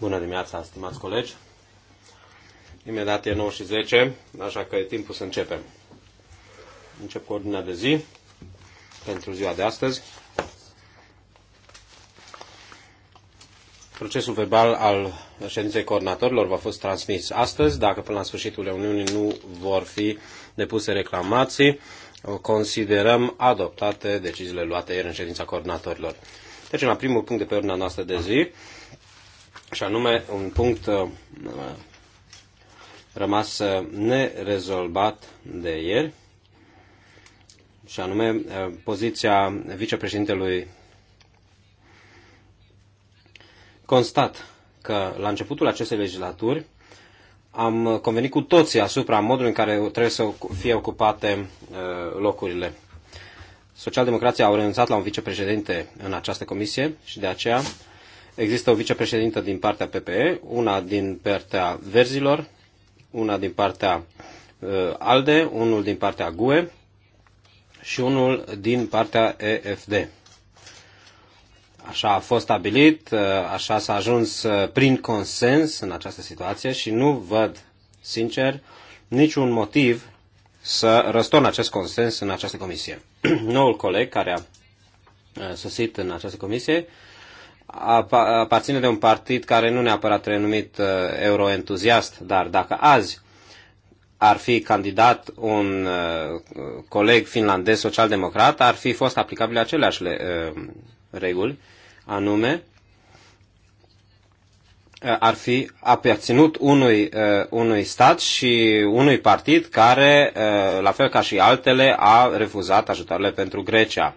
Bună dimineața, stimați colegi! Imediat e 9 și 10, așa că e timpul să începem. Încep cu ordinea de zi pentru ziua de astăzi. Procesul verbal al ședinței coordonatorilor va fost transmis astăzi. Dacă până la sfârșitul reuniunii nu vor fi depuse reclamații, considerăm adoptate deciziile luate ieri în ședința coordonatorilor. Deci, la primul punct de pe ordinea noastră de zi, și anume un punct uh, rămas uh, nerezolvat de ieri, și anume uh, poziția vicepreședintelui constat că la începutul acestei legislaturi am convenit cu toții asupra modului în care trebuie să fie ocupate locurile. Socialdemocrația au renunțat la un vicepreședinte în această comisie și de aceea Există o vicepreședintă din partea PPE, una din partea Verzilor, una din partea uh, ALDE, unul din partea GUE și unul din partea EFD. Așa a fost stabilit, uh, așa s-a ajuns uh, prin consens în această situație și nu văd, sincer, niciun motiv să răstorn acest consens în această comisie. Noul coleg care a sosit în această comisie aparține de un partid care nu neapărat renumit uh, euroentuziast, dar dacă azi ar fi candidat un uh, coleg finlandez social-democrat, ar fi fost aplicabile aceleași uh, reguli, anume ar fi aparținut unui, unui stat și unui partid care, la fel ca și altele, a refuzat ajutoarele pentru Grecia.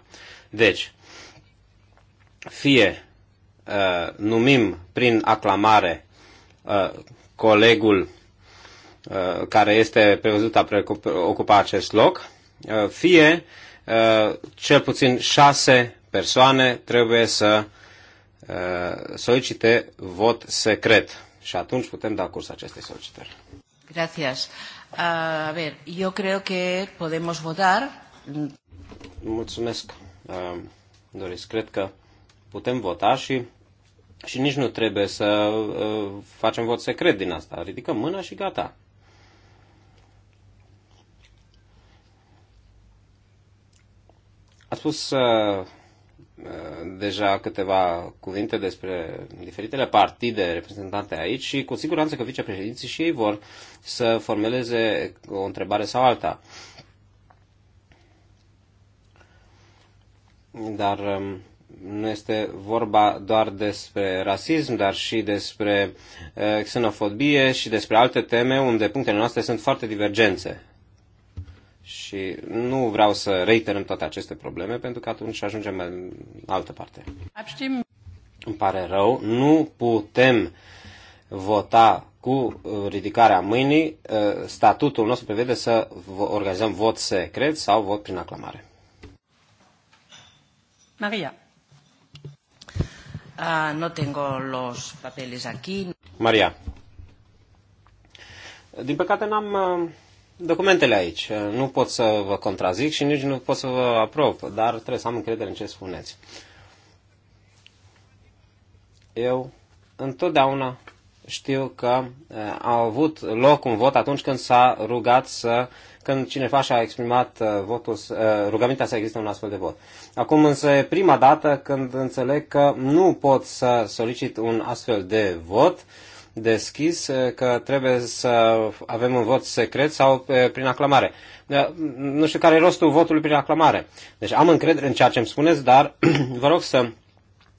Deci, fie uh, numim prin aclamare uh, colegul uh, care este prevăzut a ocupa acest loc, uh, fie uh, cel puțin șase persoane trebuie să uh, solicite vot secret. Și atunci putem da curs acestei solicitări. Gracias. Uh, a ver, yo creo que podemos votar. Mulțumesc, uh, Doris. Cred că putem vota și și nici nu trebuie să ă, facem vot secret din asta. Ridicăm mâna și gata. A spus ă, ă, deja câteva cuvinte despre diferitele partide reprezentante aici și cu siguranță că vicepreședinții și ei vor să formuleze o întrebare sau alta. Dar nu este vorba doar despre rasism, dar și despre eh, xenofobie și despre alte teme unde punctele noastre sunt foarte divergențe. Și nu vreau să reiterăm toate aceste probleme, pentru că atunci ajungem în altă parte. Abstim. Îmi pare rău, nu putem vota cu ridicarea mâinii. Eh, statutul nostru prevede să organizăm vot secret sau vot prin aclamare. Maria. Uh, no tengo los papeles aquí. Maria. Din păcate n-am eh, documentele aici. Eh, nu pot să vă contrazic și nici nu pot să vă aprob, dar trebuie să am încredere în ce spuneți. Eu întotdeauna știu că a avut loc un vot atunci când s-a rugat să, când cineva și-a exprimat votul, rugămintea să existe un astfel de vot. Acum însă e prima dată când înțeleg că nu pot să solicit un astfel de vot deschis, că trebuie să avem un vot secret sau prin aclamare. Nu știu care e rostul votului prin aclamare. Deci am încredere în ceea ce îmi spuneți, dar vă rog să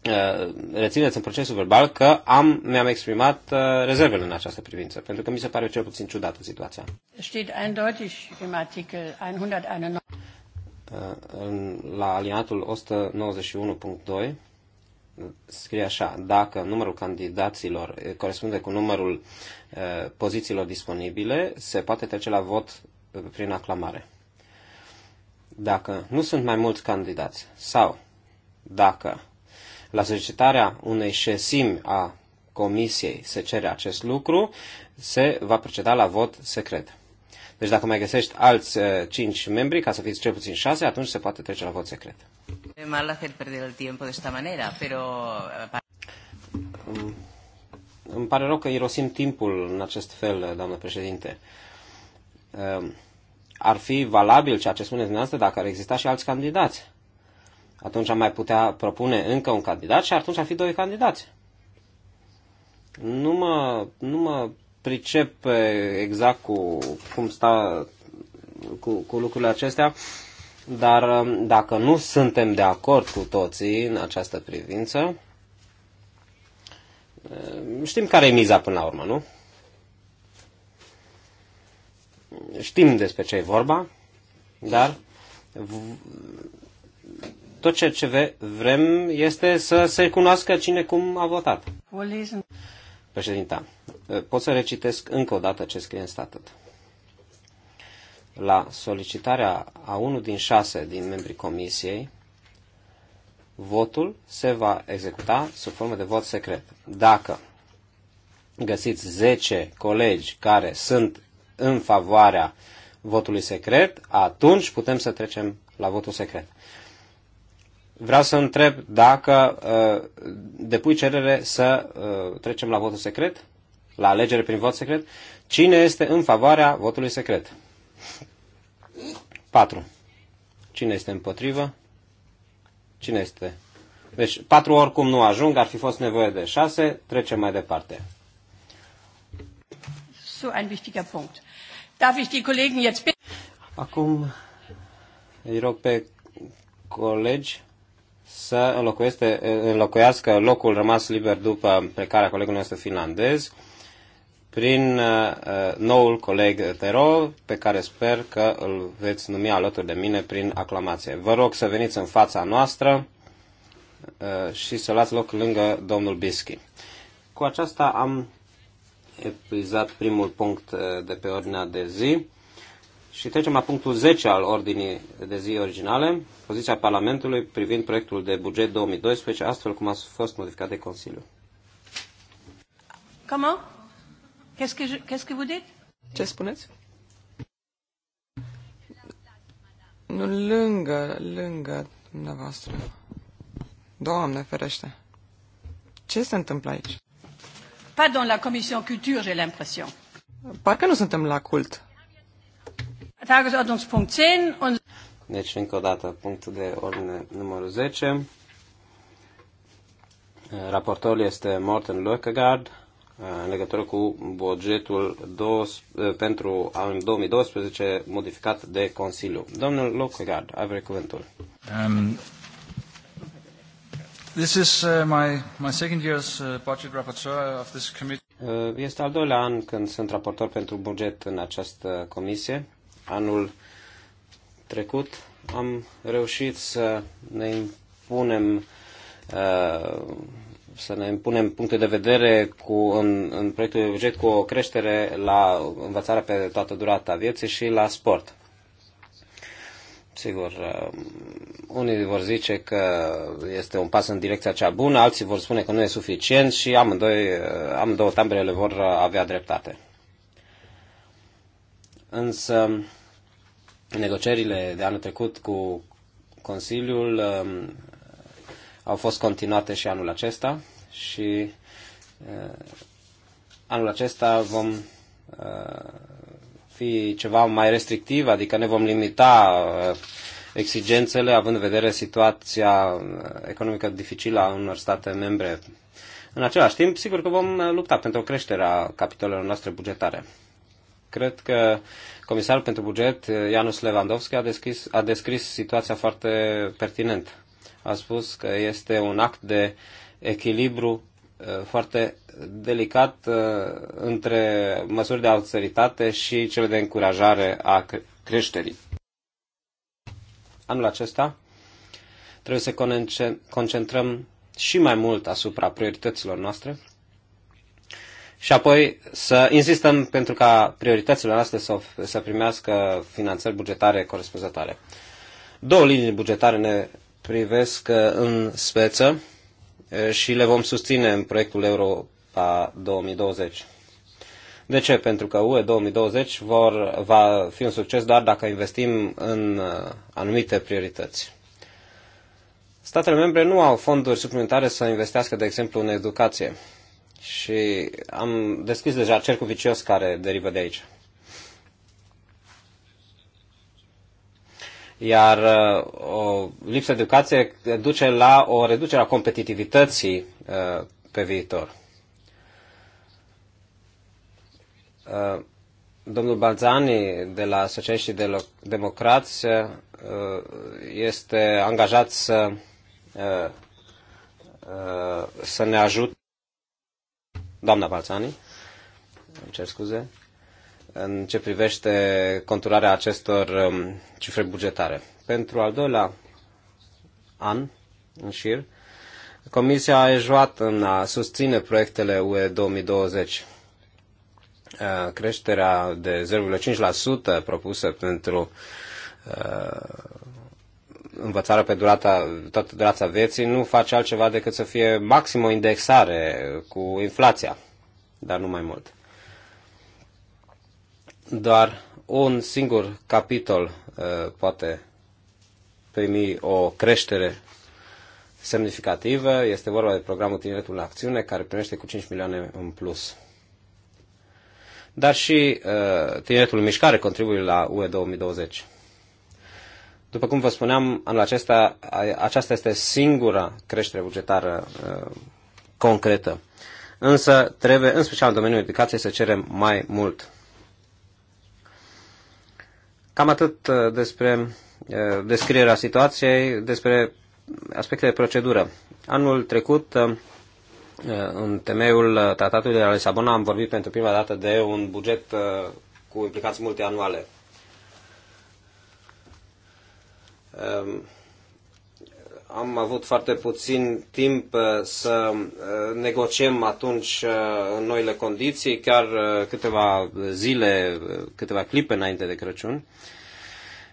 Uh, rețineți în procesul verbal că am, mi-am exprimat uh, rezervele în această privință, pentru că mi se pare cel puțin ciudată situația. Steht eindeutig im Artikel 191. Uh, la aliatul 191.2 scrie așa, dacă numărul candidaților corespunde cu numărul pozițiilor disponibile, se poate trece la vot prin aclamare. Dacă nu sunt mai mulți candidați sau dacă la solicitarea unei șesimi a comisiei se cere acest lucru, se va proceda la vot secret. Deci dacă mai găsești alți uh, cinci membri, ca să fiți cel puțin șase, atunci se poate trece la vot secret. de eh, mm, Îmi pare rău că irosim timpul în acest fel, doamnă președinte. Um, ar fi valabil ceea ce spuneți dumneavoastră dacă ar exista și alți candidați atunci am mai putea propune încă un candidat și atunci ar fi doi candidați. Nu mă, nu mă pricep exact cu cum sta cu, cu lucrurile acestea, dar um, dacă nu suntem de acord cu toții în această privință, um, știm care e miza până la urmă, nu? Știm despre ce e vorba, dar tot ceea ce vrem este să se cunoască cine cum a votat. Președinta, pot să recitesc încă o dată ce scrie în statut. La solicitarea a unul din șase din membrii comisiei, votul se va executa sub formă de vot secret. Dacă găsiți 10 colegi care sunt în favoarea votului secret, atunci putem să trecem la votul secret vreau să întreb dacă uh, depui cerere să uh, trecem la votul secret, la alegere prin vot secret. Cine este în favoarea votului secret? 4. Cine este împotrivă? Cine este? Deci, 4 oricum nu ajung, ar fi fost nevoie de 6, trecem mai departe. So ein wichtiger Punkt. Darf ich die Kollegen jetzt bitten? Acum îi rog pe colegi să înlocuiască locul rămas liber după plecarea colegului nostru finlandez prin uh, noul coleg Tero, pe care sper că îl veți numi alături de mine prin aclamație. Vă rog să veniți în fața noastră uh, și să luați loc lângă domnul Bischi. Cu aceasta am epuizat primul punct uh, de pe ordinea de zi. Și trecem la punctul 10 al ordinii de zi originale, poziția Parlamentului privind proiectul de buget 2012, astfel cum a fost modificat de Consiliu. Cum? ce que, ce Ce spuneți? Nu, lângă, lângă dumneavoastră. Doamne, ferește. Ce se întâmplă aici? Pardon, la Comisia Culture, j'ai l'impression. Parcă nu suntem la cult. Tagesordnungspunkt 10 und deci, încă o dată, punctul de ordine numărul 10. Raportorul este Morten Løkkegaard în legătură cu bugetul dos, pentru anul 2012 modificat de Consiliu. Domnul Løkkegaard, aveți cuvântul. Um, this is uh, my, my second year's uh, budget rapporteur of this committee. Uh, este al doilea an când sunt raportor pentru buget în această comisie anul trecut am reușit să ne impunem uh, să ne impunem puncte de vedere cu, în, în proiectul de buget cu o creștere la învățarea pe toată durata vieții și la sport. Sigur, uh, unii vor zice că este un pas în direcția cea bună, alții vor spune că nu e suficient și amândoi, uh, amândouă tambrele vor avea dreptate însă negocierile de anul trecut cu Consiliul um, au fost continuate și anul acesta și uh, anul acesta vom uh, fi ceva mai restrictiv, adică ne vom limita uh, exigențele, având în vedere situația economică dificilă a unor state membre. În același timp, sigur că vom lupta pentru creșterea capitolelor noastre bugetare. Cred că comisarul pentru buget, Janus Lewandowski, a, descris, a descris situația foarte pertinent. A spus că este un act de echilibru uh, foarte delicat uh, între măsuri de austeritate și cele de încurajare a creșterii. Anul acesta trebuie să concentrăm și mai mult asupra priorităților noastre și apoi să insistăm pentru ca prioritățile noastre să, să primească finanțări bugetare corespunzătoare. Două linii bugetare ne privesc uh, în speță uh, și le vom susține în proiectul Europa 2020. De ce? Pentru că UE 2020 vor, va fi un succes doar dacă investim în uh, anumite priorități. Statele membre nu au fonduri suplimentare să investească, de exemplu, în educație. Și am deschis deja cercul vicios care derivă de aici. Iar uh, o lipsă de educație duce la o reducere a competitivității uh, pe viitor. Uh, domnul Balzani de la Socialiștii Democrați este angajat să, să ne ajute doamna Balțani, îmi cer scuze, în ce privește conturarea acestor um, cifre bugetare. Pentru al doilea an în șir, Comisia a ejuat în a susține proiectele UE 2020. Uh, creșterea de 0,5% propusă pentru uh, învățarea pe durata, toată durata vieții nu face altceva decât să fie maxim o indexare cu inflația, dar nu mai mult. Doar un singur capitol uh, poate primi o creștere semnificativă. Este vorba de programul Tineretul în Acțiune, care primește cu 5 milioane în plus. Dar și uh, Tineretul în Mișcare contribuie la UE 2020. După cum vă spuneam, anul acesta, aceasta este singura creștere bugetară uh, concretă. Însă trebuie, în special în domeniul educației, să cerem mai mult. Cam atât uh, despre uh, descrierea situației, despre aspecte de procedură. Anul trecut, în temeiul Tratatului de la Lisabona, am vorbit pentru prima dată de un buget cu implicații multianuale. Ehm, am avut foarte puțin timp eh, să eh, negociem atunci eh, în noile condiții, chiar câteva zile, câteva clipe înainte de Crăciun.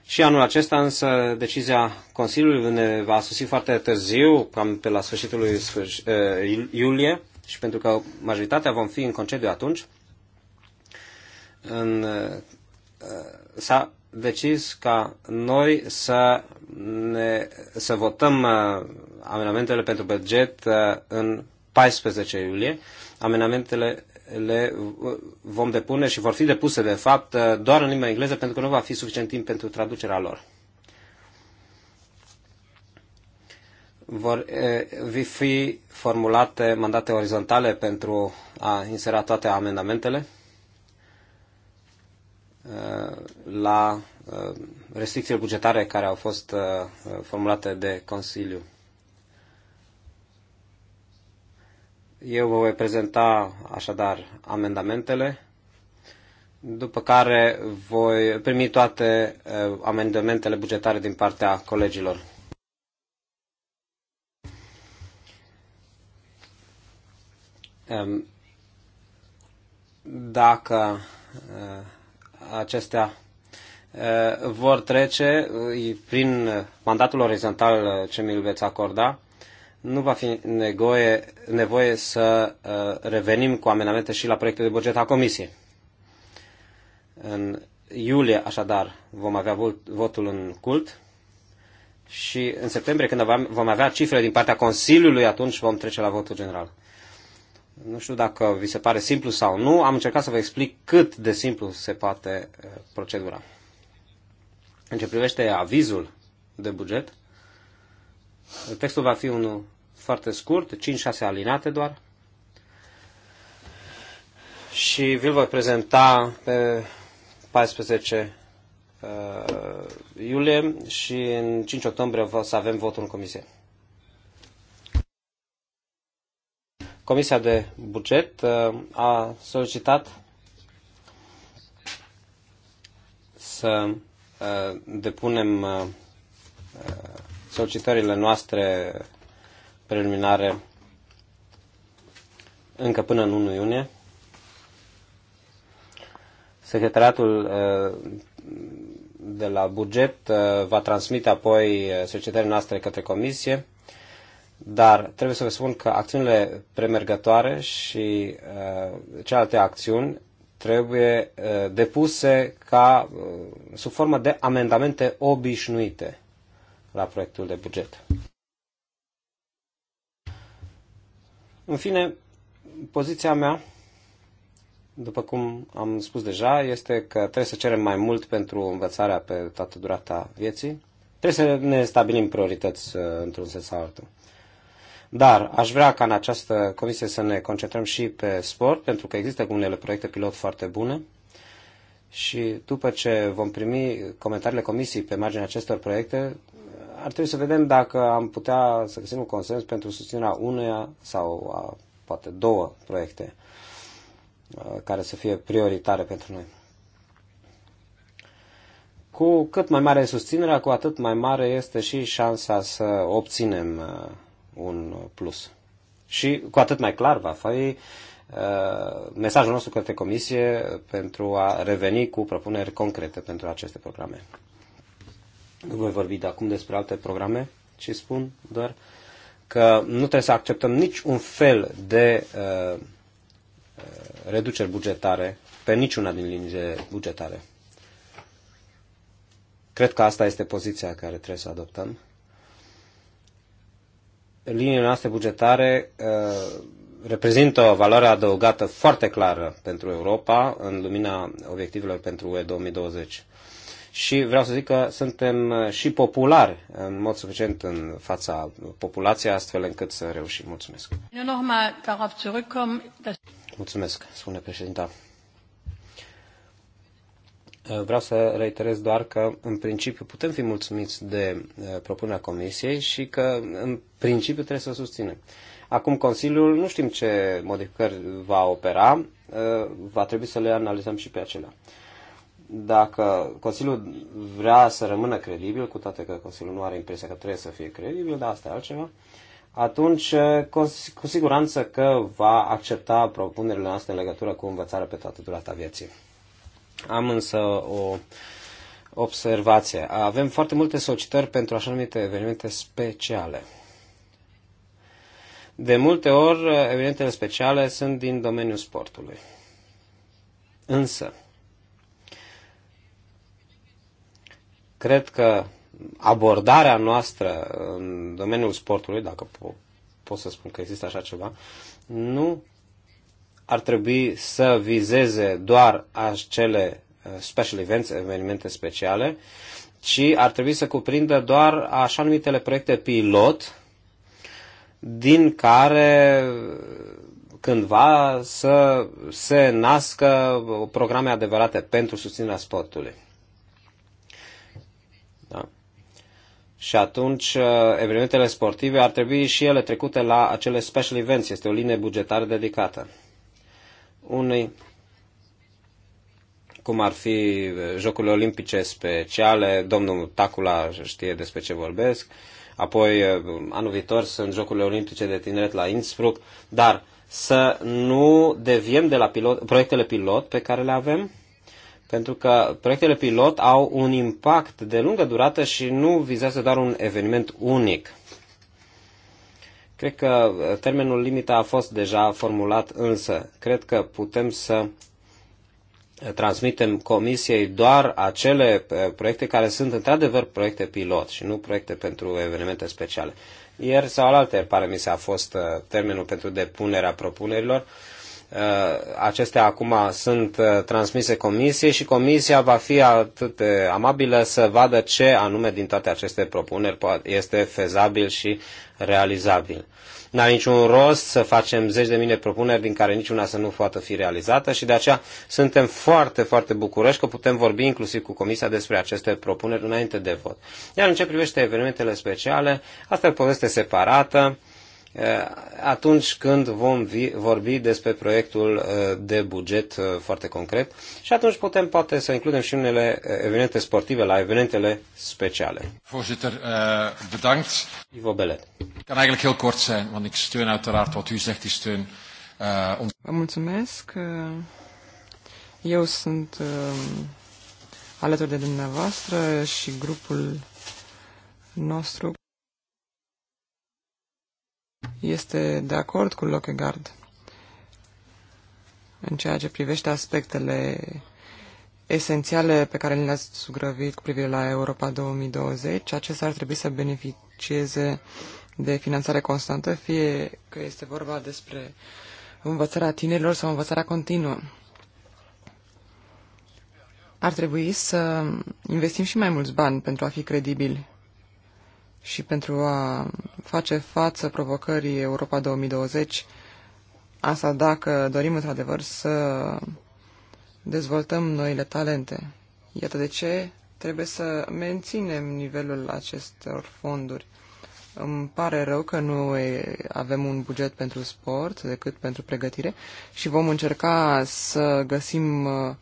Și anul acesta însă decizia Consiliului ne va susi foarte târziu, cam pe la sfârșitul lui sfârș, iulie, și pentru că majoritatea vom fi în concediu atunci, în, s-a decis ca noi să, ne, să votăm uh, amendamentele pentru buget uh, în 14 iulie. Amendamentele le vom depune și vor fi depuse, de fapt, uh, doar în limba engleză, pentru că nu va fi suficient timp pentru traducerea lor. Vor uh, fi formulate mandate orizontale pentru a insera toate amendamentele Uh, la uh, restricțiile bugetare care au fost uh, formulate de Consiliu. Eu vă voi prezenta așadar amendamentele, după care voi primi toate amendamentele bugetare din partea colegilor. Um, dacă acestea uh, vor trece uh, prin mandatul orizontal uh, ce mi-l veți acorda. Nu va fi nevoie, nevoie să revenim cu amendamente și la proiectul de buget a Comisiei. În iulie, așadar, vom avea votul în cult și în septembrie, când vom avea cifrele din partea Consiliului, atunci vom trece la votul general. Nu știu dacă vi se pare simplu sau nu, am încercat să vă explic cât de simplu se poate uh, procedura. În ce privește avizul de buget, textul va fi unul foarte scurt, 5-6 alinate doar, și vi-l voi prezenta pe 14 uh, iulie și în 5 octombrie o să avem votul în comisie. Comisia de Buget uh, a solicitat să uh, depunem uh, solicitările noastre preliminare încă până în 1 iunie. Secretariatul de la buget va transmite apoi solicitările noastre către comisie dar trebuie să vă spun că acțiunile premergătoare și uh, cealaltă acțiuni trebuie uh, depuse ca uh, sub formă de amendamente obișnuite la proiectul de buget. În fine, poziția mea, după cum am spus deja, este că trebuie să cerem mai mult pentru învățarea pe toată durata vieții. Trebuie să ne stabilim priorități uh, într-un sens sau altul. Dar aș vrea ca în această comisie să ne concentrăm și pe sport, pentru că există unele proiecte pilot foarte bune. Și după ce vom primi comentariile comisiei pe marginea acestor proiecte, ar trebui să vedem dacă am putea să găsim un consens pentru susținerea uneia sau a, poate două proiecte care să fie prioritare pentru noi. Cu cât mai mare e susținerea, cu atât mai mare este și șansa să obținem un plus. Și cu atât mai clar va fi uh, mesajul nostru către Comisie pentru a reveni cu propuneri concrete pentru aceste programe. Nu voi vorbi de acum despre alte programe, ci spun doar că nu trebuie să acceptăm nici un fel de uh, reduceri bugetare pe niciuna din liniile bugetare. Cred că asta este poziția care trebuie să adoptăm liniile noastre bugetare uh, reprezintă o valoare adăugată foarte clară pentru Europa în lumina obiectivelor pentru UE 2020. Și vreau să zic că suntem și populari în mod suficient în fața populației, astfel încât să reușim. Mulțumesc. Mulțumesc, spune președinta. Uh, vreau să reiterez doar că, în principiu, putem fi mulțumiți de uh, propunerea Comisiei și că, în principiu, trebuie să susținem. Acum, Consiliul nu știm ce modificări va opera, uh, va trebui să le analizăm și pe acelea. Dacă Consiliul vrea să rămână credibil, cu toate că Consiliul nu are impresia că trebuie să fie credibil, dar asta e altceva, atunci cu siguranță că va accepta propunerile noastre în legătură cu învățarea pe toată durata vieții. Am însă o observație. Avem foarte multe solicitări pentru așa numite evenimente speciale. De multe ori, evenimentele speciale sunt din domeniul sportului. Însă, cred că abordarea noastră în domeniul sportului, dacă po- pot să spun că există așa ceva, nu ar trebui să vizeze doar acele uh, special events, evenimente speciale, ci ar trebui să cuprindă doar așa numitele proiecte pilot, din care uh, cândva să se nască programe adevărate pentru susținerea sportului. Da. Și atunci uh, evenimentele sportive ar trebui și ele trecute la acele special events. Este o linie bugetară dedicată unui cum ar fi eh, Jocurile Olimpice Speciale, domnul Tacula știe despre ce vorbesc, apoi eh, anul viitor sunt Jocurile Olimpice de Tineret la Innsbruck, dar să nu deviem de la pilot, proiectele pilot pe care le avem, pentru că proiectele pilot au un impact de lungă durată și nu vizează doar un eveniment unic. Cred că uh, termenul limită a fost deja formulat, însă cred că putem să uh, transmitem comisiei doar acele uh, proiecte care sunt într-adevăr proiecte pilot și nu proiecte pentru evenimente speciale. Ieri sau alaltă, pare mi se, a fost termenul pentru depunerea propunerilor Uh, acestea acum sunt uh, transmise comisiei și comisia va fi atât de amabilă să vadă ce anume din toate aceste propuneri este fezabil și realizabil. N-are niciun rost să facem zeci de mii de propuneri din care niciuna să nu poată fi realizată și de aceea suntem foarte, foarte bucuroși că putem vorbi inclusiv cu Comisia despre aceste propuneri înainte de vot. Iar în ce privește evenimentele speciale, asta e o poveste separată Eh, atunci când vom vorbi despre proiectul eh, de buget eh, foarte concret și atunci putem poate să includem și unele evenimente sportive la evenimentele speciale. Voorzitter, bedankt. Ivo Belet. Kan eigenlijk heel kort zijn, want ik steun uiteraard wat u zegt, die steun. Uh, Vă mulțumesc. Eu sunt alături de dumneavoastră și grupul nostru este de acord cu Lockegaard în ceea ce privește aspectele esențiale pe care le-ați sugrăvit cu privire la Europa 2020. Acesta ar trebui să beneficieze de finanțare constantă, fie că este vorba despre învățarea tinerilor sau învățarea continuă. Ar trebui să investim și mai mulți bani pentru a fi credibili și pentru a face față provocării Europa 2020, asta dacă dorim într-adevăr să dezvoltăm noile talente. Iată de ce trebuie să menținem nivelul acestor fonduri. Îmi pare rău că nu avem un buget pentru sport decât pentru pregătire și vom încerca să găsim uh,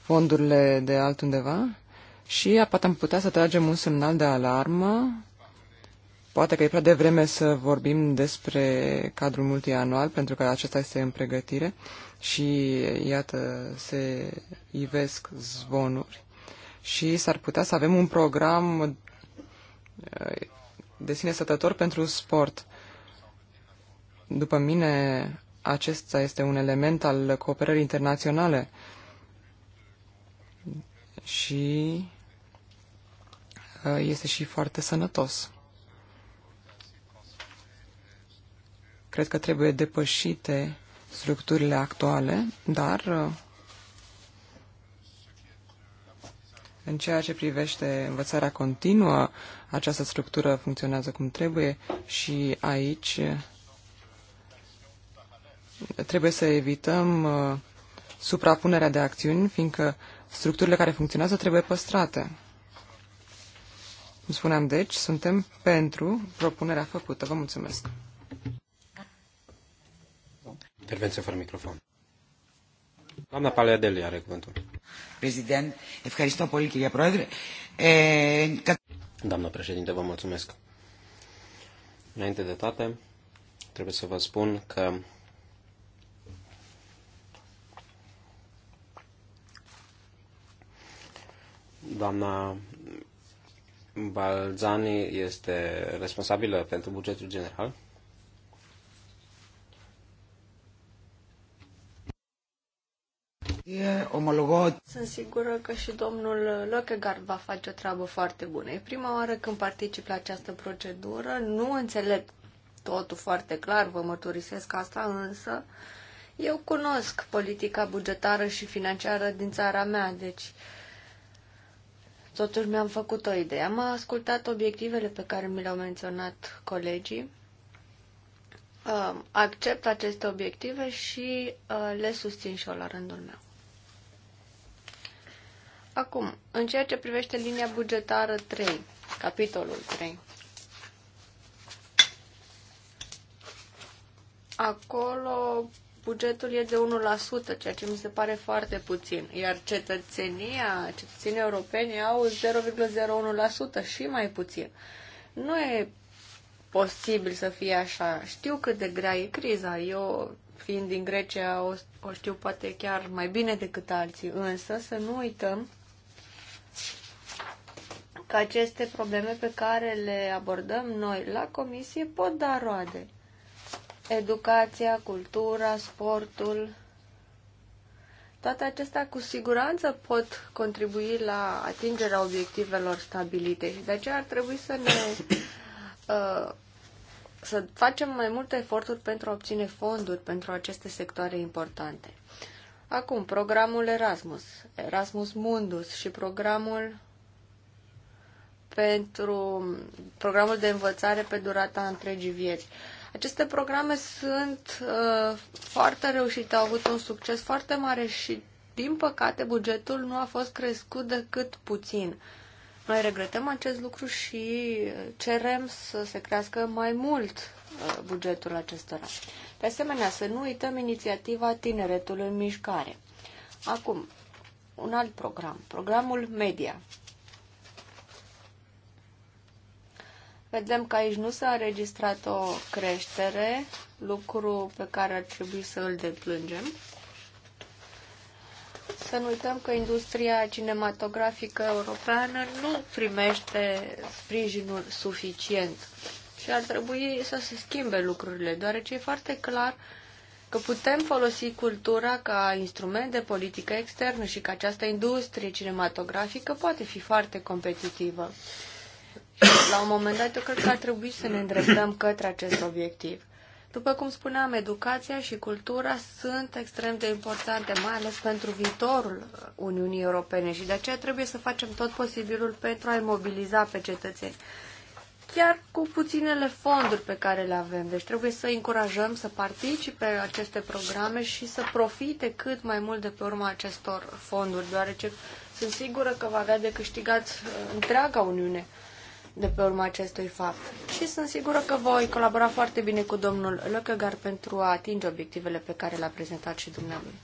fondurile de altundeva și apoi am putea să tragem un semnal de alarmă Poate că e prea devreme să vorbim despre cadrul multianual, pentru că acesta este în pregătire și, iată, se ivesc zvonuri. Și s-ar putea să avem un program uh, de sine sătător pentru sport. După mine, acesta este un element al cooperării internaționale. Și uh, este și foarte sănătos. Cred că trebuie depășite structurile actuale, dar uh, în ceea ce privește învățarea continuă, această structură funcționează cum trebuie și aici uh, trebuie să evităm uh, suprapunerea de acțiuni, fiindcă structurile care funcționează trebuie păstrate. Cum spuneam, deci, suntem pentru propunerea făcută. Vă mulțumesc! Intervenție fără microfon. Doamna Paleadeli are cuvântul. Prezident, ευχαριστώ Chiria Proedre. Πρόεδρε. E... Doamna președinte, vă mulțumesc. Înainte de toate, trebuie să vă spun că doamna Balzani este responsabilă pentru bugetul general Sunt sigură că și domnul Lockegaard va face o treabă foarte bună. E prima oară când particip la această procedură. Nu înțeleg totul foarte clar, vă mărturisesc asta, însă eu cunosc politica bugetară și financiară din țara mea, deci totuși mi-am făcut o idee. Am ascultat obiectivele pe care mi le-au menționat colegii accept aceste obiective și uh, le susțin și eu la rândul meu. Acum, în ceea ce privește linia bugetară 3, capitolul 3, acolo bugetul e de 1%, ceea ce mi se pare foarte puțin, iar cetățenia, cetățenii europeni au 0,01% și mai puțin. Nu e posibil să fie așa. Știu cât de grea e criza. Eu, fiind din Grecia, o, o știu poate chiar mai bine decât alții, însă să nu uităm că aceste probleme pe care le abordăm noi la comisie pot da roade. Educația, cultura, sportul, toate acestea cu siguranță pot contribui la atingerea obiectivelor stabilite și de aceea ar trebui să ne uh, să facem mai multe eforturi pentru a obține fonduri pentru aceste sectoare importante. Acum, programul Erasmus, Erasmus Mundus și programul pentru programul de învățare pe durata întregii vieți. Aceste programe sunt uh, foarte reușite, au avut un succes foarte mare și, din păcate, bugetul nu a fost crescut decât puțin. Noi regretăm acest lucru și cerem să se crească mai mult uh, bugetul acestora. De asemenea, să nu uităm inițiativa Tineretul în Mișcare. Acum, un alt program, programul Media. vedem că aici nu s-a înregistrat o creștere, lucru pe care ar trebui să îl deplângem. Să nu uităm că industria cinematografică europeană nu primește sprijinul suficient și ar trebui să se schimbe lucrurile, deoarece e foarte clar că putem folosi cultura ca instrument de politică externă și că această industrie cinematografică poate fi foarte competitivă. La un moment dat, eu cred că ar trebui să ne îndreptăm către acest obiectiv. După cum spuneam, educația și cultura sunt extrem de importante, mai ales pentru viitorul Uniunii Europene și de aceea trebuie să facem tot posibilul pentru a-i mobiliza pe cetățeni. Chiar cu puținele fonduri pe care le avem, deci trebuie să încurajăm să participe aceste programe și să profite cât mai mult de pe urma acestor fonduri, deoarece sunt sigură că va avea de câștigat uh, întreaga Uniune de pe urma acestui fapt. Și sunt sigură că voi colabora foarte bine cu domnul Lăcăgar pentru a atinge obiectivele pe care le-a prezentat și dumneavoastră.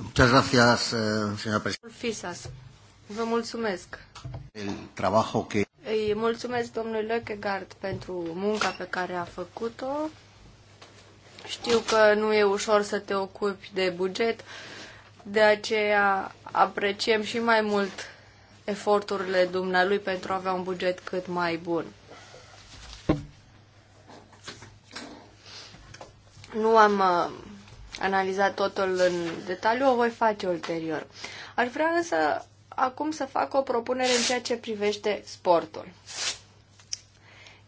Muchas gracias, eh, señora presidenta. Fisas, vă mulțumesc. El trabajo que... Îi mulțumesc domnului Lăchegard pentru munca pe care a făcut-o. Știu că nu e ușor să te ocupi de buget, de aceea apreciem și mai mult eforturile dumnealui pentru a avea un buget cât mai bun. Nu am uh, analizat totul în detaliu, o voi face ulterior. Ar vrea însă acum să fac o propunere în ceea ce privește sportul.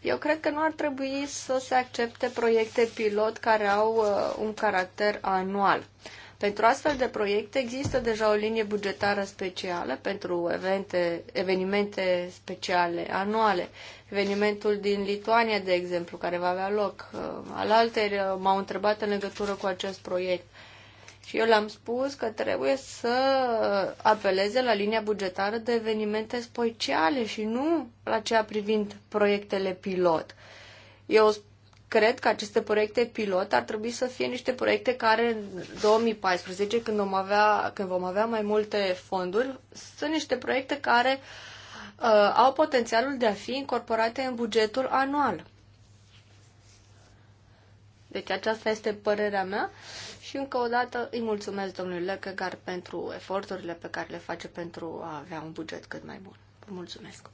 Eu cred că nu ar trebui să se accepte proiecte pilot care au uh, un caracter anual. Uh, pentru astfel de proiecte există deja o linie bugetară specială pentru evente, evenimente speciale, anuale. Evenimentul din Lituania, de exemplu, care va avea loc. Uh, Alalteri uh, m-au întrebat în legătură cu acest proiect. Și eu le-am spus că trebuie să uh, apeleze la linia bugetară de evenimente speciale și nu la ceea privind proiectele pilot. Eu cred că aceste proiecte pilot ar trebui să fie niște proiecte care în 2014, când vom avea, când vom avea mai multe fonduri, sunt niște proiecte care uh, au potențialul de a fi incorporate în bugetul anual. Deci aceasta este părerea mea și încă o dată îi mulțumesc domnului Lecăgar pentru eforturile pe care le face pentru a avea un buget cât mai bun. Vă mulțumesc.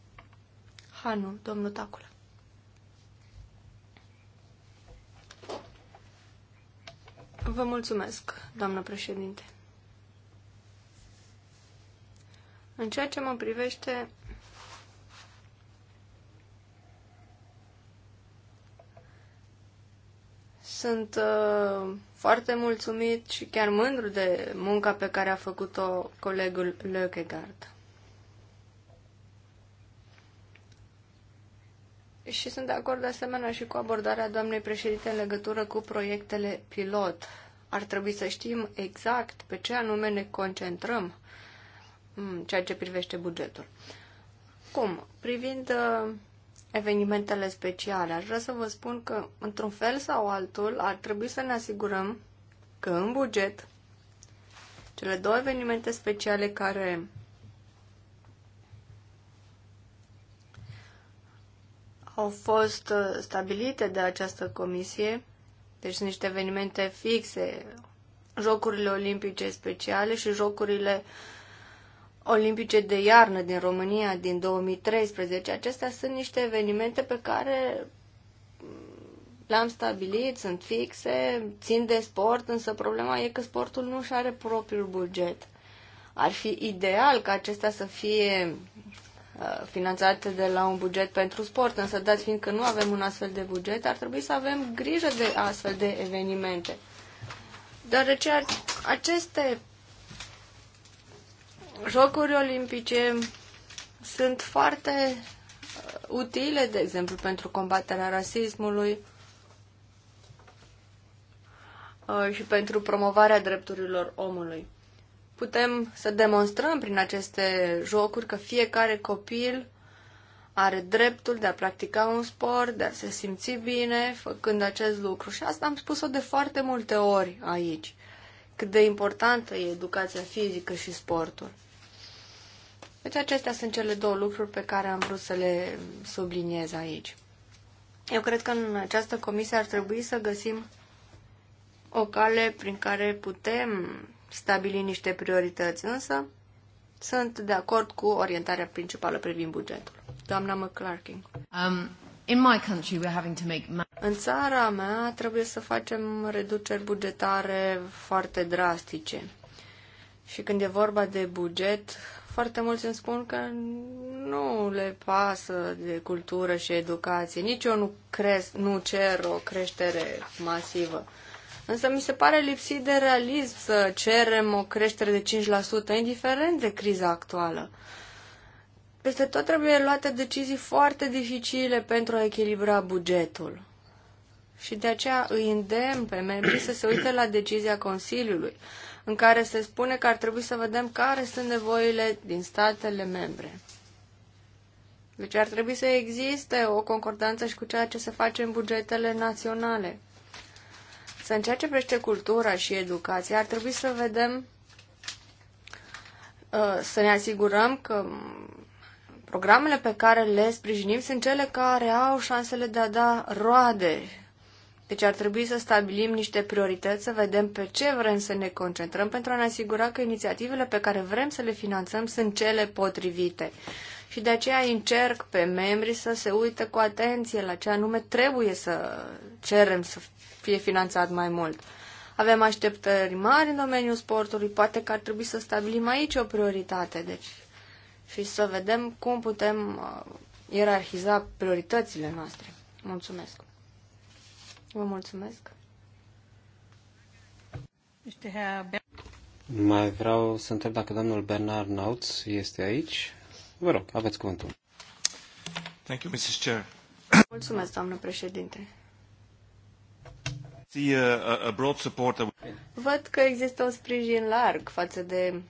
Hanu, domnul Tacula. Vă mulțumesc, doamnă președinte. În ceea ce mă privește, sunt uh, foarte mulțumit și chiar mândru de munca pe care a făcut-o colegul Lökegaard. Și sunt de acord de asemenea și cu abordarea doamnei președinte în legătură cu proiectele pilot. Ar trebui să știm exact pe ce anume ne concentrăm în ceea ce privește bugetul. Cum? Privind uh, evenimentele speciale, aș vrea să vă spun că, într-un fel sau altul, ar trebui să ne asigurăm că în buget cele două evenimente speciale care au fost uh, stabilite de această comisie, deci sunt niște evenimente fixe, Jocurile Olimpice Speciale și Jocurile Olimpice de Iarnă din România din 2013. Acestea sunt niște evenimente pe care le-am stabilit, sunt fixe, țin de sport, însă problema e că sportul nu și are propriul buget. Ar fi ideal ca acestea să fie Uh, finanțate de la un buget pentru sport, însă dat fiind că nu avem un astfel de buget, ar trebui să avem grijă de astfel de evenimente. Deoarece aceste jocuri olimpice sunt foarte uh, utile, de exemplu, pentru combaterea rasismului uh, și pentru promovarea drepturilor omului putem să demonstrăm prin aceste jocuri că fiecare copil are dreptul de a practica un sport, de a se simți bine făcând acest lucru. Și asta am spus-o de foarte multe ori aici, cât de importantă e educația fizică și sportul. Deci acestea sunt cele două lucruri pe care am vrut să le subliniez aici. Eu cred că în această comisie ar trebui să găsim o cale prin care putem stabili niște priorități, însă sunt de acord cu orientarea principală privind bugetul. Doamna McClarkin. Um, in my country we're having to make în țara mea trebuie să facem reduceri bugetare foarte drastice. Și când e vorba de buget, foarte mulți îmi spun că nu le pasă de cultură și educație. Nici eu nu, cresc, nu cer o creștere masivă. Însă mi se pare lipsit de realism să cerem o creștere de 5%, indiferent de criza actuală. Peste tot trebuie luate decizii foarte dificile pentru a echilibra bugetul. Și de aceea îi îndemn pe membrii să se uite la decizia Consiliului, în care se spune că ar trebui să vedem care sunt nevoile din statele membre. Deci ar trebui să existe o concordanță și cu ceea ce se face în bugetele naționale. Să în ceea ce privește cultura și educația, ar trebui să vedem, uh, să ne asigurăm că programele pe care le sprijinim sunt cele care au șansele de a da roade. Deci ar trebui să stabilim niște priorități, să vedem pe ce vrem să ne concentrăm pentru a ne asigura că inițiativele pe care vrem să le finanțăm sunt cele potrivite. Și de aceea încerc pe membri să se uite cu atenție la ce anume trebuie să cerem să fie finanțat mai mult. Avem așteptări mari în domeniul sportului, poate că ar trebui să stabilim aici o prioritate, deci și să vedem cum putem uh, ierarhiza prioritățile noastre. Mulțumesc. Vă mulțumesc. Mai vreau să întreb dacă domnul Bernard Nautz este aici. Vă rog, aveți cuvântul. Thank you, Mrs. Chair. Mulțumesc, doamnă președinte. Văd că există un sprijin larg față de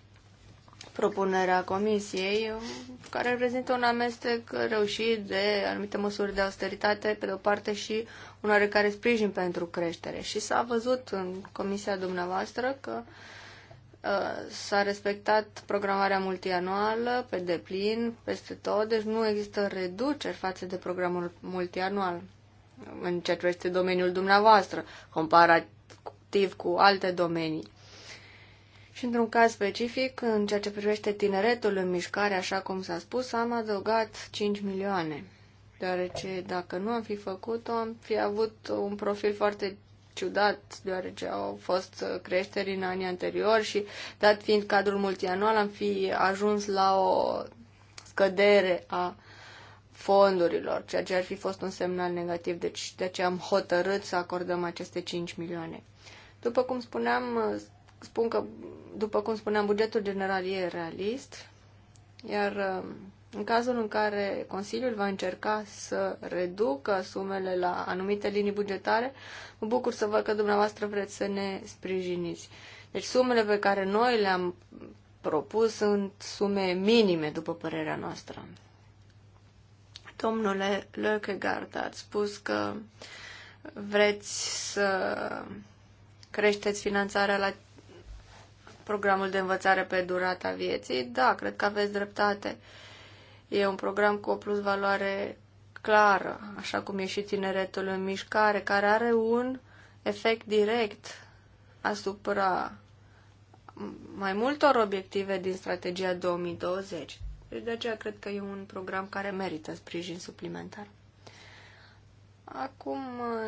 propunerea comisiei, care reprezintă un amestec reușit de anumite măsuri de austeritate, pe de o parte, și un oarecare sprijin pentru creștere. Și s-a văzut în comisia dumneavoastră că uh, s-a respectat programarea multianuală pe deplin, peste tot, deci nu există reduceri față de programul multianual în ceea ce privește domeniul dumneavoastră, comparativ cu alte domenii. Și într-un caz specific, în ceea ce privește tineretul în mișcare, așa cum s-a spus, am adăugat 5 milioane. Deoarece dacă nu am fi făcut-o, am fi avut un profil foarte ciudat, deoarece au fost creșteri în anii anteriori și, dat fiind cadrul multianual, am fi ajuns la o scădere a fondurilor, ceea ce ar fi fost un semnal negativ, deci de ce am hotărât să acordăm aceste 5 milioane. După cum spuneam, spun că, după cum spuneam, bugetul general e realist, iar în cazul în care Consiliul va încerca să reducă sumele la anumite linii bugetare, mă bucur să văd că dumneavoastră vreți să ne sprijiniți. Deci sumele pe care noi le-am propus sunt sume minime, după părerea noastră. Domnule Lökegaard, ați spus că vreți să creșteți finanțarea la programul de învățare pe durata vieții. Da, cred că aveți dreptate. E un program cu o plus valoare clară, așa cum e și tineretul în mișcare, care are un efect direct asupra mai multor obiective din strategia 2020. Deci de aceea cred că e un program care merită sprijin suplimentar. Acum,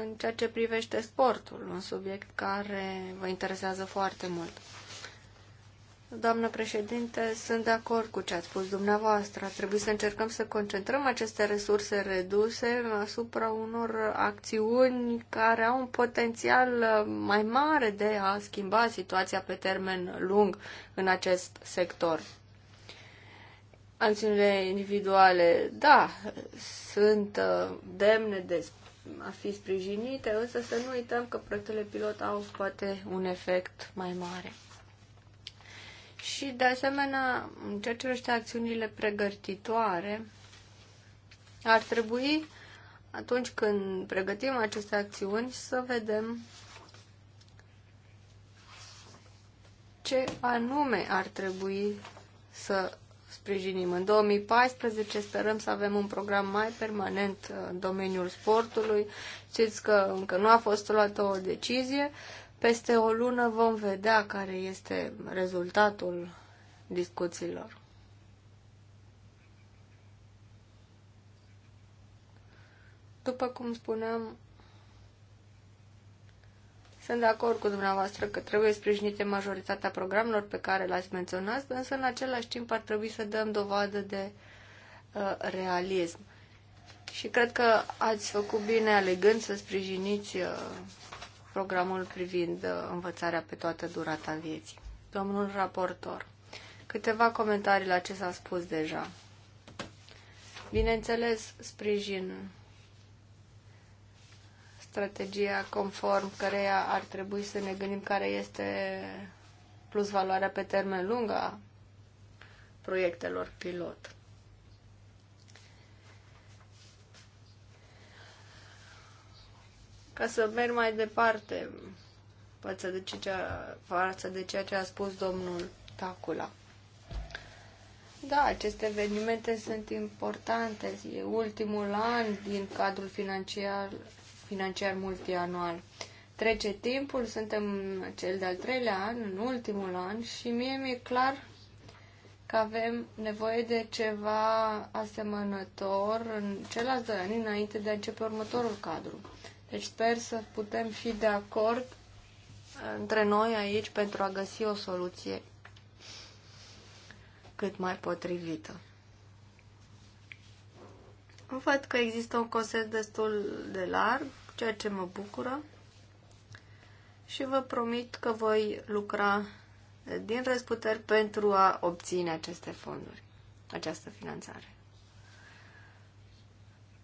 în ceea ce privește sportul, un subiect care vă interesează foarte mult. Doamnă președinte, sunt de acord cu ce ați spus dumneavoastră. Ar trebui să încercăm să concentrăm aceste resurse reduse asupra unor acțiuni care au un potențial mai mare de a schimba situația pe termen lung în acest sector acțiunile individuale, da, sunt uh, demne de a fi sprijinite, însă să nu uităm că proiectele pilot au poate un efect mai mare. Și, de asemenea, în ceea ce privește acțiunile pregătitoare, ar trebui, atunci când pregătim aceste acțiuni, să vedem ce anume ar trebui să sprijinim. În 2014 sperăm să avem un program mai permanent uh, în domeniul sportului. Știți că încă nu a fost luată o decizie. Peste o lună vom vedea care este rezultatul discuțiilor. După cum spuneam, sunt de acord cu dumneavoastră că trebuie sprijinite majoritatea programelor pe care le-ați menționat, însă în același timp ar trebui să dăm dovadă de uh, realism. Și cred că ați făcut bine alegând să sprijiniți uh, programul privind uh, învățarea pe toată durata vieții. Domnul raportor, câteva comentarii la ce s-a spus deja. Bineînțeles, sprijin strategia conform căreia ar trebui să ne gândim care este plus valoarea pe termen lung a proiectelor pilot. Ca să merg mai departe față de, ce, față de ceea ce a spus domnul Tacula. Da, aceste evenimente sunt importante. E ultimul an din cadrul financiar financiar multianual. Trece timpul, suntem cel de-al treilea an, în ultimul an și mie mi-e clar că avem nevoie de ceva asemănător în celălalt doi ani înainte de a începe următorul cadru. Deci sper să putem fi de acord între noi aici pentru a găsi o soluție cât mai potrivită. Văd că există un consens destul de larg, ceea ce mă bucură și vă promit că voi lucra din răsputeri pentru a obține aceste fonduri, această finanțare.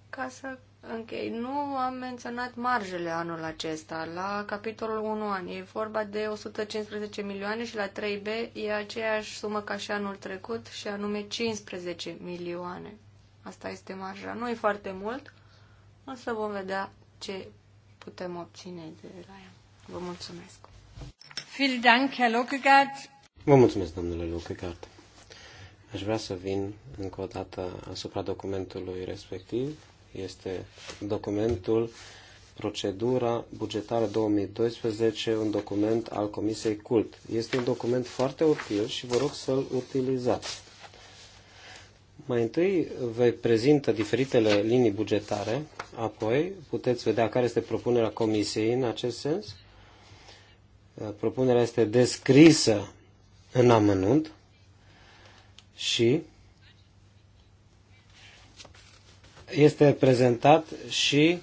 Ca să închei, nu am menționat marjele anul acesta. La capitolul 1 an e vorba de 115 milioane și la 3B e aceeași sumă ca și anul trecut și anume 15 milioane. Asta este marja. Nu e foarte mult, însă vom vedea ce putem obține de la ea. Vă mulțumesc. Vielen Dank, Herr Lockegaard. Vă mulțumesc, domnule Lockegaard. Aș vrea să vin încă o dată asupra documentului respectiv. Este documentul Procedura bugetară 2012, un document al Comisiei CULT. Este un document foarte util și vă rog să-l utilizați. Mai întâi vă prezintă diferitele linii bugetare, apoi puteți vedea care este propunerea Comisiei în acest sens. Propunerea este descrisă în amănunt și este prezentat și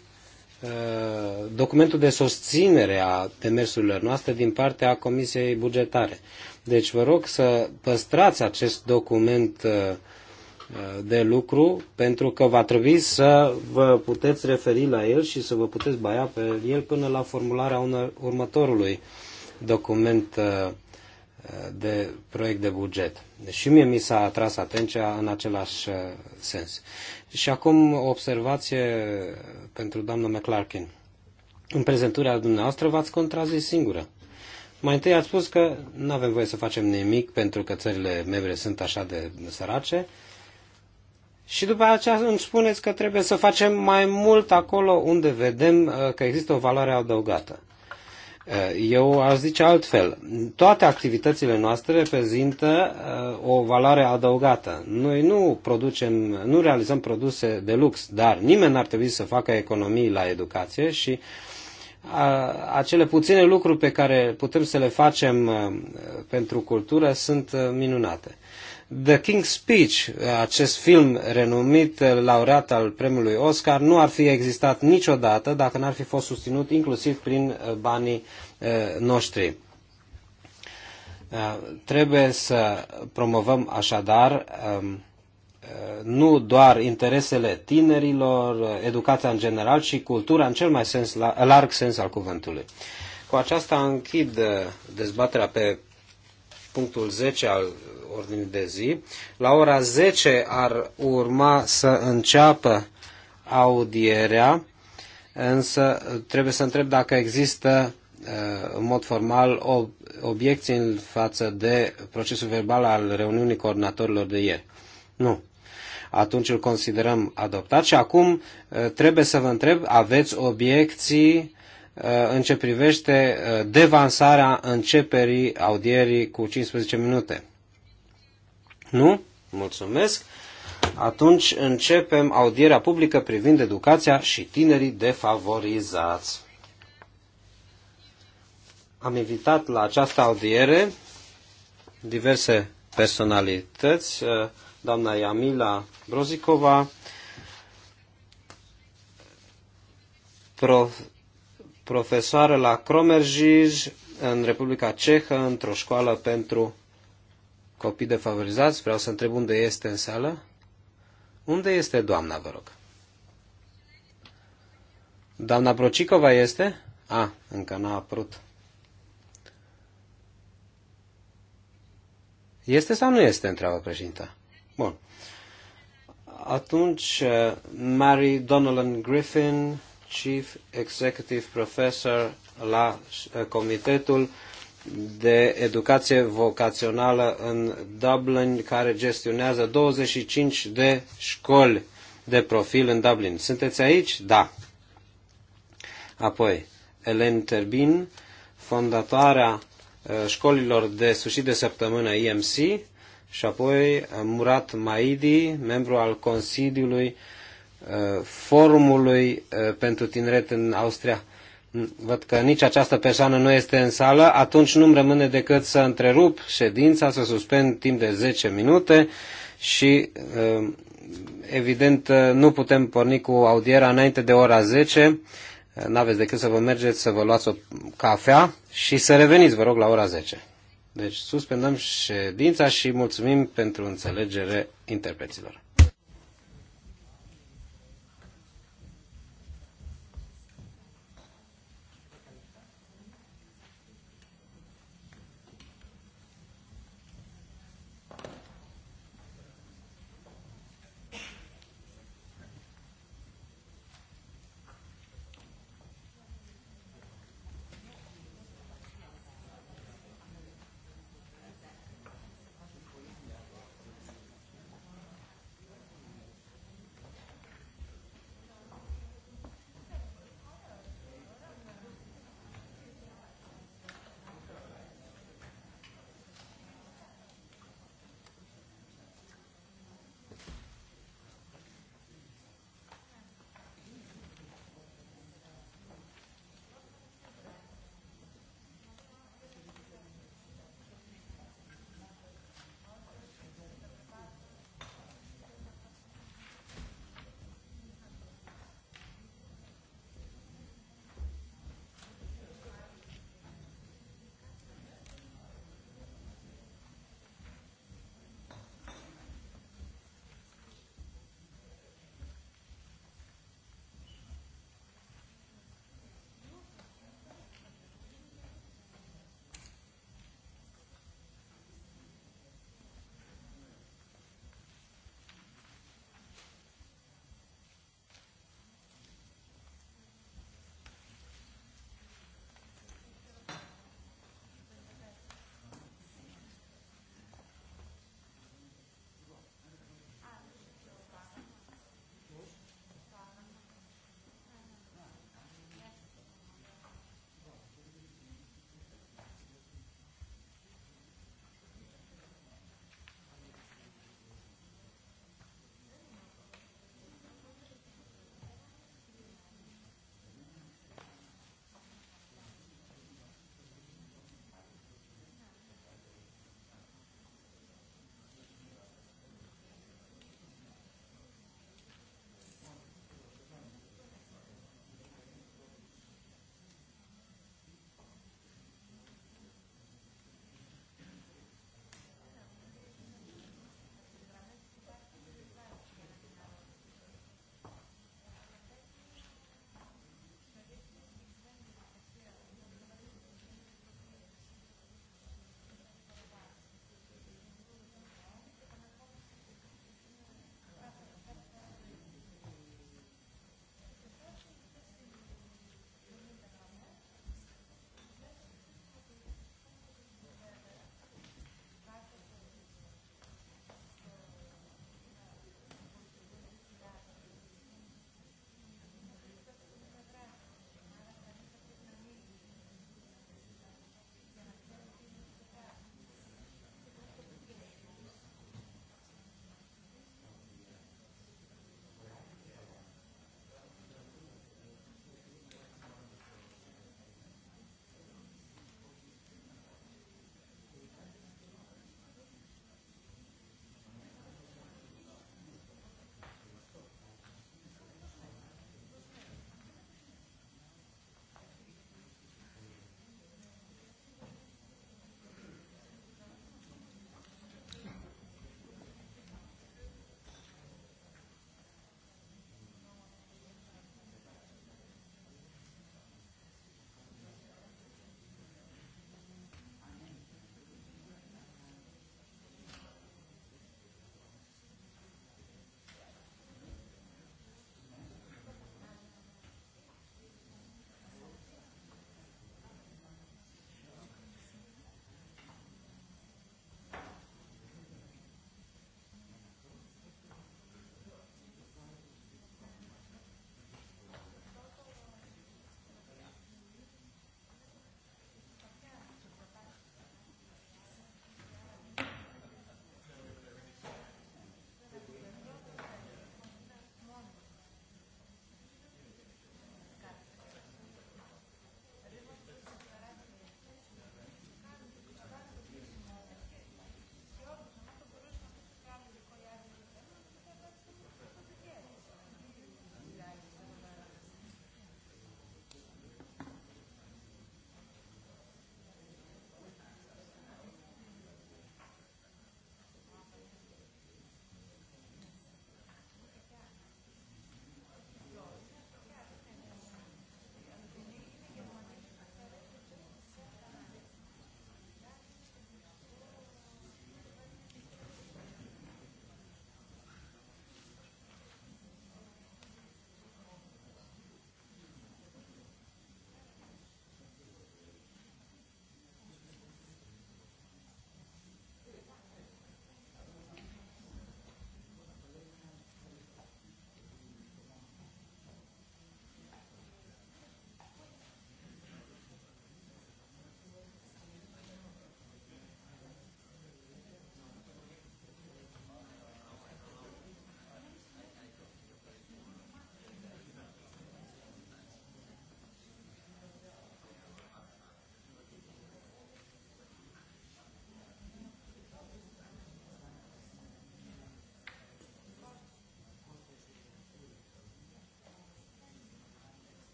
uh, documentul de susținere a demersurilor noastre din partea Comisiei Bugetare. Deci vă rog să păstrați acest document uh, de lucru, pentru că va trebui să vă puteți referi la el și să vă puteți baia pe el până la formularea unor, următorului document uh, de proiect de buget. Și mie mi s-a atras atenția în același uh, sens. Și acum o observație pentru doamna McClarkin. În prezentarea dumneavoastră v-ați contrazis singură. Mai întâi ați spus că nu avem voie să facem nimic pentru că țările membre sunt așa de sărace și după aceea îmi spuneți că trebuie să facem mai mult acolo unde vedem uh, că există o valoare adăugată. Uh, eu aș zice altfel. Toate activitățile noastre reprezintă uh, o valoare adăugată. Noi nu producem, nu realizăm produse de lux, dar nimeni n-ar trebui să facă economii la educație și acele puține lucruri pe care putem să le facem pentru cultură sunt minunate. The King's Speech, acest film renumit laureat al premiului Oscar, nu ar fi existat niciodată dacă n-ar fi fost susținut inclusiv prin uh, banii uh, noștri. Uh, trebuie să promovăm așadar um, nu doar interesele tinerilor, educația în general, ci cultura în cel mai sens, larg sens al cuvântului. Cu aceasta închid dezbaterea pe punctul 10 al ordine de zi. La ora 10 ar urma să înceapă audierea, însă trebuie să întreb dacă există uh, în mod formal obiecții în față de procesul verbal al reuniunii coordonatorilor de ieri. Nu. Atunci îl considerăm adoptat și acum uh, trebuie să vă întreb, aveți obiecții uh, în ce privește devansarea începerii audierii cu 15 minute? Nu? Mulțumesc. Atunci începem audierea publică privind educația și tinerii defavorizați. Am invitat la această audiere diverse personalități, uh, doamna Iamila Brozicova, prof, profesoară la Cromerjij în Republica Cehă, într-o școală pentru copii defavorizați. Vreau să întreb unde este în sală. Unde este doamna, vă rog? Doamna Procicova este? A, încă n-a apărut. Este sau nu este, întreabă președinta. Bun. Atunci, uh, Mary Donnellan Griffin, Chief Executive Professor la uh, Comitetul de educație vocațională în Dublin, care gestionează 25 de școli de profil în Dublin. Sunteți aici? Da. Apoi, Ellen Terbin, fondatoarea uh, școlilor de sfârșit de săptămână IMC, și apoi uh, Murat Maidi, membru al Consiliului uh, Forumului pentru Tineret în Austria Văd că nici această persoană nu este în sală, atunci nu-mi rămâne decât să întrerup ședința, să suspend timp de 10 minute și uh, evident uh, nu putem porni cu audiera înainte de ora 10. Uh, n-aveți decât să vă mergeți să vă luați o cafea și să reveniți, vă rog, la ora 10. Deci suspendăm ședința și mulțumim pentru înțelegere interpreților.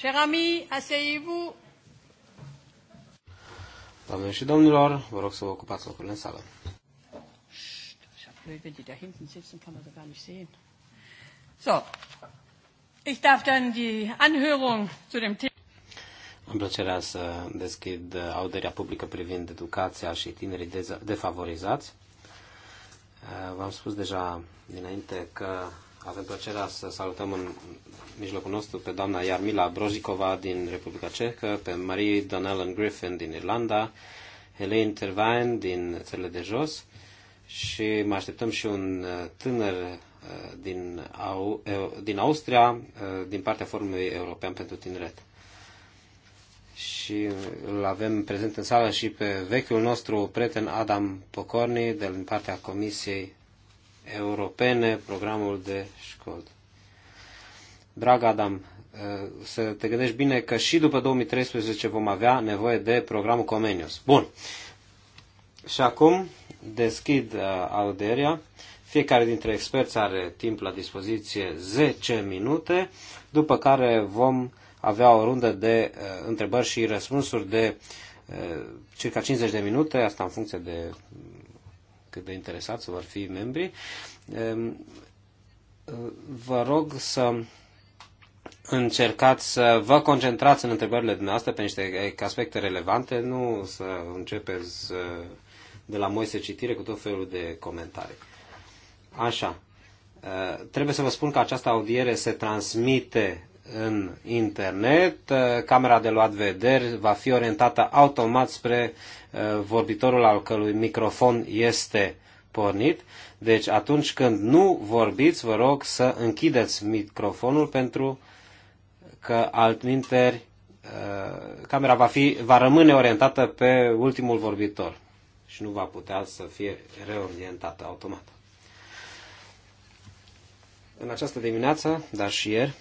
Cher ami, asseyez-vous. Doamne și domnilor, vă rog să vă ocupați locurile în sală. Blöd, wenn die da hinten sitzen, kann man da gar nicht sehen. So, ich darf dann die Anhörung zu dem Thema. Am plăcerea să deschid auderea publică privind educația și tinerii defavorizați. Eh, v-am spus deja dinainte că avem plăcerea să salutăm în mijlocul nostru pe doamna Iarmila Brozikova din Republica Cehă, pe Marie Donnellan Griffin din Irlanda, Helene Tervain din Țările de Jos și mai așteptăm și un uh, tânăr uh, din, Au, din Austria, uh, din partea Forumului European pentru Tineret. Și îl avem prezent în sală și pe vechiul nostru prieten Adam Pocorni, din partea Comisiei Europene, programul de școli drag Adam, uh, să te gândești bine că și după 2013 vom avea nevoie de programul Comenius. Bun. Și acum deschid uh, audieria. Fiecare dintre experți are timp la dispoziție 10 minute, după care vom avea o rundă de uh, întrebări și răspunsuri de circa 50 de minute, asta în funcție de mm, cât de interesați vor fi membrii. Um, vă rog să încercat să vă concentrați în întrebările dumneavoastră pe niște aspecte relevante, nu să începeți uh, de la Moise citire cu tot felul de comentarii. Așa. Uh, trebuie să vă spun că această audiere se transmite în internet. Uh, camera de luat vederi va fi orientată automat spre vorbitorul al cărui microfon este pornit. Deci atunci când nu vorbiți, vă rog să închideți microfonul pentru că altminteri uh, camera va, fi, va rămâne orientată pe ultimul vorbitor și nu va putea să fie reorientată automat. În această dimineață, dar și ieri,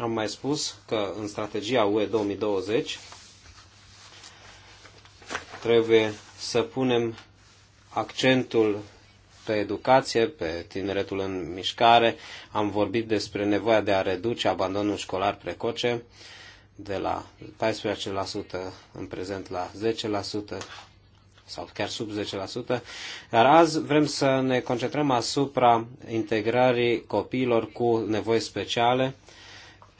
am mai spus că în strategia UE 2020 trebuie să punem accentul pe educație, pe tineretul în mișcare, am vorbit despre nevoia de a reduce abandonul școlar precoce de la 14% în prezent la 10% sau chiar sub 10%, Dar azi vrem să ne concentrăm asupra integrării copiilor cu nevoi speciale,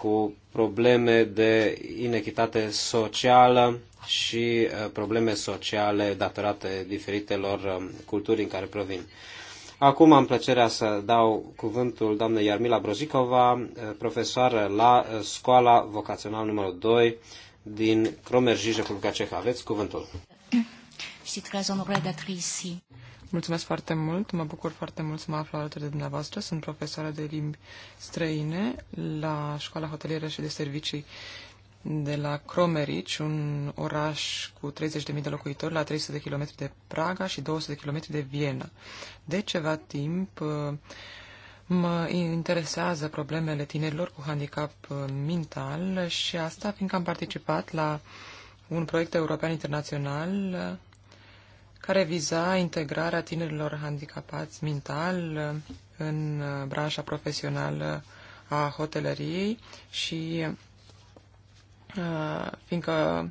cu probleme de inechitate socială și uh, probleme sociale datorate diferitelor um, culturi în care provin. Acum am plăcerea să dau cuvântul doamnei Iarmila Brozicova, uh, profesoară la uh, Școala Vocațională numărul 2 din Cromerji, Republica Cehă. Aveți cuvântul. Știți că sunt redactrici. Mulțumesc foarte mult, mă bucur foarte mult să mă aflu alături de dumneavoastră. Sunt profesoară de limbi străine la Școala Hotelieră și de Servicii de la Cromerici, un oraș cu 30.000 de locuitori, la 300 de km de Praga și 200 de km de Viena. De ceva timp mă interesează problemele tinerilor cu handicap uh, mental și asta fiindcă am participat la un proiect european internațional care viza integrarea tinerilor handicapați mental în branșa profesională a hoteleriei și uh, fiindcă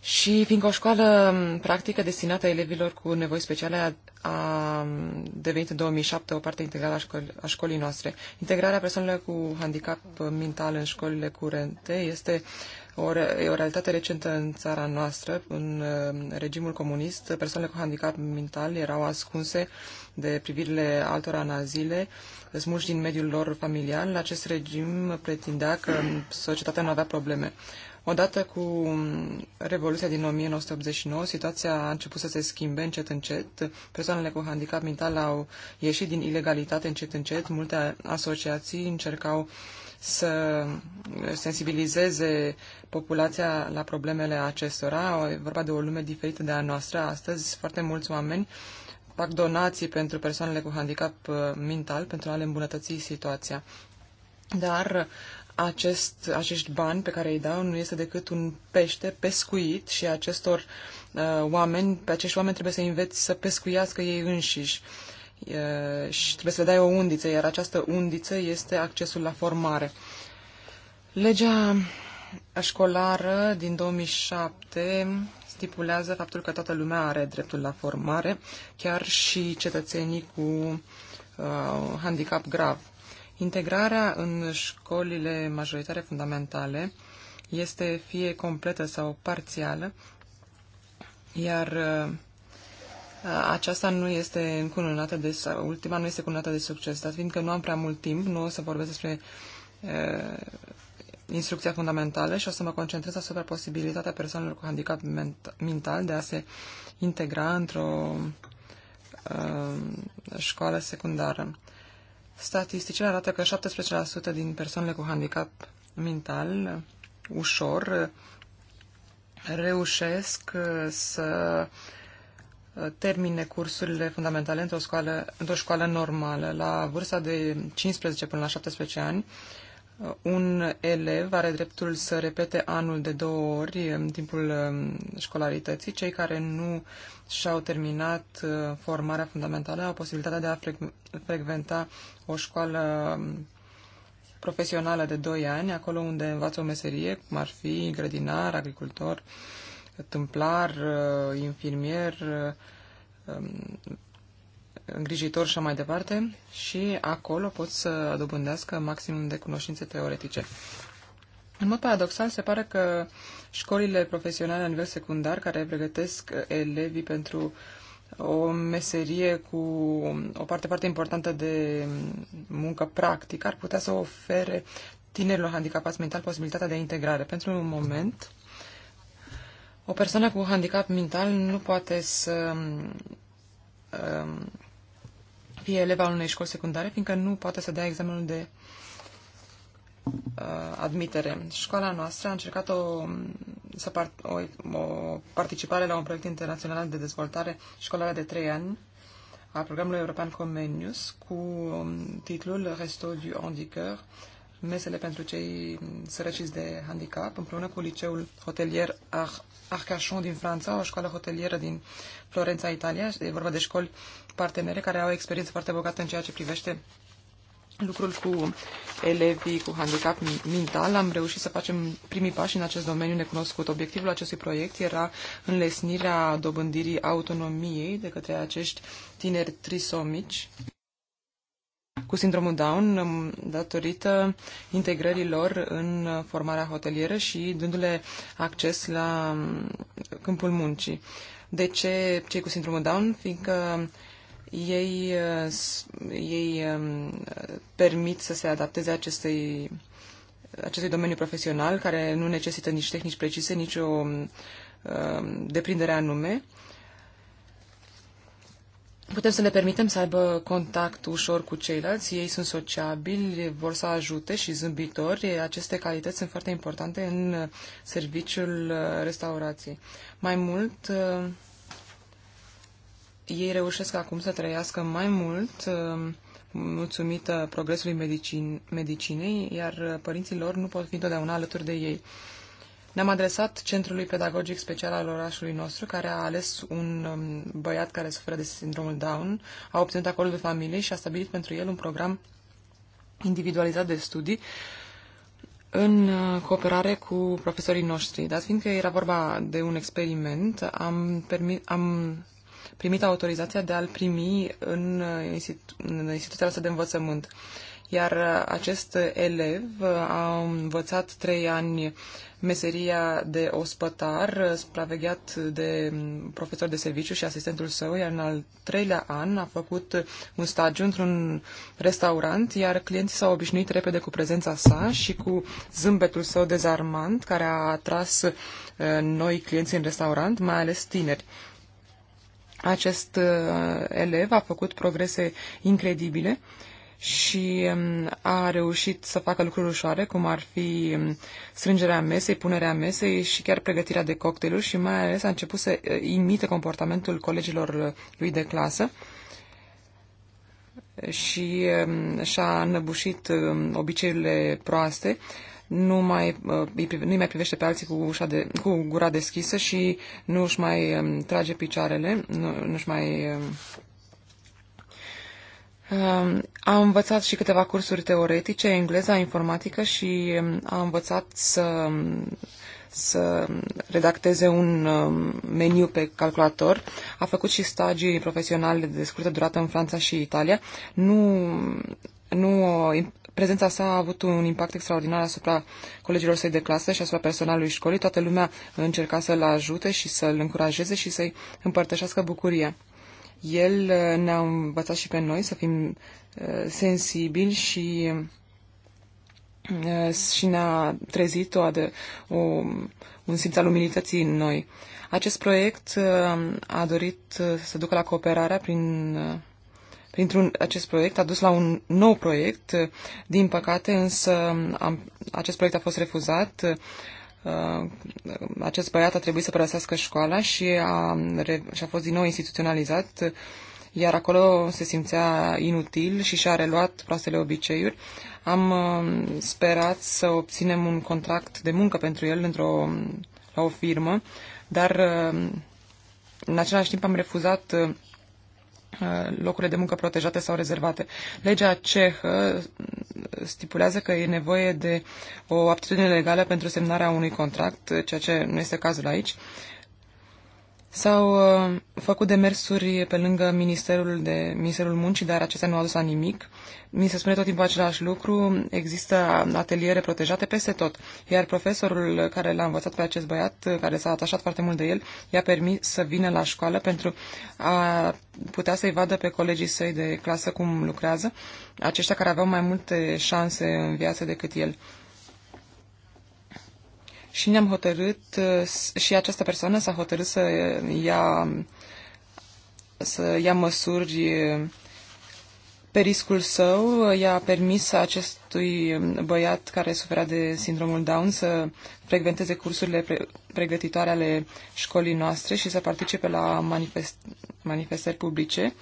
și fiindcă o școală mm, practică destinată elevilor cu nevoi speciale a, a devenit în 2007 o parte integrală a, școli, a școlii noastre. Integrarea persoanelor cu handicap mental în școlile curente este o, re- o realitate recentă în țara noastră. În uh, regimul comunist, persoanele cu handicap mental erau ascunse de privirile altora în azile, smulși din mediul lor familial. Acest regim pretindea că societatea nu avea probleme. Odată cu um, Revoluția din 1989, situația a început să se schimbe încet încet. Persoanele cu handicap mental au ieșit din ilegalitate încet încet. Multe asociații încercau uh, să sensibilizeze populația la problemele acestora. E vorba de o lume diferită de a noastră. Astăzi foarte mulți oameni fac donații pentru persoanele cu handicap uh, mental pentru a le îmbunătăți situația. Dar acest, acești bani pe care îi dau nu este decât un pește pescuit și acestor uh, oameni, pe acești oameni trebuie să înveți să pescuiască ei înșiși. Uh, și trebuie să le dai o undiță, iar această undiță este accesul la formare. Legea școlară din 2007 stipulează faptul că toată lumea are dreptul la formare, chiar și cetățenii cu uh, handicap grav. Integrarea în școlile majoritare fundamentale este fie completă sau parțială, iar uh, aceasta nu este încununată de, ultima nu este încununată de succes, dar fiindcă nu am prea mult timp, nu o să vorbesc despre uh, instrucția fundamentală și o să mă concentrez asupra posibilitatea persoanelor cu handicap mental de a se integra într-o uh, școală secundară. Statisticile arată că 17% din persoanele cu handicap mental ușor reușesc să uh, termine cursurile fundamentale într-o școală, într școală normală. La vârsta de 15 până la 17 ani, un elev are dreptul să repete anul de două ori în timpul um, școlarității. Cei care nu și-au terminat uh, formarea fundamentală au posibilitatea de a frecventa o școală um, profesională de 2 ani, acolo unde învață o meserie, cum ar fi grădinar, agricultor, uh, tâmplar, uh, infirmier, uh, um, îngrijitor și mai departe și acolo pot să dobândească maximum de cunoștințe teoretice. În mod paradoxal, se pare că școlile profesionale la nivel secundar care pregătesc uh, elevii pentru o meserie cu o parte foarte importantă de um, muncă practică ar putea să ofere tinerilor handicapați mental posibilitatea de integrare. Pentru un moment, o persoană cu handicap mental nu poate să um, fie eleva al unei școli secundare, fiindcă nu poate să dea examenul de uh, admitere. Școala noastră a încercat o, să part, o, o participare la un proiect internațional de dezvoltare școlară de 3 ani a programului european Comenius cu um, titlul Resto du Handicap, mesele pentru cei sărăciți de handicap, împreună cu liceul hotelier Ar- Arcachon din Franța, o școală hotelieră din Florența, Italia. E vorba de școli partenere care au experiență foarte bogată în ceea ce privește lucrul cu elevii cu handicap mental. Am reușit să facem primii pași în acest domeniu necunoscut. Obiectivul acestui proiect era înlesnirea dobândirii autonomiei de către acești tineri trisomici cu sindromul Down um, datorită integrării lor în formarea hotelieră și dându-le acces la um, câmpul muncii. De ce cei cu sindromul Down? Fiindcă ei, uh, ei um, permit să se adapteze acestei, acestui domeniu profesional care nu necesită nici tehnici precise, nici o deprindere anume putem să le permitem să aibă contact ușor cu ceilalți, ei sunt sociabili, vor să ajute și zâmbitori. Aceste calități sunt foarte importante în serviciul restaurației. Mai mult, eh, ei reușesc acum să trăiască mai mult eh, mulțumită progresului medicin, medicinei, iar părinții lor nu pot fi totdeauna alături de ei. Ne-am adresat Centrului Pedagogic Special al orașului nostru, care a ales un um, băiat care suferă de sindromul Down, a obținut acordul familie și a stabilit pentru el un program individualizat de studii în uh, cooperare cu profesorii noștri. Dar fiindcă era vorba de un experiment, am, permis, am primit autorizația de a-l primi în, uh, institu- în instituția asta de învățământ. Uh, iar uh, acest elev uh, a învățat trei ani meseria de ospătar, uh, supravegheat de mm, profesor de serviciu și asistentul său, iar în al treilea an a făcut un stagiu într-un restaurant, iar clienții s-au obișnuit repede cu prezența sa și cu zâmbetul său dezarmant, care a atras noi clienți în restaurant, mai ales tineri. Acest elev a făcut progrese incredibile și um, a reușit să facă lucruri ușoare, cum ar fi um, strângerea mesei, punerea mesei și chiar pregătirea de cocktailuri și mai ales a început să uh, imite comportamentul colegilor uh, lui de clasă și um, și-a înăbușit obiceiurile proaste, nu mai, uh, nu mai privește pe alții cu, ușa de, cu gura deschisă și nu își mai trage picioarele, nu, nu mai a învățat și câteva cursuri teoretice, engleza, informatică și um, a învățat să, um, să redacteze un um, meniu pe calculator. A făcut și stagii profesionale de scurtă durată în Franța și Italia. Nu, nu, prezența sa a avut un impact extraordinar asupra colegilor săi de clasă și asupra personalului școlii. Toată lumea încerca să-l ajute și să-l încurajeze și să-i împărtășească bucuria. El uh, ne-a învățat și pe noi să fim uh, sensibili și uh, și ne-a trezit o, o, un simț al umilității în noi. Acest proiect a dorit să ducă la cooperarea prin, printr-un acest proiect, a dus la un nou proiect, din păcate însă am, acest proiect a fost refuzat Uh, acest băiat a trebuit să părăsească școala și a, și a fost din nou instituționalizat, iar acolo se simțea inutil și și-a reluat proastele obiceiuri. Am uh, sperat să obținem un contract de muncă pentru el într-o, la o firmă, dar uh, în același timp am refuzat locurile de muncă protejate sau rezervate. Legea cehă stipulează că e nevoie de o aptitudine legală pentru semnarea unui contract, ceea ce nu este cazul aici. Uh, S-au uh, făcut demersuri pe lângă Ministerul, de, Ministerul Muncii, dar acestea nu au dus la nimic. Mi se spune tot timpul același lucru, există ateliere protejate peste tot, iar profesorul care l-a învățat pe acest băiat, care s-a atașat foarte mult de el, i-a permis să vină la școală pentru a putea să-i vadă pe colegii săi de clasă cum lucrează, aceștia care aveau mai multe șanse în viață decât el și ne-am hotărât uh, și această persoană s-a hotărât să ia, să ia măsuri uh, pe riscul său, i-a permis acestui băiat care suferea de sindromul Down să frecventeze cursurile pre- pregătitoare ale școlii noastre și să participe la manifest- manifestări publice,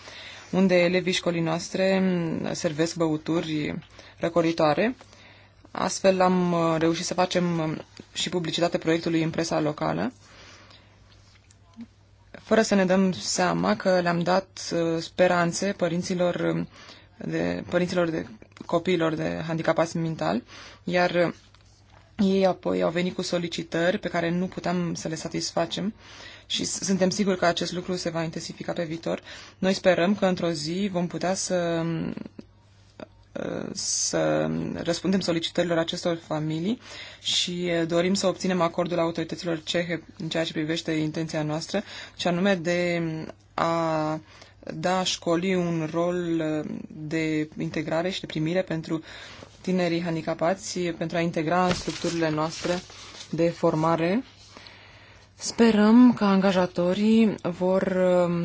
unde elevii școlii noastre mm, servesc băuturi răcoritoare. Astfel am uh, reușit să facem um, și publicitatea proiectului în presa locală, fără să ne dăm seama că le-am dat uh, speranțe părinților um, de, părinților de copiilor de handicapați mental, iar uh, ei apoi au venit cu solicitări pe care nu puteam să le satisfacem și suntem siguri că acest lucru se va intensifica pe viitor. Noi sperăm că într-o zi vom putea să um, să răspundem solicitărilor acestor familii și dorim să obținem acordul autorităților cehe în ceea ce privește intenția noastră, ce anume de a da școlii un rol de integrare și de primire pentru tinerii handicapați, pentru a integra în structurile noastre de formare Sperăm că angajatorii vor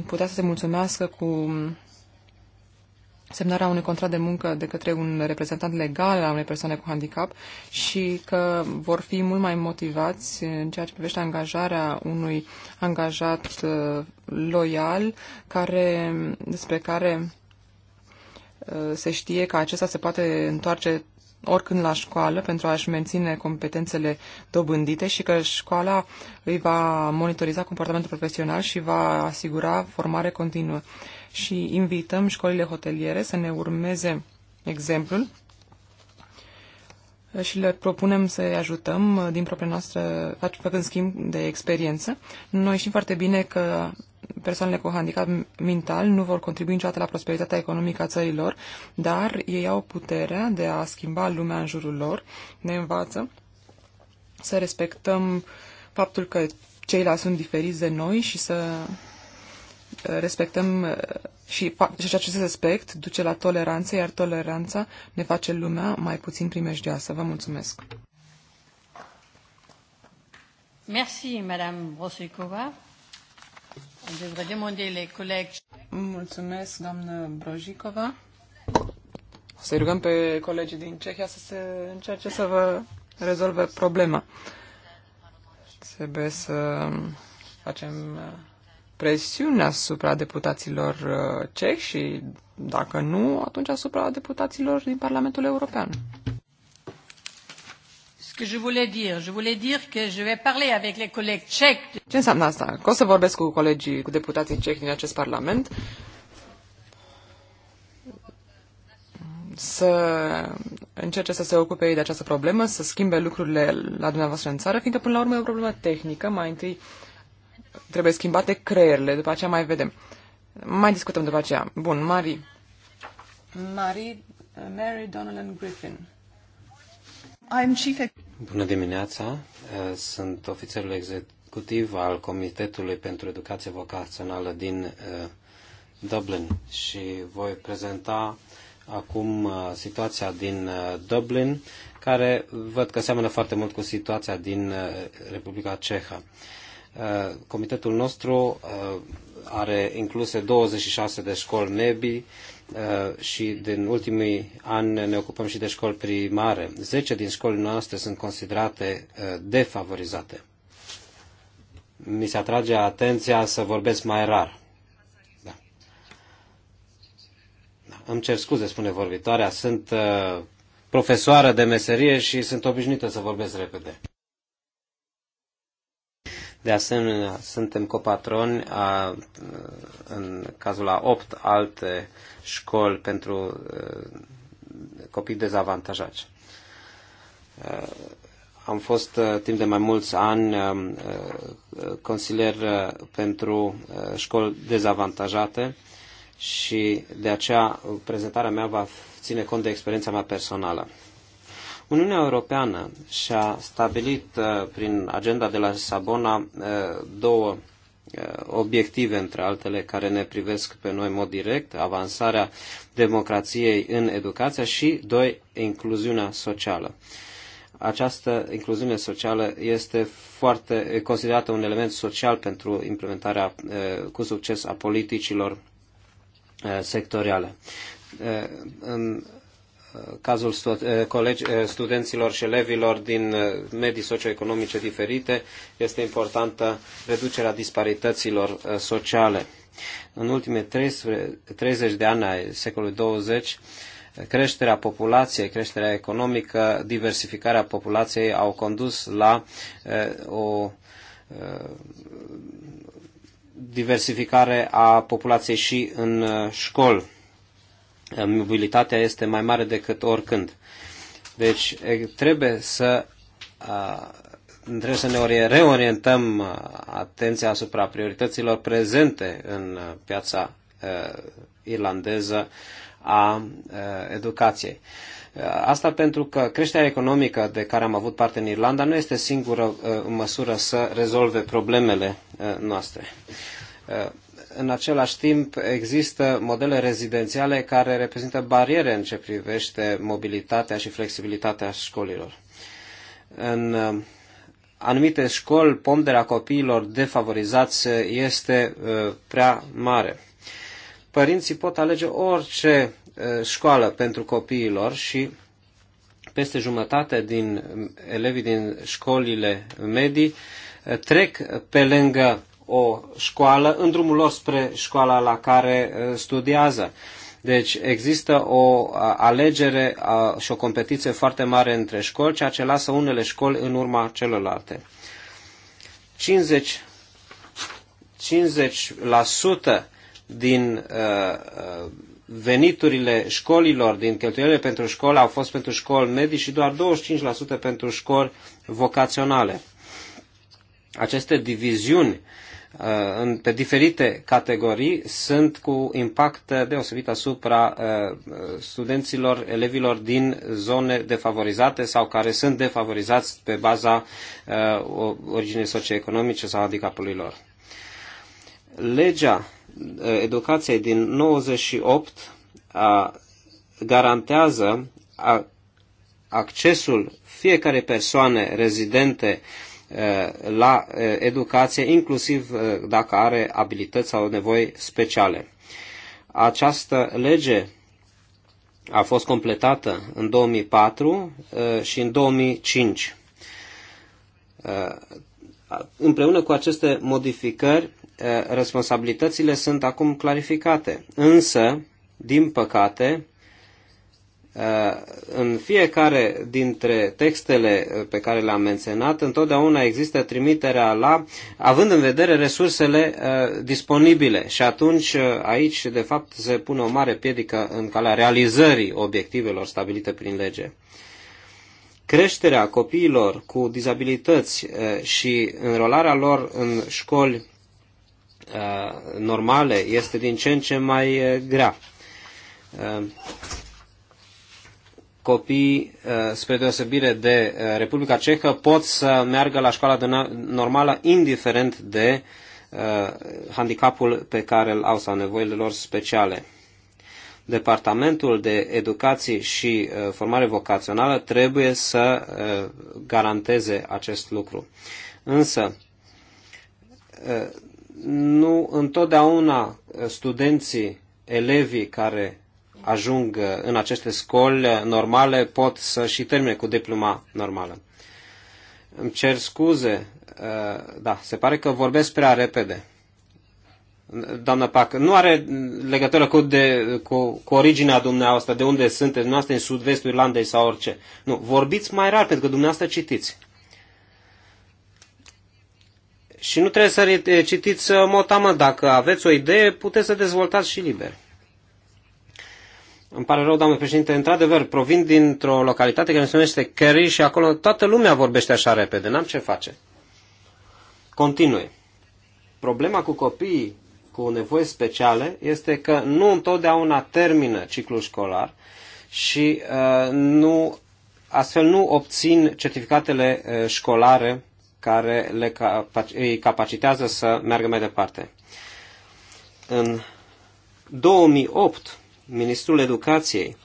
putea să se mulțumească cu semnarea unui contract de muncă de către un reprezentant legal al unei persoane cu handicap și că vor fi mult mai motivați în ceea ce privește angajarea unui angajat uh, loial care, despre care uh, se știe că acesta se poate întoarce oricând la școală pentru a-și menține competențele dobândite și că școala îi va monitoriza comportamentul profesional și va asigura formare continuă și invităm școlile hoteliere să ne urmeze exemplul și le propunem să ajutăm uh, din propria noastră, făcând schimb de experiență. Noi știm foarte bine că persoanele cu handicap mental nu vor contribui niciodată la prosperitatea economică a țărilor, dar ei au puterea de a schimba lumea în jurul lor, ne învață să respectăm faptul că ceilalți sunt diferiți de noi și să respectăm uh, și, ce se respect duce la toleranță, iar toleranța ne face lumea mai puțin primejdioasă. Vă mulțumesc! Merci, Madame Brosicova. Mulțumesc, doamnă Brojicova. O să-i rugăm pe colegii din Cehia să se încerce să vă rezolve problema. Trebuie să facem uh, presiune asupra deputaților uh, cehi și, dacă nu, atunci asupra deputaților din Parlamentul European. Ce înseamnă asta? Că o să vorbesc cu colegii, cu deputații cehi din acest Parlament să încerce să se ocupe ei de această problemă, să schimbe lucrurile la dumneavoastră în țară, fiindcă până la urmă e o problemă tehnică. Mai întâi uh, trebuie schimbate creierile, după aceea mai vedem. Mai discutăm după aceea. Bun, Marie. Marie, Mary Donnellan Griffin. I'm chief... Bună dimineața, eh, sunt ofițerul executiv al Comitetului pentru Educație Vocațională din eh, Dublin și voi prezenta acum eh, situația din Dublin, care văd că seamănă foarte mult cu situația din Republica Cehă. Uh, comitetul nostru uh, are incluse 26 de școli nebi uh, și din ultimii ani ne ocupăm și de școli primare. 10 din școlile noastre sunt considerate defavorizate. Mi se atrage atenția să vorbesc mai rar. Da. da. Îmi cer scuze, spune vorbitoarea, sunt profesoară de meserie și sunt obișnuită să vorbesc repede. De asemenea, suntem copatroni a, în cazul a opt alte școli pentru copii dezavantajați. Am fost timp de mai mulți ani consilier pentru școli dezavantajate și de aceea prezentarea mea va ține cont de experiența mea personală. Uniunea Europeană și-a stabilit uh, prin agenda de la Sabona uh, două uh, obiective, între altele, care ne privesc pe noi în mod direct, avansarea democrației în educație și, doi, incluziunea socială. Această incluziune socială este foarte considerată un element social pentru implementarea cu succes a politicilor sectoriale. În cazul eh, colegi, eh, studenților și elevilor din eh, medii socioeconomice diferite, este importantă reducerea disparităților sociale. În ultime 30 de ani ai secolului 20, creșterea populației, creșterea economică, diversificarea populației au condus la o diversificare a populației și în școli mobilitatea este mai mare decât oricând. Deci trebuie să trebuie să ne reorientăm atenția asupra priorităților prezente în piața irlandeză a educației. Asta pentru că creșterea economică de care am avut parte în Irlanda nu este singură măsură să rezolve problemele noastre în același timp există modele rezidențiale care reprezintă bariere în ce privește mobilitatea și flexibilitatea școlilor. În uh, anumite școli, ponderea copiilor defavorizați este uh, prea mare. Părinții pot alege orice uh, școală pentru copiilor și peste jumătate din elevii din școlile medii trec pe lângă o școală în drumul lor spre școala la care uh, studiază. Deci există o alegere și o competiție foarte mare între școli, ceea ce lasă unele școli în urma celorlalte. 50, 50% din uh, uh, veniturile școlilor, din cheltuielile pentru școli au fost pentru școli medii și doar 25% pentru școli vocaționale. Aceste diviziuni uh, Uh, în, pe diferite categorii sunt cu impact deosebit asupra uh, studenților, elevilor din zone defavorizate sau care sunt defavorizați pe baza uh, originii socioeconomice sau handicapului lor. Legea educației din 98 a, garantează a, accesul fiecare persoane rezidente uh, Eh, la eh, educație, inclusiv eh, dacă are abilități sau nevoi speciale. Această lege a fost completată în 2004 și în 2005. Împreună cu aceste modificări, responsabilitățile sunt acum clarificate, însă, din păcate, Uh, în fiecare dintre textele uh, pe care le-am menționat, întotdeauna există trimiterea la, având în vedere resursele uh, disponibile. Și atunci aici, de fapt, se pune o mare piedică în calea realizării obiectivelor stabilite prin lege. Creșterea copiilor cu dizabilități și înrolarea lor în școli normale este din ce în ce mai grea copii, uh, spre deosebire de uh, Republica Cehă, pot să meargă la școala normală indiferent de uh, handicapul pe care îl au sau nevoile lor speciale. Departamentul de Educație și Formare Vocațională trebuie să garanteze acest lucru. Însă, nu întotdeauna studenții, elevii care ajung în aceste școli normale pot să și termine cu diploma normală. Îmi cer scuze, uh, da, se pare că vorbesc prea repede. Doamna Pac, nu are legătură cu, de, cu, cu originea dumneavoastră, de unde sunteți, dumneavoastră în sud-vestul Irlandei sau orice. Nu, vorbiți mai rar, pentru că dumneavoastră citiți. Și nu trebuie să citiți uh, motamă. Dacă aveți o idee, puteți să dezvoltați și liber. Îmi pare rău, doamnă președinte, într-adevăr, provin dintr-o localitate care se numește Kerry și acolo toată lumea vorbește așa repede, n-am ce face. Continui. Problema cu copiii cu nevoi speciale este că nu întotdeauna termină ciclul școlar și uh, nu, astfel nu obțin certificatele uh, școlare care le capac- îi capacitează să meargă mai departe. În 2008, ministrul educației,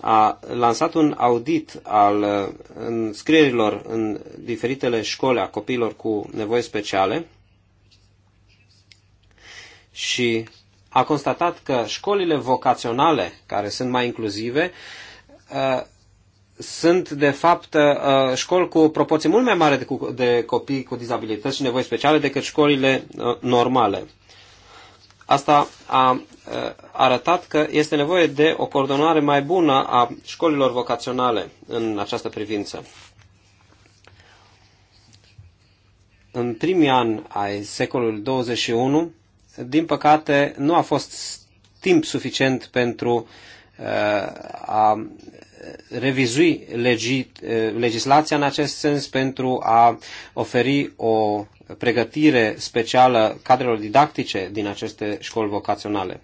a lansat un audit al uh, înscrierilor în diferitele școli a copiilor cu nevoi speciale și a constatat că școlile vocaționale, care sunt mai inclusive, uh, sunt, de fapt, uh, școli cu proporții mult mai mare de copii cu dizabilități și nevoi speciale decât școlile normale. Asta a arătat că este nevoie de o coordonare mai bună a școlilor vocaționale în această privință. În primii ani ai secolului 21, din păcate, nu a fost timp suficient pentru a revizui legi, legislația în acest sens pentru a oferi o pregătire specială cadrelor didactice din aceste școli vocaționale.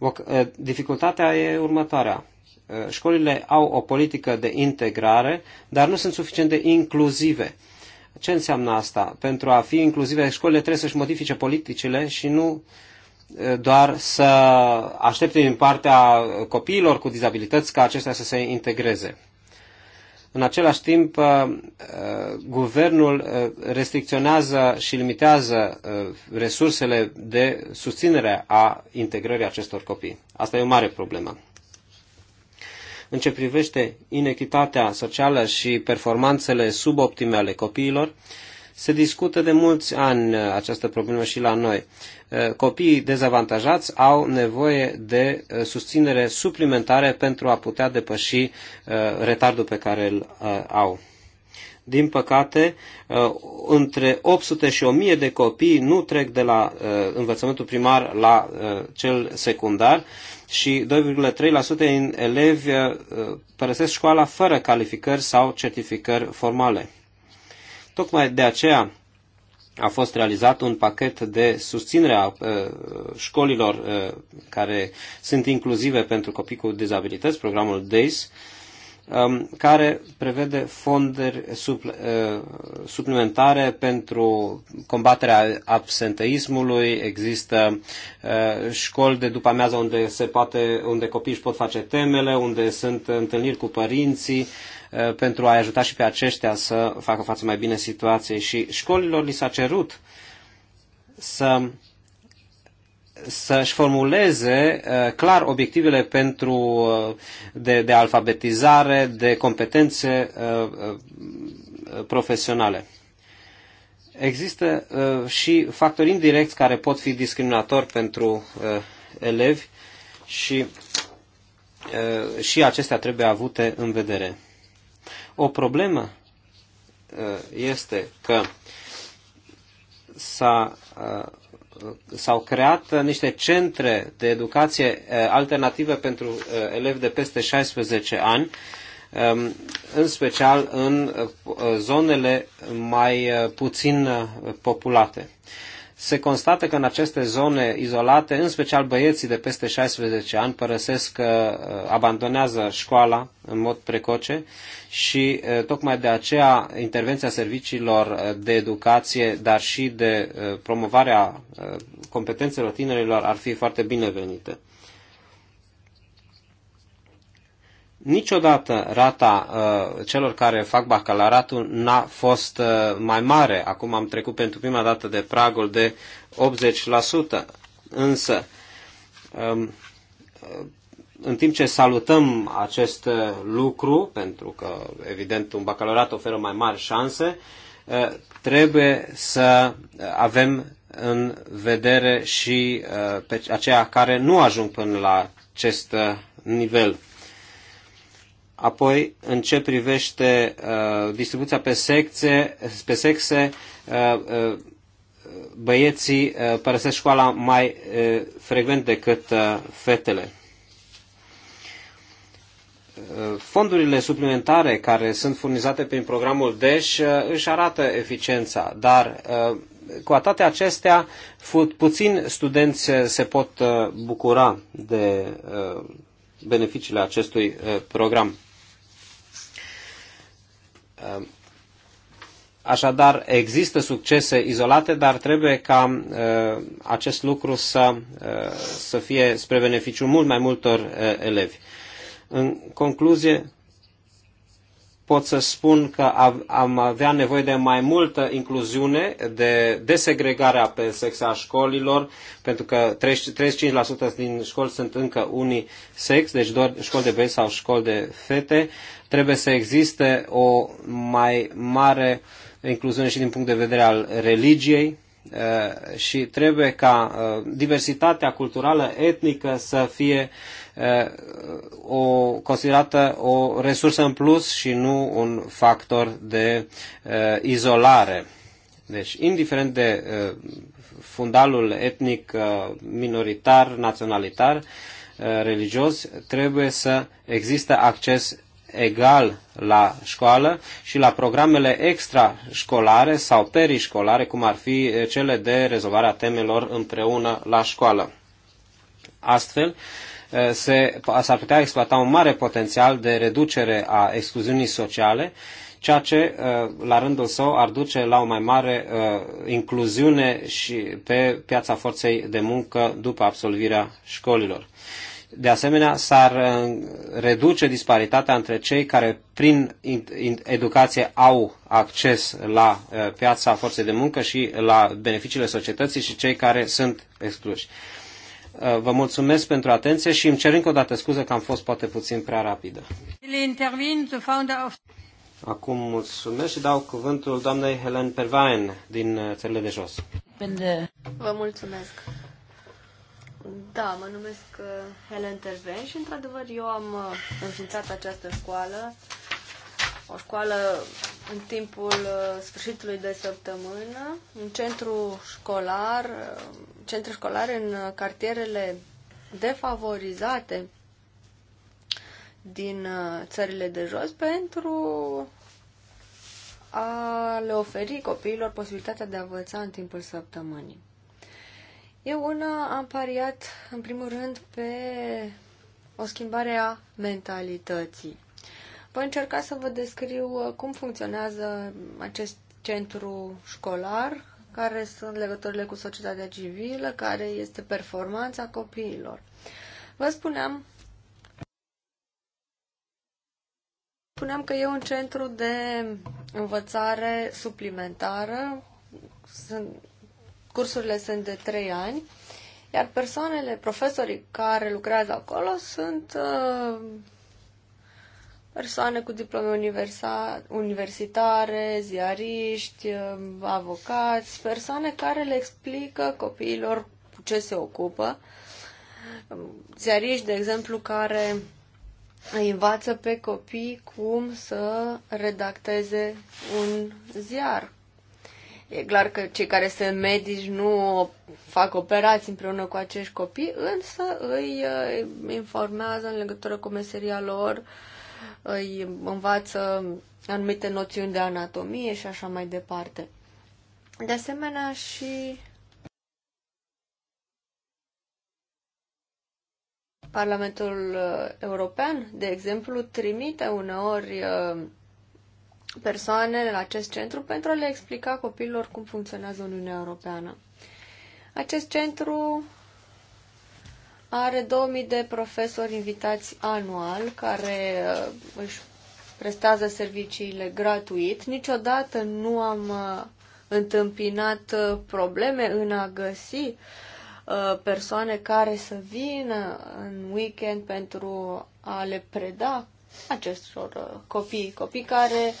Eh, dificultatea e următoarea. Eh, școlile au o politică de integrare, dar nu sunt suficient de inclusive. Ce înseamnă asta? Pentru a fi inclusive, școlile trebuie să-și modifice politicile și nu eh, doar să aștepte din partea copiilor cu dizabilități ca acestea să se integreze. În același timp, uh, uh, guvernul uh, restricționează și limitează resursele de susținere a integrării acestor copii. Asta e o mare problemă. În ce privește inechitatea socială și performanțele suboptime ale copiilor, se discută de mulți ani uh, această problemă și la noi. Uh, copiii dezavantajați au nevoie de uh, susținere suplimentare pentru a putea depăși retardul pe care îl au. Din păcate, între 800 și 1000 de copii nu trec de la învățământul primar la cel secundar și 2,3% din elevi părăsesc școala fără calificări sau certificări formale. Tocmai de aceea a fost realizat un pachet de susținere a uh, școlilor uh, care sunt inclusive pentru copii cu dizabilități, programul DAIS, um, care prevede fonduri uh, suplimentare pentru combaterea absenteismului, există școli de după amiază unde, se poate, unde copiii își pot face temele, unde sunt întâlniri cu părinții, Uh, pentru a ajuta și pe aceștia să facă față mai bine situației și școlilor li s-a cerut să să-și formuleze uh, clar obiectivele pentru uh, de, de alfabetizare, de competențe profesionale. Există și factori indirecți care pot fi discriminatori pentru elevi și, și acestea trebuie avute în vedere. O problemă uh, este că s-a, uh, s-au creat niște centre de educație uh, alternativă pentru elevi de peste 16 ani, um, în special în zonele mai puțin populate se constată că în aceste zone izolate, în special băieții de peste 16 ani, părăsesc, uh, uh, abandonează școala în mod precoce și uh, tocmai de aceea intervenția serviciilor de educație, dar și de promovarea competențelor tinerilor ar fi foarte binevenită. Niciodată rata uh, celor care fac bacalaratul n-a fost uh, mai mare. Acum am trecut pentru prima dată de pragul de 80%. Însă, um, uh, în timp ce salutăm acest uh, lucru, pentru că, evident, un bacalaurat oferă mai mari șanse, uh, trebuie să avem în vedere și pe aceia care nu ajung până la acest nivel. Apoi, în ce privește uh, distribuția pe sexe, pe sexe uh, uh, băieții uh, părăsesc școala mai uh, frecvent decât uh, fetele. Uh, fondurile suplimentare care sunt furnizate prin programul DESH uh, își arată eficiența, dar uh, cu toate acestea, puțin studenți se pot bucura de beneficiile acestui program. Ehm, așadar, există succese izolate, dar trebuie ca ehm, acest lucru să, ehm, să fie spre beneficiu mult mai multor elevi. În concluzie, pot să spun că am avea nevoie de mai multă incluziune, de desegregarea pe sexe a școlilor, pentru că 35% din școli sunt încă unii sex, deci doar școli de băieți sau școli de fete. Trebuie să existe o mai mare incluziune și din punct de vedere al religiei eh, și trebuie ca eh, diversitatea culturală, etnică să fie o, considerată o resursă în plus și nu un factor de eh, izolare. Deci, indiferent de eh, fundalul etnic, eh, minoritar, naționalitar, religios, trebuie să există acces egal la școală și la programele extrașcolare sau perișcolare, cum ar fi cele de rezolvarea temelor împreună la școală. Astfel, uh, Eh, se, s-ar putea exploata un mare potențial de reducere a excluziunii sociale, ceea ce, eh, la rândul său, ar duce la o mai mare eh, incluziune și pe piața forței de muncă după absolvirea școlilor. De asemenea, s-ar reduce disparitatea între cei care prin educație au acces la piața forței de muncă și la beneficiile societății și cei care sunt excluși. Uh, vă mulțumesc pentru atenție și îmi cer încă o dată scuze că am fost poate puțin prea rapidă. Acum mulțumesc și dau cuvântul doamnei Helen Pervain din uh, Țările de Jos. Vă mulțumesc. Da, mă numesc uh, Helen Pervain și într-adevăr eu am înființat această școală, o școală în timpul sfârșitului de săptămână, un centru școlar centre școlare în cartierele defavorizate din uh, țările de jos pentru a le oferi copiilor posibilitatea de a învăța în timpul săptămânii. Eu una am pariat, în primul rând, pe o schimbare a mentalității. Voi încerca să vă descriu uh, cum funcționează acest centru școlar care sunt legăturile cu societatea civilă, care este performanța copiilor. Vă spuneam, spuneam că e un centru de învățare suplimentară, sunt, cursurile sunt de 3 ani, iar persoanele, profesorii care lucrează acolo sunt uh, persoane cu diplome universitare, ziariști, um, avocați, persoane care le explică copiilor cu ce se ocupă. Um, ziariști, de exemplu, care îi învață pe copii cum să redacteze un ziar. E clar că cei care sunt medici nu fac operații împreună cu acești copii, însă îi uh, informează în legătură cu meseria lor îi învață anumite noțiuni de anatomie și așa mai departe. De asemenea și Parlamentul uh, European, de exemplu, trimite uneori uh, persoane la acest centru pentru a le explica copiilor cum funcționează Uniunea Europeană. Acest centru are 2000 de profesori invitați anual care uh, își prestează serviciile gratuit. Niciodată nu am uh, întâmpinat uh, probleme în a găsi persoane care să vină în weekend pentru a le preda acestor copii, copii care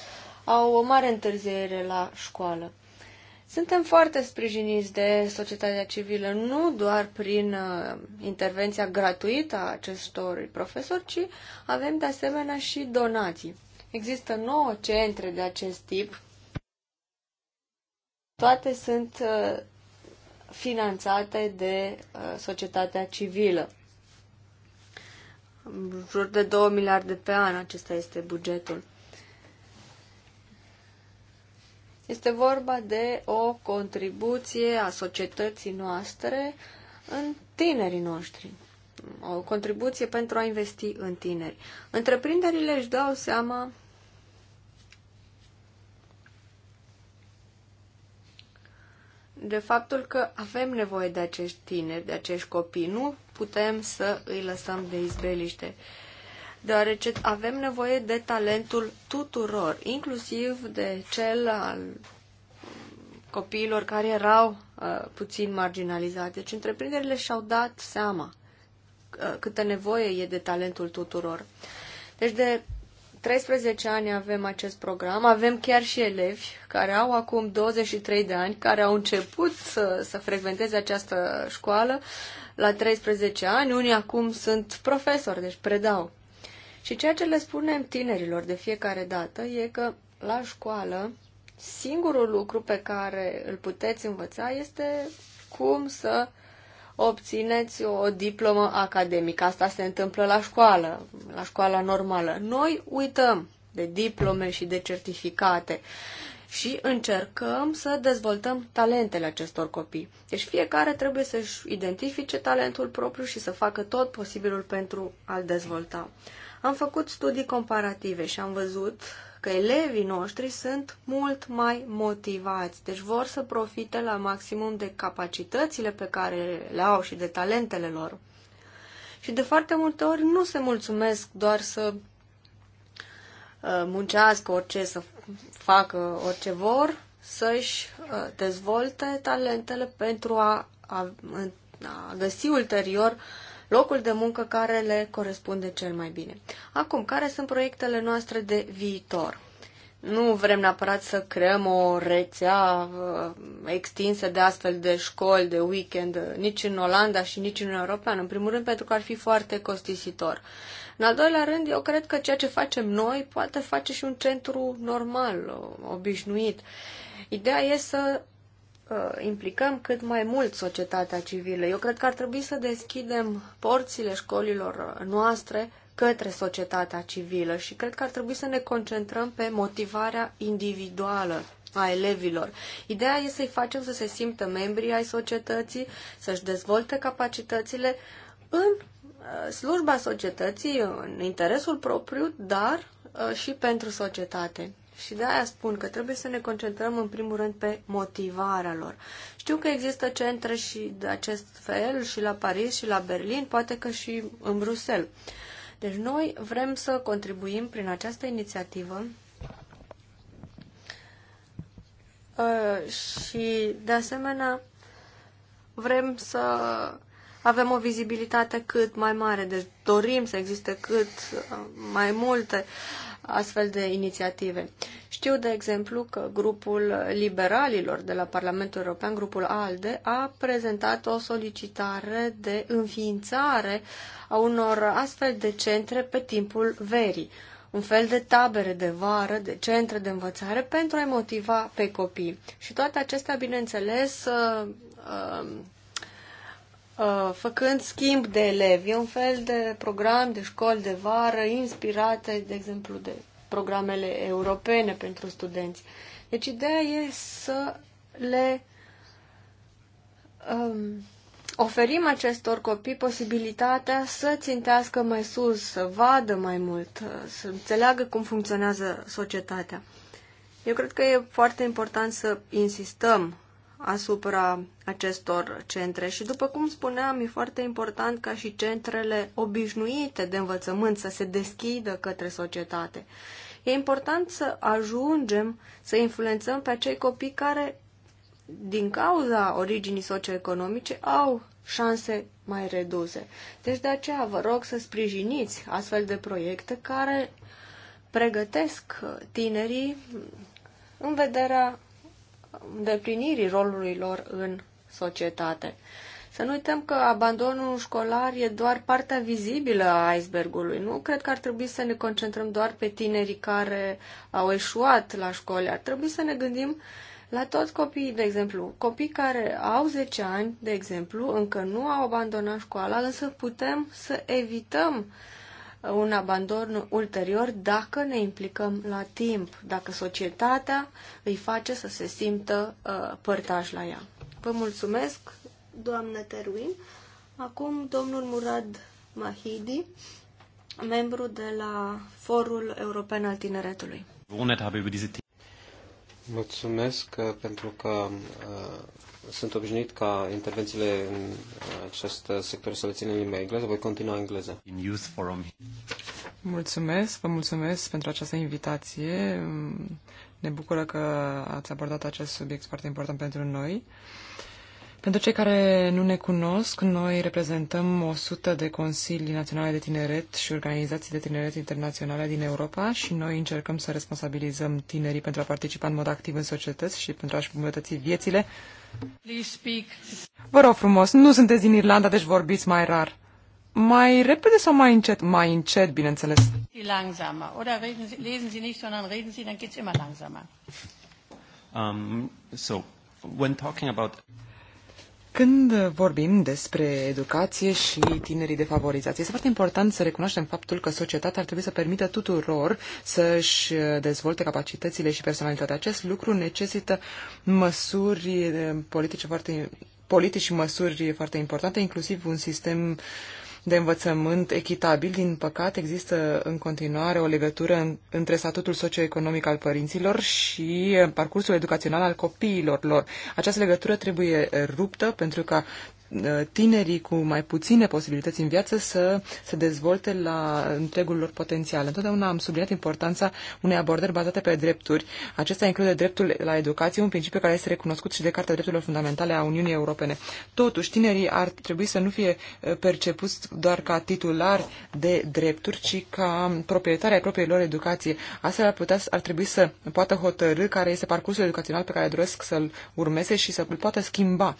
au o mare întârziere la școală. Suntem foarte sprijiniți de societatea civilă, nu doar prin uh, intervenția gratuită a acestor profesori, ci avem de asemenea și donații. Există nouă centre de acest tip. Toate sunt uh, finanțate de uh, societatea civilă. În jur de 2 miliarde pe an acesta este bugetul. Este vorba de o contribuție a societății noastre în tinerii noștri. O contribuție pentru a investi în tineri. Întreprinderile își dau seama de faptul că avem nevoie de acești tineri, de acești copii. Nu putem să îi lăsăm de izbeliște. Uh, deoarece avem nevoie de talentul tuturor, inclusiv de cel al copiilor care erau uh, puțin marginalizați. Deci întreprinderile și-au dat seama uh, câtă nevoie e de talentul tuturor. Deci de 13 ani avem acest program, avem chiar și elevi care au acum 23 de ani, care au început să, să frecventeze această școală la 13 ani, unii acum sunt profesori, deci predau. Și ceea ce le spunem tinerilor de fiecare dată e că la școală singurul lucru pe care îl puteți învăța este cum să obțineți o diplomă academică. Asta se întâmplă la școală, la școala normală. Noi uităm de diplome și de certificate și încercăm să dezvoltăm talentele acestor copii. Deci fiecare trebuie să-și identifice talentul propriu și să facă tot posibilul pentru a-l dezvolta. Am făcut studii comparative și am văzut că elevii noștri sunt mult mai motivați, deci vor să profite la maximum de capacitățile pe care le au și de talentele lor. Și de foarte multe ori nu se mulțumesc doar să uh, muncească orice, să facă orice vor, să-și uh, dezvolte talentele pentru a, a, a găsi ulterior locul de muncă care le corespunde cel mai bine. Acum, care sunt proiectele noastre de viitor? Nu vrem neapărat să creăm o rețea uh, extinsă de astfel de școli de weekend, uh, nici în Olanda și nici în European. în primul rând pentru că ar fi foarte costisitor. În al doilea rând, eu cred că ceea ce facem noi poate face și un centru normal, uh, obișnuit. Ideea e să Uh, implicăm cât mai mult societatea civilă. Eu cred că ar trebui să deschidem porțile școlilor uh, noastre către societatea civilă și cred că ar trebui să ne concentrăm pe motivarea individuală a elevilor. Ideea este să-i facem să se simtă membri ai societății, să-și dezvolte capacitățile în uh, slujba societății, în interesul propriu, dar și pentru societate. Și de aia spun că trebuie să ne concentrăm în primul rând pe motivarea lor. Știu că există centre și de acest fel și la Paris și la Berlin, poate că și în Bruxelles. Deci noi vrem să contribuim prin această inițiativă ă, și de asemenea vrem să avem o vizibilitate cât mai mare, deci dorim să existe cât ă, mai multe uh, astfel de inițiative. Știu, de exemplu, că grupul liberalilor de la Parlamentul European, grupul ALDE, a prezentat o solicitare de înființare a unor astfel de centre pe timpul verii un fel de tabere de vară, de centre de învățare pentru a motiva pe copii. Și toate acestea, bineînțeles, uh, uh, Uh, făcând schimb de elevi. E un fel de program de școli de vară inspirate, de exemplu, de programele europene pentru studenți. Deci ideea e să le um, oferim acestor copii posibilitatea să țintească mai sus, să vadă mai mult, uh, să înțeleagă cum funcționează societatea. Eu cred că e foarte important să insistăm asupra acestor centre și, după cum spuneam, e foarte important ca și centrele obișnuite de învățământ să se deschidă către societate. E important să ajungem să influențăm pe acei copii care, din cauza originii socioeconomice, au șanse mai reduse. Deci de aceea vă rog să sprijiniți astfel de proiecte care pregătesc tinerii în vederea îndeplinirii rolului lor în societate. Să nu uităm că abandonul școlar e doar partea vizibilă a icebergului. Nu cred că ar trebui să ne concentrăm doar pe tinerii care au eșuat la școli. Ar trebui să ne gândim la toți copiii, de exemplu. Copii care au 10 ani, de exemplu, încă nu au abandonat școala, însă putem să evităm uh, un abandon ulterior dacă ne implicăm la timp, dacă societatea îi face să se simtă uh, părtaș la ea. Vă mulțumesc, doamnă Teruin. Acum domnul Murad Mahidi, membru de la Forul European al Tineretului. Mulțumesc uh, pentru că uh, sunt obișnuit ca intervențiile în acest sector să le țin în limba engleză. Voi continua engleză. In Youth Forum. Mulțumesc, vă mulțumesc pentru această invitație. Ne bucură că ați abordat acest subiect foarte important pentru noi. Pentru cei care nu ne cunosc, noi reprezentăm 100 de consilii naționale de tineret și organizații de tineret internaționale din Europa și noi încercăm să responsabilizăm tinerii pentru a participa în mod activ în societăți și pentru a-și îmbunătăți viețile. Vă rog frumos, nu sunteți din Irlanda, deci vorbiți mai rar. Mai repede sau mai încet? Mai încet, bineînțeles. Um, so, when talking about când vorbim despre educație și tinerii defavorizați, este foarte important să recunoaștem faptul că societatea ar trebui să permită tuturor să-și dezvolte capacitățile și personalitatea. Acest lucru necesită măsuri eh, politice foarte politici și măsuri foarte importante, inclusiv un sistem de învățământ echitabil, din păcate există în continuare o legătură între statutul socioeconomic al părinților și parcursul educațional al copiilor lor. Această legătură trebuie ruptă pentru ca tinerii cu mai puține posibilități în viață să se dezvolte la întregul lor potențial. Întotdeauna am subliniat importanța unei abordări bazate pe drepturi. Acesta include dreptul la educație, un principiu care este recunoscut și de cartea Drepturilor Fundamentale a Uniunii Europene. Totuși, tinerii ar trebui să nu fie uh, percepuți doar ca titulari de drepturi, ci ca proprietari ai propriilor educație. Astfel ar, putea, ar trebui să poată hotărâ care este parcursul educațional pe care doresc să-l urmeze și să-l poată schimba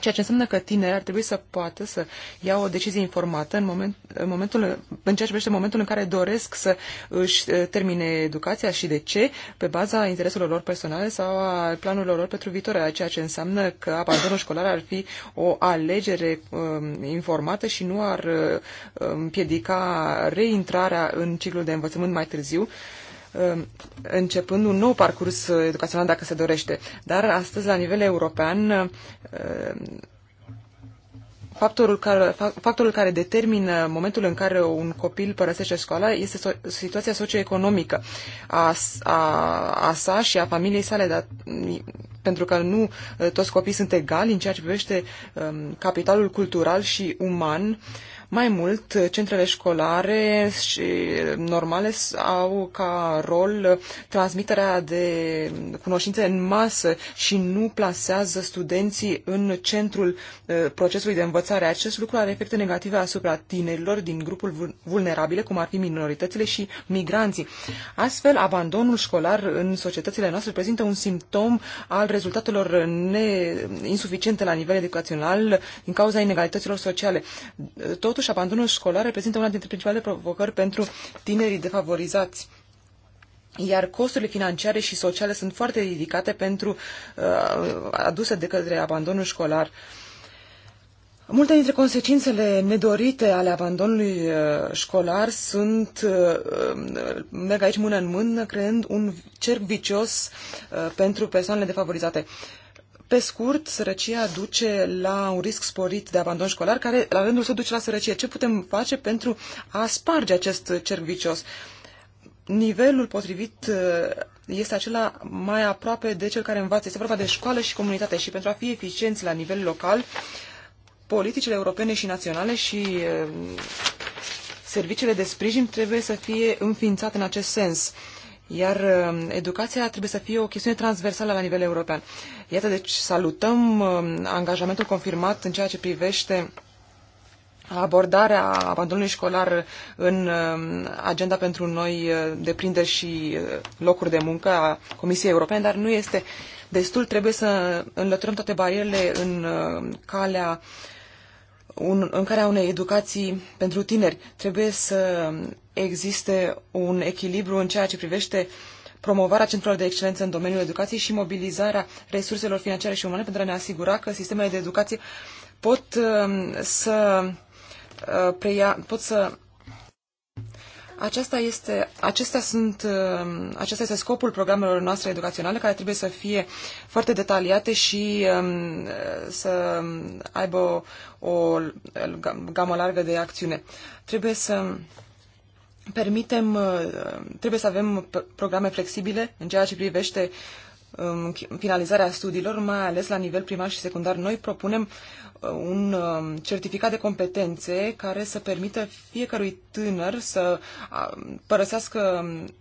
Ceea ce înseamnă că tineri ar trebui să poată să ia o decizie informată în, moment, în, momentul, în ceea ce privește momentul în care doresc să își eh, termine educația și de ce, pe baza intereselor lor personale sau a planurilor lor pentru viitor, ceea ce înseamnă că abandonul școlar ar fi o alegere um, informată și nu ar um, reintrarea în ciclul de învățământ mai târziu. Uh, Um, începând un nou parcurs educațional dacă se dorește. Dar astăzi, la nivel european, um, factorul care, factorul care determină momentul în care un copil părăsește școala este so- situația socioeconomică a, a, a sa și a familiei sale, dar pentru că nu uh, toți copiii sunt egali în ceea ce privește um, capitalul cultural și uman uh, mai mult, centrele școlare și normale au ca rol transmiterea de cunoștințe în masă și nu plasează studenții în centrul uh, procesului de învățare. Acest lucru are efecte negative asupra tinerilor din grupul vulnerabile, cum ar fi minoritățile și migranții. Astfel, abandonul școlar în societățile noastre prezintă un simptom al rezultatelor ne... insuficiente la nivel educațional din cauza inegalităților sociale. Tot Totuși, abandonul școlar reprezintă una dintre principalele provocări pentru tinerii defavorizați iar costurile financiare și sociale sunt foarte ridicate pentru uh, aduse de către abandonul școlar. Multe dintre consecințele nedorite ale abandonului uh, școlar sunt, uh, uh merg aici mână în mână, creând un cerc vicios uh, pentru persoanele defavorizate. Pe scurt, sărăcia duce la un risc sporit de abandon școlar, care la rândul său duce la sărăcie. Ce putem face pentru a sparge acest cerc vicios? Nivelul potrivit uh, este acela mai aproape de cel care învață. Este vorba de școală și comunitate și pentru a fi eficienți la nivel local, politicile europene și naționale și uh, serviciile de sprijin trebuie să fie înființate în acest sens. Iar um, educația trebuie să fie o chestiune transversală la nivel european. Iată, deci salutăm um, angajamentul confirmat în ceea ce privește abordarea abandonului școlar în um, agenda pentru noi uh, deprinde și uh, locuri de muncă a Comisiei Europene, dar nu este destul. Trebuie să înlăturăm toate barierele în uh, calea uh, un, în care unei educații pentru tineri. Trebuie să existe un echilibru în ceea ce privește promovarea centrelor de excelență în domeniul educației și mobilizarea resurselor financiare și umane pentru a ne asigura că sistemele de educație pot uh, să uh, preia, pot să acesta este, acestea sunt, um, acesta este scopul programelor noastre educaționale, care trebuie să fie foarte detaliate și um, să aibă o, o gamă largă de acțiune. Trebuie să permitem, uh, trebuie să avem programe flexibile în ceea ce privește uh, finalizarea studiilor, mai ales la nivel primar și secundar, noi propunem uh, un um, certificat de competențe care să permită fiecărui tânăr să părăsească um,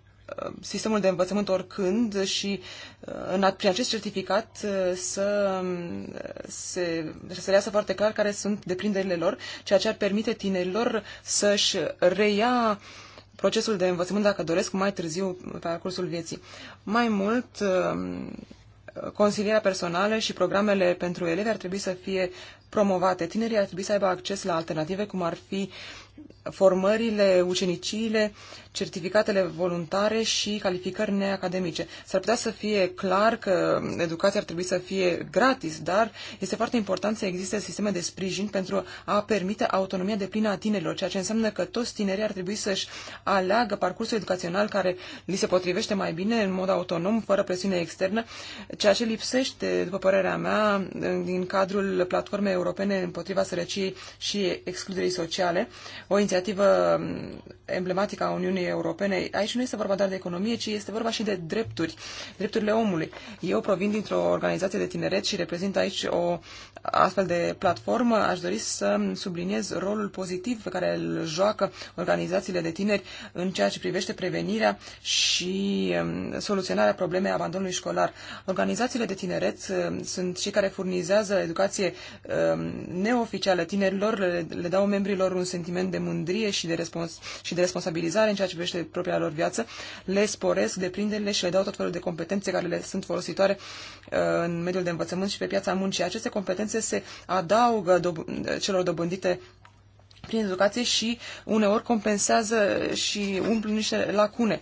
sistemul de învățământ oricând și uh, în, prin acest certificat uh, să um, se, să leasă foarte clar care sunt deprinderile lor, ceea ce ar permite tinerilor să-și reia uh, procesul de învățământ, dacă doresc, mai târziu pe parcursul vieții. Mai mult, uh, consilierea personală și programele pentru elevi ar trebui să fie promovate. Tinerii ar trebui să aibă acces la alternative, cum ar fi formările, uceniciile, certificatele voluntare și calificări neacademice. S-ar putea să fie clar că educația ar trebui să fie gratis, dar este foarte important să existe sisteme de sprijin pentru a permite autonomia de plină a tinerilor, ceea ce înseamnă că toți tinerii ar trebui să-și aleagă parcursul educațional care li se potrivește mai bine în mod autonom, fără presiune externă, ceea ce lipsește, după părerea mea, din cadrul platformei europene împotriva sărăciei și excluderii sociale, o inițiativă inițiativă mm, emblematică a Uniunii Europene. Aici nu este vorba doar de economie, ci este vorba și de drepturi, drepturile omului. Eu provin dintr-o organizație de tineret și reprezint aici o astfel de platformă. Aș dori să subliniez rolul pozitiv pe care îl joacă organizațiile de tineri în ceea ce privește prevenirea și mm, soluționarea problemei abandonului școlar. Organizațiile de tineret mm, sunt cei care furnizează educație neoficială tinerilor, le dau membrilor un sentiment de mândrie mândrie și de, respons- și de responsabilizare în ceea ce privește propria lor viață, le sporesc deprinderile și le dau tot felul de competențe care le sunt folositoare uh, în mediul de învățământ și pe piața muncii. Aceste competențe se adaugă dob- celor dobândite prin educație și uneori compensează și umplu niște lacune.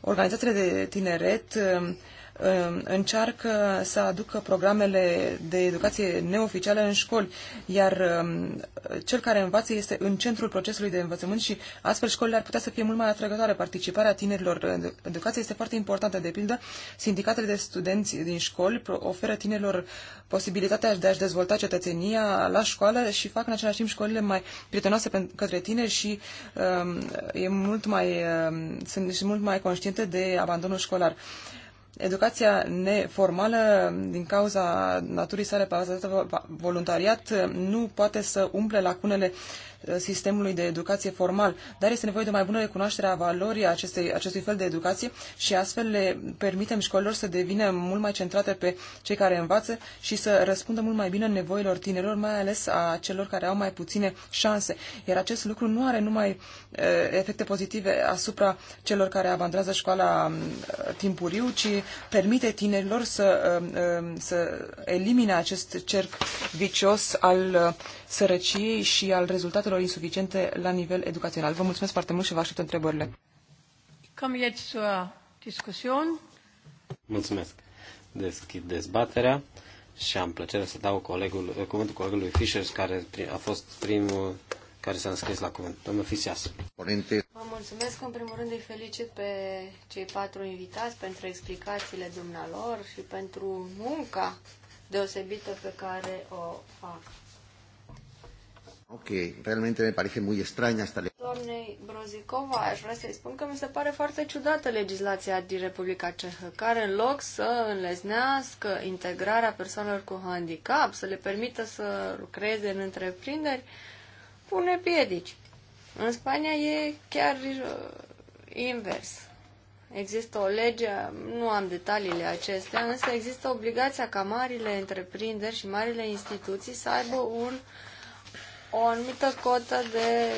Organizațiile de tineret uh, Um, încearcă să aducă programele de educație neoficială în școli, iar um, cel care învață este în centrul procesului de învățământ și astfel școlile ar putea să fie mult mai atrăgătoare. Participarea tinerilor în educație este foarte importantă. De pildă, sindicatele de studenți din școli oferă tinerilor posibilitatea de a-și dezvolta cetățenia la școală și fac în același timp școlile mai prietenoase către tineri și um, e mult mai, um, sunt mult mai conștiente de abandonul școlar. Uh, Educația neformală, din cauza naturii sale bazată voluntariat, nu poate să umple lacunele sistemului de educație formal, dar este nevoie de o mai bună recunoaștere a valorii acestei, acestui fel de educație și astfel le permitem școlilor să devină mult mai centrate pe cei care învață și să răspundă mult mai bine nevoilor tinerilor, mai ales a celor care au mai puține șanse. Iar acest lucru nu are numai efecte pozitive asupra celor care abandonează școala timpuriu, ci permite tinerilor să, să elimine acest cerc vicios al sărăciei și al rezultatelor resurselor insuficiente la nivel educațional. Vă mulțumesc foarte mult și vă aștept întrebările. Cam jetzt discuțion. Mulțumesc. Deschid dezbaterea și am plăcerea să dau colegul, cuvântul colegului Fischer, care a fost primul care s-a înscris la cuvânt. Domnul Fisias. Vă mulțumesc. În primul rând îi felicit pe cei patru invitați pentru explicațiile dumnealor și pentru munca deosebită pe care o fac. Okay. realmente me parece muy extraña esta lege. Doamnei Brozicova, aș vrea să-i spun că mi se pare foarte ciudată legislația din Republica Cehă, care în loc să înleznească integrarea persoanelor cu handicap, să le permită să lucreze în întreprinderi, pune piedici. În Spania e chiar uh, invers. Există o lege, nu am detaliile acestea, însă există obligația ca marile întreprinderi și marile instituții să aibă un uh, o anumită cotă de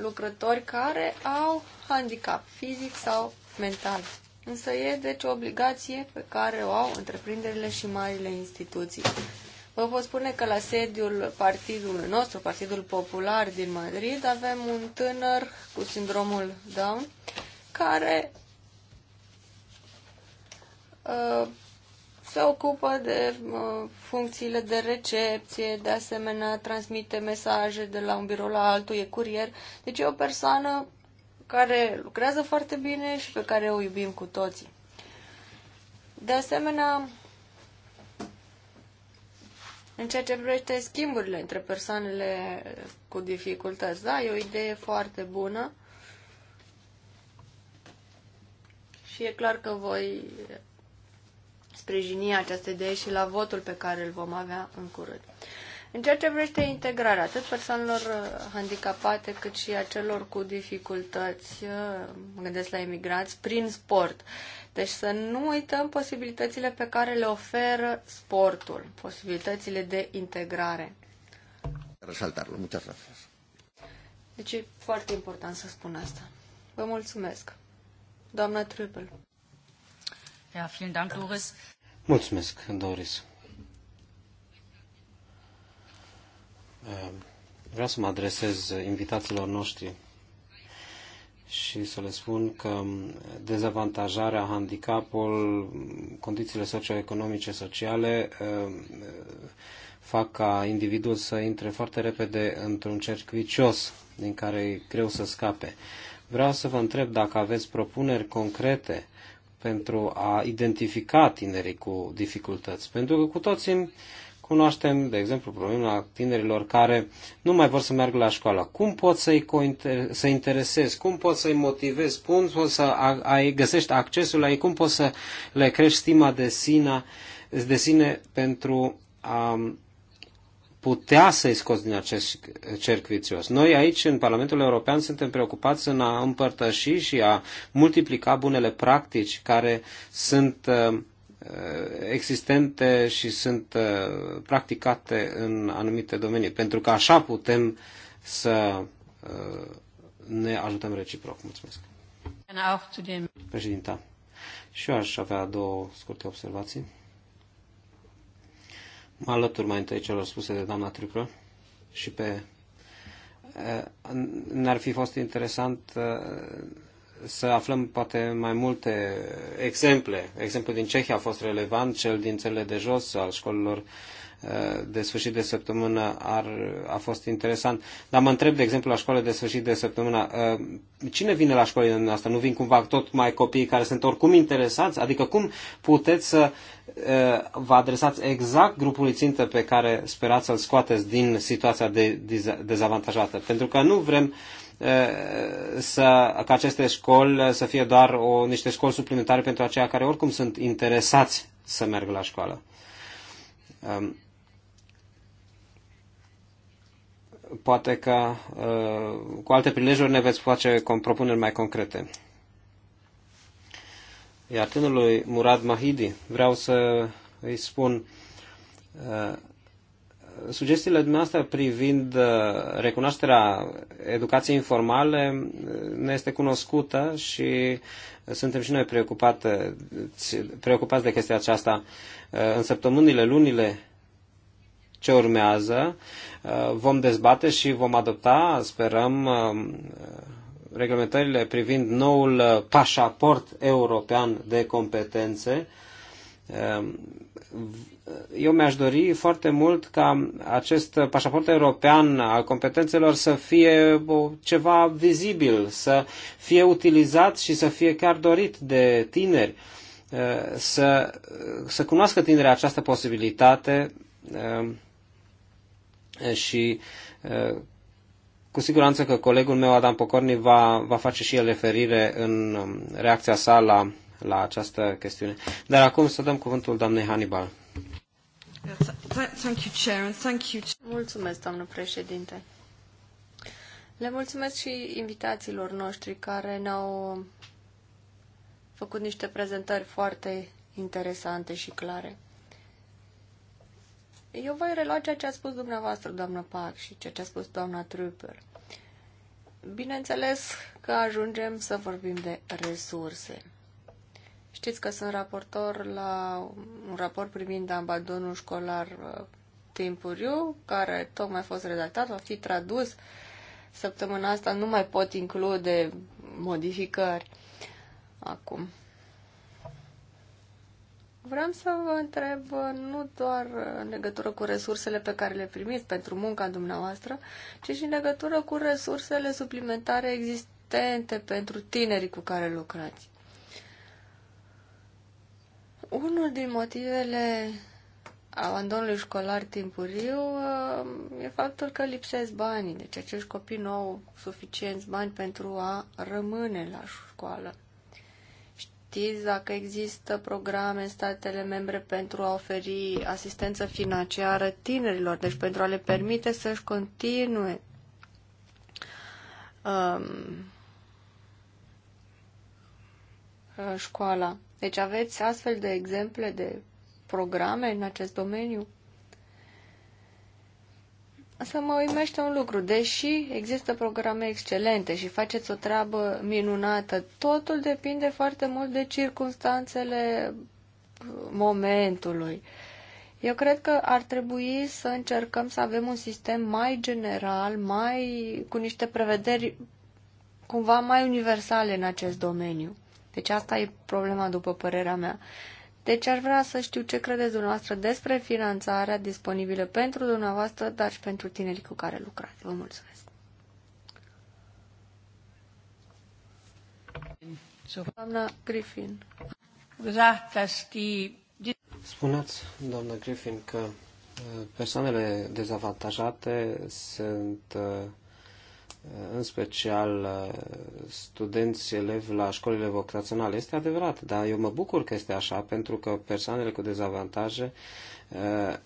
lucrători care au handicap fizic sau mental. Însă e deci o obligație pe care o au întreprinderile și marile instituții. Vă pot spune că la sediul partidului nostru, Partidul Popular din Madrid, avem un tânăr cu sindromul Down care uh, se ocupă de funcțiile de recepție, de asemenea transmite mesaje de la un birou la altul, e curier. Deci e o persoană care lucrează foarte bine și pe care o iubim cu toții. De asemenea, în ceea ce privește schimburile între persoanele cu dificultăți, da, e o idee foarte bună. Și e clar că voi sprijini această idee și la votul pe care îl vom avea în curând. În ceea ce vrește integrarea atât persoanelor uh, handicapate cât și a celor cu dificultăți, uh, mă gândesc la emigrați, prin sport. Deci să nu uităm posibilitățile pe care le oferă sportul, posibilitățile de integrare. Resaltarlo, muchas gracias. Deci e foarte important să spun asta. Vă mulțumesc. Doamna Triple. Ja, vielen Dank, Doris. Mulțumesc, Doris. Eh, vreau să mă adresez invitațiilor noștri și să le spun că dezavantajarea, handicapul, condițiile socioeconomice, sociale eh, fac ca individul să intre foarte repede într-un cerc vicios din care e greu să scape. Vreau să vă întreb dacă aveți propuneri concrete pentru a identifica tinerii cu dificultăți. Pentru că cu toții cunoaștem, de exemplu, problema tinerilor care nu mai vor să meargă la școală. Cum poți să-i cointer- să interesezi? Cum poți să-i motivezi? Cum poți să ai, găsești accesul la ei? Cum poți să le crești stima de sine, de sine pentru a putea să-i scoți din acest cerc vițios. Noi aici, în Parlamentul European, suntem preocupați în a împărtăși și a multiplica bunele practici care sunt uh, uh, existente și sunt uh, practicate în anumite domenii, pentru că așa putem să ne ajutăm reciproc. Mulțumesc. Președinta, și eu aș avea două scurte observații mă alătur mai întâi celor spuse de doamna Triplă și pe n ar fi fost interesant să aflăm poate mai multe exemple. Exemplul din Cehia a fost relevant, cel din țările de jos al școlilor de sfârșit de săptămână ar, a fost interesant. Dar mă întreb, de exemplu, la școală de sfârșit de săptămână, uh, cine vine la școală în asta? Nu vin cumva tot mai copiii care sunt oricum interesați? Adică cum puteți să uh, vă adresați exact grupului țintă pe care sperați să-l scoateți din situația de dezavantajată? Pentru că nu vrem uh, să, ca aceste școli să fie doar o, niște școli suplimentare pentru aceia care oricum sunt interesați să meargă la școală. Um, poate că uh, cu alte prilejuri ne veți face propuneri mai concrete. Iar tânărului Murad Mahidi vreau să îi spun uh, sugestiile dumneavoastră privind uh, recunoașterea educației informale ne este cunoscută și suntem și noi preocupați, de chestia aceasta. În săptămânile, lunile ce urmează uh, vom dezbate și vom adopta, sperăm, uh, reglementările privind noul uh, pașaport european de competențe. Eu mi-aș dori foarte mult ca acest pașaport european al competențelor să fie ceva vizibil, să fie utilizat și să fie chiar dorit de tineri, să, să cunoască tinerii această posibilitate și cu siguranță că colegul meu, Adam Pocorni, va, va face și el referire în um, reacția sa la, la această chestiune. Dar acum să dăm cuvântul doamnei Hannibal. Mulțumesc, doamnă președinte. Le mulțumesc și invitațiilor noștri care ne-au făcut niște prezentări foarte interesante și clare. Eu voi relua ceea ce a spus dumneavoastră, doamnă Pac, și ceea ce a spus doamna Trupper. Bineînțeles că ajungem să vorbim de resurse. Știți că sunt raportor la un raport privind abandonul școlar uh, timpuriu, care tocmai a fost redactat, va fi tradus. Săptămâna asta nu mai pot include modificări acum. Vreau să vă întreb nu doar în legătură cu resursele pe care le primiți pentru munca dumneavoastră, ci și în legătură cu resursele suplimentare existente pentru tinerii cu care lucrați. Unul din motivele abandonului școlar timpuriu uh, e faptul că lipsesc banii, deci acești copii nu au suficienți bani pentru a rămâne la școală știți dacă există programe în statele membre pentru a oferi asistență financiară tinerilor, deci pentru a le permite să-și continue um, uh, școala. Deci aveți astfel de exemple de programe în acest domeniu? Însă mă uimește un lucru, deși există programe excelente și faceți o treabă minunată, totul depinde foarte mult de circunstanțele momentului. Eu cred că ar trebui să încercăm să avem un sistem mai general, mai cu niște prevederi cumva mai universale în acest domeniu. Deci asta e problema, după părerea mea. Deci ar vrea să știu ce credeți dumneavoastră despre finanțarea disponibilă pentru dumneavoastră, dar și pentru tinerii cu care lucrați. Vă mulțumesc! Doamna Griffin. Spuneți, doamna Griffin, că uh, persoanele dezavantajate sunt uh, în special uh, studenți elevi la școlile vocaționale. Este adevărat, dar eu mă bucur că este așa, pentru că persoanele cu dezavantaje uh,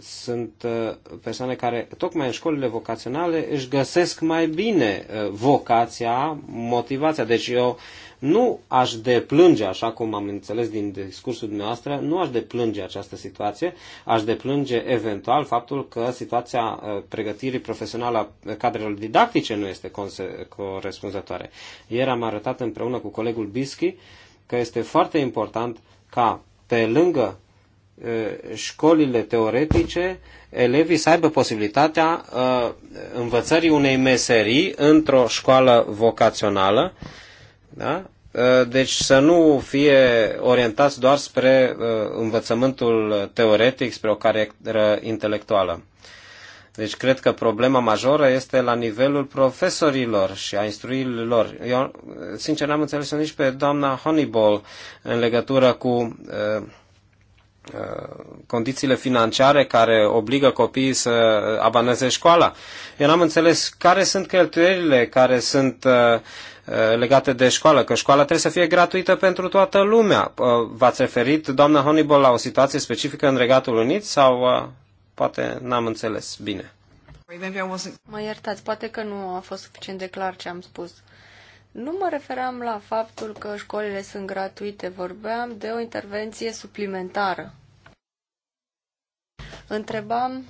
sunt uh, persoane care, tocmai în școlile vocaționale, își găsesc mai bine uh, vocația, motivația. Deci eu nu aș deplânge, așa cum am înțeles din discursul dumneavoastră, nu aș deplânge această situație, aș deplânge eventual faptul că situația uh, pregătirii profesionale a cadrelor didactice nu este corespunzătoare. Ieri am arătat împreună cu colegul Bischi că este foarte important ca pe lângă Uh, școlile teoretice, elevii să aibă posibilitatea uh, învățării unei meserii într-o școală vocațională, da? Uh, deci să nu fie orientați doar spre învățământul teoretic, spre o carieră intelectuală. Deci cred că problema majoră este la nivelul profesorilor și a instruirilor. Eu, sincer, n-am înțeles nici pe doamna Honeyball în legătură cu uh, condițiile financiare care obligă copiii să abaneze școala. Eu n-am înțeles care sunt cheltuielile care sunt uh, uh, legate de școală, că școala trebuie să fie gratuită pentru toată lumea. Uh, v-ați referit, doamna Honeyball, la o situație specifică în Regatul Unit sau poate n-am înțeles bine? Mă iertați, poate că nu a fost suficient de clar ce am spus. Nu mă refeream la faptul că școlile sunt gratuite, vorbeam de o intervenție suplimentară. Întrebam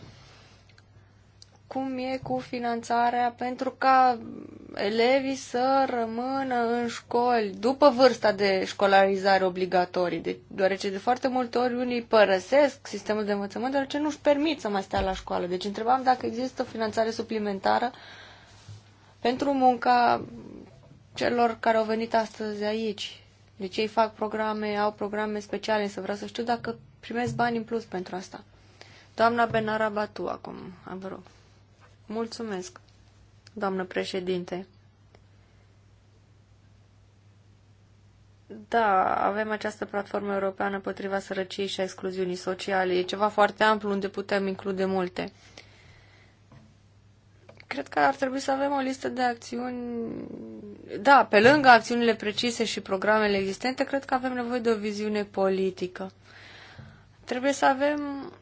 cum e cu finanțarea pentru ca elevii să rămână în școli după vârsta de școlarizare obligatorie, de, deoarece de foarte multe ori unii părăsesc sistemul de învățământ, deoarece nu își permit să mai stea la școală. Deci întrebam dacă există finanțare suplimentară pentru munca celor care au venit astăzi aici. Deci ei fac programe, au programe speciale, să vreau să știu dacă primesc bani în plus pentru asta. Doamna Batu, acum, vă rog. Mulțumesc, doamnă președinte. Da, avem această platformă europeană împotriva sărăciei și a excluziunii sociale. E ceva foarte amplu unde putem include multe. Cred că ar trebui să avem o listă de acțiuni. Da, pe lângă acțiunile precise și programele existente, cred că avem nevoie de o viziune politică. Trebuie să avem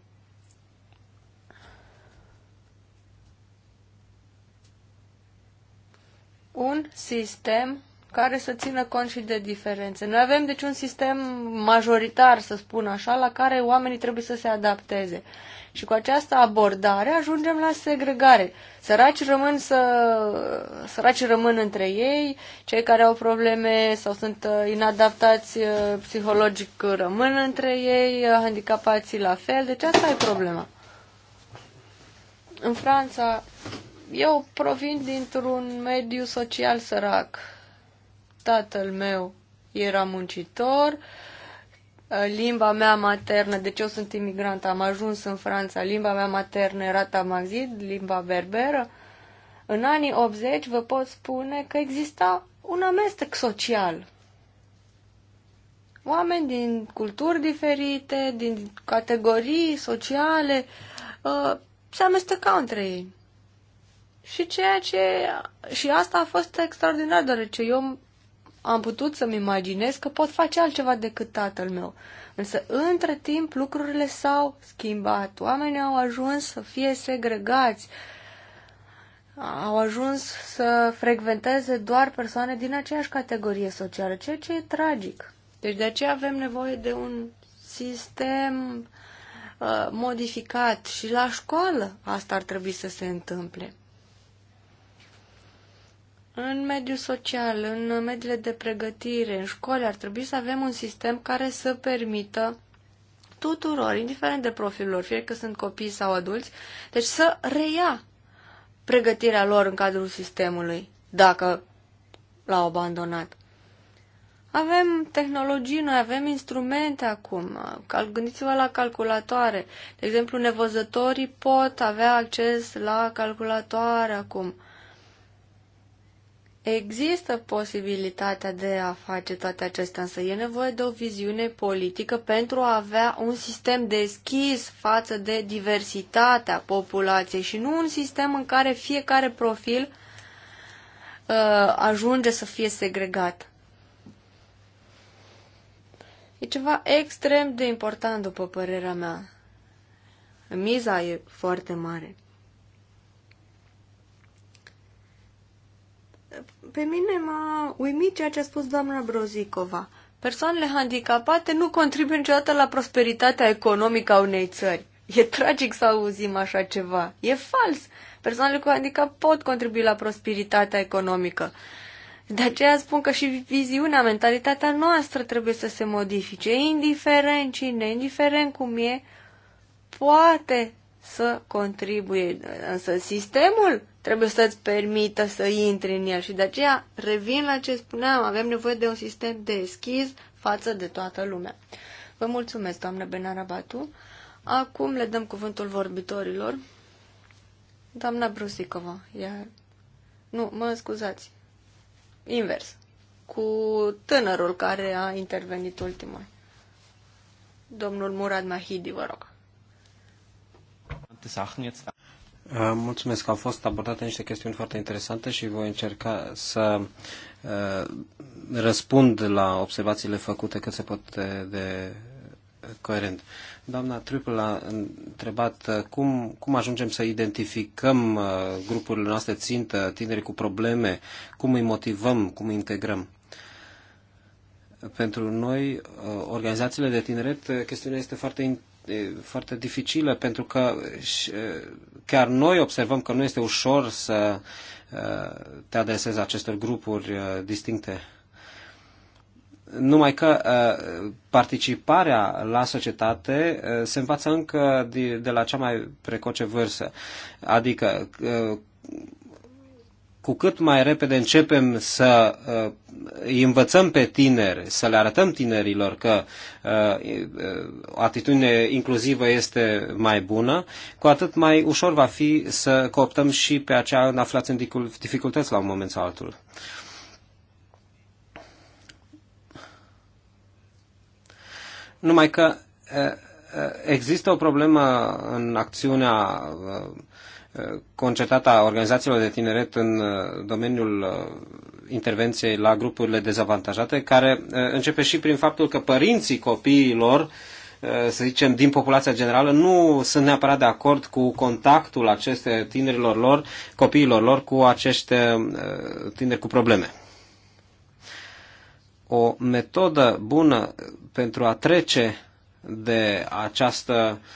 un sistem care să țină cont și de diferențe. Noi avem deci un sistem majoritar, să spun așa, la care oamenii trebuie să se adapteze. Și cu această abordare ajungem la segregare. Săraci rămân, să... Săraci rămân între ei, cei care au probleme sau sunt uh, inadaptați uh, psihologic rămân între ei, uh, handicapații la fel, deci asta e problema. În Franța, eu provin dintr-un mediu social sărac tatăl meu era muncitor, limba mea maternă, deci eu sunt imigrant, am ajuns în Franța, limba mea maternă era tamazid, limba berberă. În anii 80 vă pot spune că exista un amestec social. Oameni din culturi diferite, din categorii sociale, uh, se amestecau între ei. Și ceea ce... Și asta a fost extraordinar, deoarece eu am putut să-mi imaginez că pot face altceva decât tatăl meu. Însă, între timp, lucrurile s-au schimbat. Oamenii au ajuns să fie segregați. Au ajuns să frecventeze doar persoane din aceeași categorie socială, ceea ce e tragic. Deci de aceea avem nevoie de un sistem uh, modificat și la școală asta ar trebui să se întâmple. În mediul social, în mediile de pregătire, în școli, ar trebui să avem un sistem care să permită tuturor, indiferent de profilul lor, fie că sunt copii sau adulți, deci să reia pregătirea lor în cadrul sistemului, dacă l-au abandonat. Avem tehnologii noi, avem instrumente acum. Gândiți-vă la calculatoare. De exemplu, nevăzătorii pot avea acces la calculatoare acum. Există posibilitatea de a face toate acestea, însă e nevoie de o viziune politică pentru a avea un sistem deschis față de diversitatea populației și nu un sistem în care fiecare profil uh, ajunge să fie segregat. E ceva extrem de important, după părerea mea. Miza e foarte mare. Pe mine m-a uimit ceea ce a spus doamna Brozicova. Persoanele handicapate nu contribuie niciodată la prosperitatea economică a unei țări. E tragic să auzim așa ceva. E fals. Persoanele cu handicap pot contribui la prosperitatea economică. De aceea spun că și viziunea, mentalitatea noastră trebuie să se modifice. Indiferent cine, indiferent cum e, poate să contribuie. Însă sistemul trebuie să-ți permită să intri în el și de aceea revin la ce spuneam, avem nevoie de un sistem deschis față de toată lumea. Vă mulțumesc, doamnă Benarabatu. Acum le dăm cuvântul vorbitorilor. Doamna Brusicova, iar... Nu, mă scuzați. Invers. Cu tânărul care a intervenit ultimul. Domnul Murad Mahidi, vă rog. Uh, mulțumesc că au fost abordate niște chestiuni foarte interesante și voi încerca să uh, răspund la observațiile făcute cât se poate de coerent. Doamna Triple a întrebat uh, cum, cum ajungem să identificăm grupurile noastre țintă, tineri cu probleme, cum îi motivăm, cum îi integrăm. Pentru noi, organizațiile de tineret, chestiunea este foarte foarte dificilă pentru că chiar noi observăm că nu este ușor să te adresezi acestor grupuri distincte. Numai că participarea la societate se învață încă de la cea mai precoce vârstă. Adică cu cât mai repede începem să uh, învățăm pe tineri, să le arătăm tinerilor că uh, uh, atitudine inclusivă este mai bună, cu atât mai ușor va fi să cooptăm și pe aceia aflați în dificultăți la un moment sau altul. Numai că uh, uh există o problemă în acțiunea uh, concertată a organizațiilor de tineret în uh, domeniul uh, intervenției la grupurile dezavantajate, care uh, începe și prin faptul că părinții copiilor, să zicem, din populația generală, nu sunt neapărat de acord cu contactul aceste tinerilor lor, copiilor lor, cu acești tineri cu probleme. O metodă bună pentru a trece de această uh,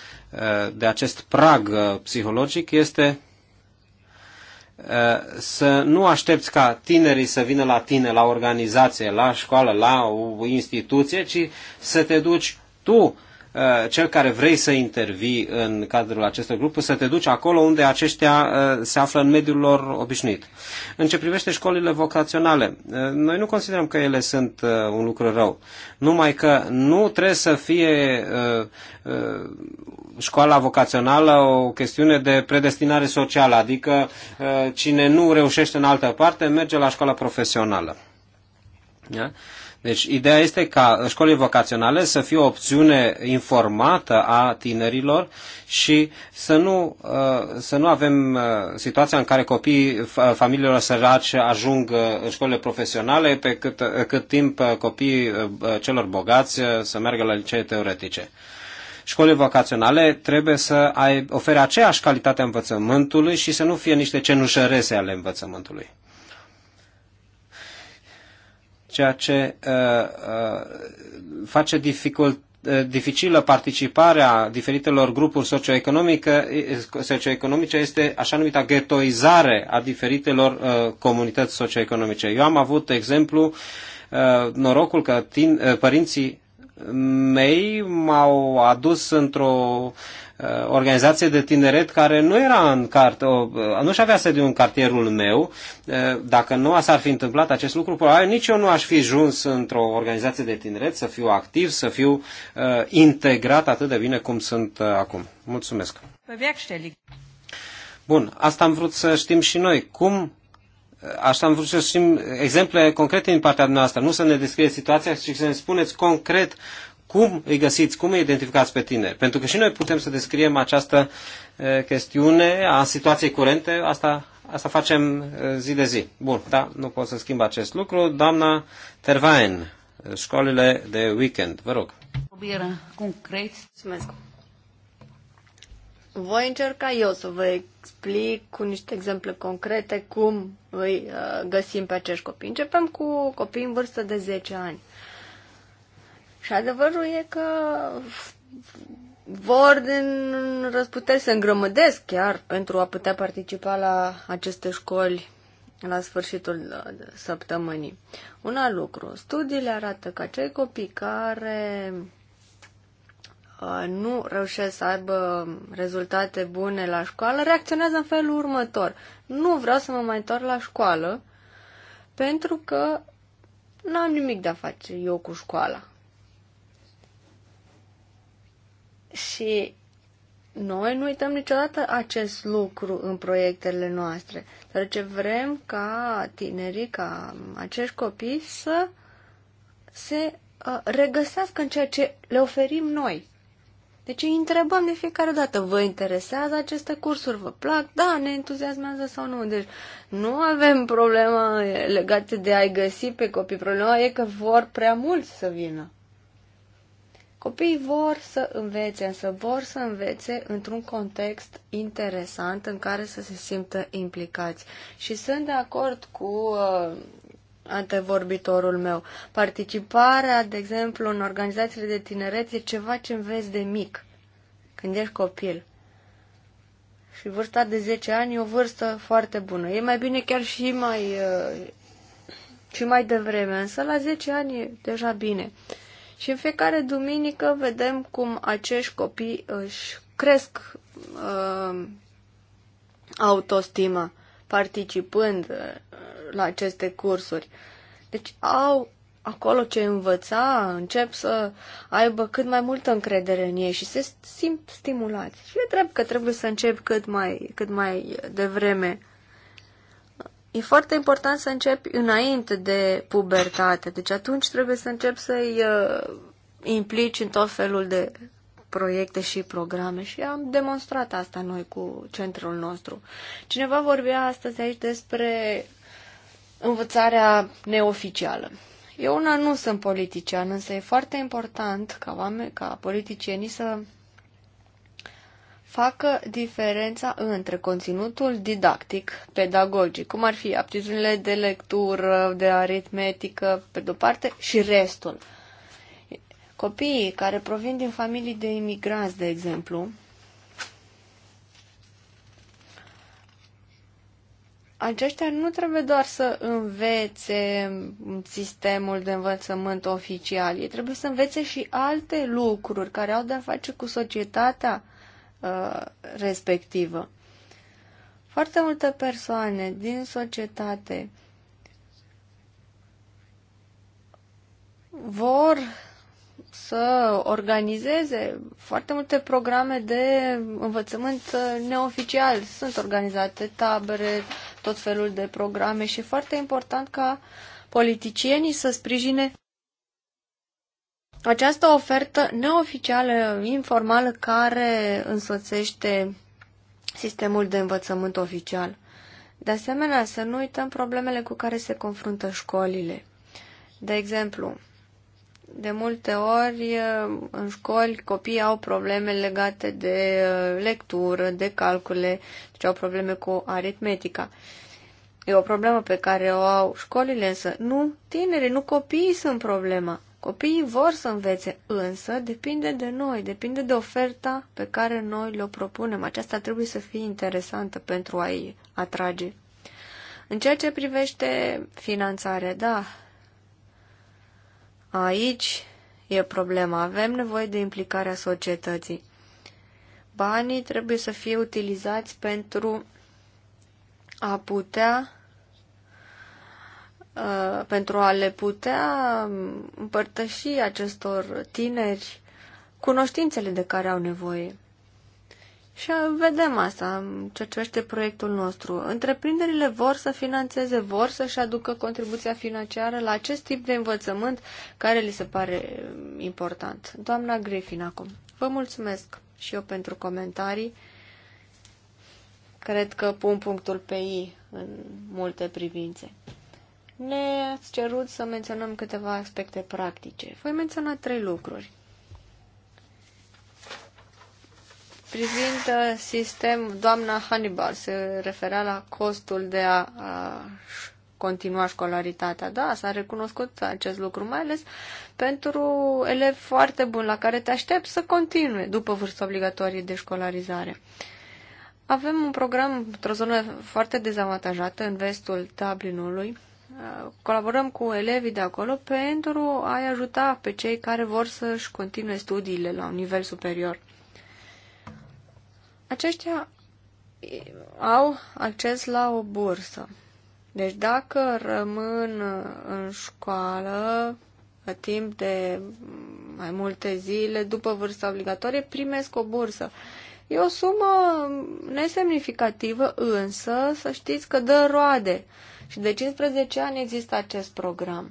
de acest prag uh, psihologic este uh, să nu aștepți ca tinerii să vină la tine, la organizație, la școală, la o instituție, ci să te duci tu Uh, cel care vrei să intervii în cadrul acestor grupuri, să te duci acolo unde aceștia uh, se află în mediul lor obișnuit. În ce privește școlile vocaționale, uh, noi nu considerăm că ele sunt un lucru rău, numai că nu trebuie să fie școala vocațională o chestiune de predestinare socială, adică cine nu reușește în altă parte merge la școala profesională. Yeah. Deci ideea este ca școlile vocaționale să fie o opțiune informată a tinerilor și să nu, uh, să nu avem uh, situația în care copiii uh, familiilor sărace ajung în școlile profesionale pe cât, cât timp copiii celor bogați să meargă la licee teoretice școlile vocaționale trebuie să ofere aceeași calitate a învățământului și să nu fie niște cenușărese ale învățământului ceea ce uh, uh, face dificult, uh, dificilă participarea diferitelor grupuri socioeconomice, socioeconomice este așa numita ghettoizare a diferitelor uh, comunități socioeconomice. Eu am avut exemplu uh, norocul că tin, uh, părinții mei m-au adus într-o Uh, organizație de tineret care nu era în cart, uh, nu și avea sediu în cartierul meu. Uh, dacă nu s-ar fi întâmplat acest lucru, probabil nici eu nu aș fi ajuns într-o organizație de tineret să fiu activ, să fiu integrat atât de bine cum sunt acum. Mulțumesc. Bun, asta am vrut să știm și noi. Cum Așa am vrut să știm exemple concrete din partea noastră, nu să ne descrieți situația, ci să ne spuneți concret cum îi găsiți? Cum îi identificați pe tine? Pentru că și noi putem să descriem această chestiune a situației curente, asta, asta facem zi de zi. Bun, da, nu pot să schimb acest lucru. Doamna Tervain, școlile de weekend, vă rog. Concret. Mulțumesc. Voi încerca eu să vă explic cu niște exemple concrete cum îi găsim pe acești copii. Începem cu copii în vârstă de 10 ani. Și adevărul e că vor din răsputeri să îngrămădesc chiar pentru a putea participa la aceste școli la sfârșitul uh, săptămânii. Un alt lucru, studiile arată că cei copii care uh, nu reușesc să aibă rezultate bune la școală, reacționează în felul următor. Nu vreau să mă mai întorc la școală pentru că nu am nimic de a face eu cu școala. Și noi nu uităm niciodată acest lucru în proiectele noastre, dar ce vrem ca tinerii, ca acești copii să se uh, regăsească în ceea ce le oferim noi. Deci îi întrebăm de fiecare dată, vă interesează aceste cursuri, vă plac, da, ne entuziasmează sau nu. Deci nu avem problema legată de a-i găsi pe copii, problema e că vor prea mult să vină. Copiii vor să învețe, însă vor să învețe într-un context interesant în care să se simtă implicați. Și sunt de acord cu uh, antevorbitorul meu. Participarea, de exemplu, în organizațiile de tineret e ceva ce înveți de mic, când ești copil. Și vârsta de 10 ani e o vârstă foarte bună. E mai bine chiar și mai, uh, și mai devreme, însă la 10 ani e deja bine. Uh, și în fiecare duminică vedem cum acești copii își cresc uh, autostima participând uh, la aceste cursuri. Deci au acolo ce învăța, încep să aibă cât mai multă încredere în ei și se simt stimulați. Și e drept că trebuie să încep cât mai, cât mai devreme E foarte important să începi înainte de pubertate, deci atunci trebuie să începi să-i uh, implici în tot felul de proiecte și programe și am demonstrat asta noi cu centrul nostru. Cineva vorbea astăzi aici despre învățarea neoficială. Eu una nu sunt politician, însă e foarte important ca, oameni, ca politicienii să facă diferența între conținutul didactic, pedagogic, cum ar fi aptitudinile de lectură, de aritmetică, pe de-o parte, și restul. Copiii care provin din familii de imigranți, de exemplu, aceștia nu trebuie doar să învețe sistemul de învățământ oficial, ei trebuie să învețe și alte lucruri care au de-a face cu societatea Uh, respectivă. Foarte multe persoane din societate vor să organizeze foarte multe programe de învățământ neoficial. Sunt organizate tabere, tot felul de programe și e foarte important ca politicienii să sprijine această ofertă neoficială, informală, care însoțește sistemul de învățământ oficial. De asemenea, să nu uităm problemele cu care se confruntă școlile. De exemplu, de multe ori în școli copiii au probleme legate de lectură, de calcule, deci au probleme cu aritmetica. E o problemă pe care o au școlile, însă nu tinerii, nu copiii sunt problema. Copiii vor să învețe, însă depinde de noi, depinde de oferta pe care noi le-o propunem. Aceasta trebuie să fie interesantă pentru a-i atrage. În ceea ce privește finanțarea, da, aici e problema. Avem nevoie de implicarea societății. Banii trebuie să fie utilizați pentru a putea Uh, pentru a le putea împărtăși acestor tineri cunoștințele de care au nevoie. Și vedem asta ce privește proiectul nostru. Întreprinderile vor să financeze, vor să-și aducă contribuția financiară la acest tip de învățământ care li se pare important. Doamna Griffin acum, vă mulțumesc și eu pentru comentarii. Cred că pun punctul pe i în multe privințe ne-ați cerut să menționăm câteva aspecte practice. Voi menționa trei lucruri. Privind uh, sistem, doamna Hannibal se referea la costul de a, a continua școlaritatea. Da, s-a recunoscut acest lucru, mai ales pentru elevi foarte buni la care te aștepți să continue după vârsta obligatorie de școlarizare. Avem un program într-o zonă foarte dezavantajată în vestul Dublinului, colaborăm cu elevii de acolo pentru a-i ajuta pe cei care vor să-și continue studiile la un nivel superior. Aceștia au acces la o bursă. Deci dacă rămân în școală timp de mai multe zile după vârsta obligatorie, primesc o bursă. E o sumă nesemnificativă, însă să știți că dă roade. Uh, și de 15 ani există acest program.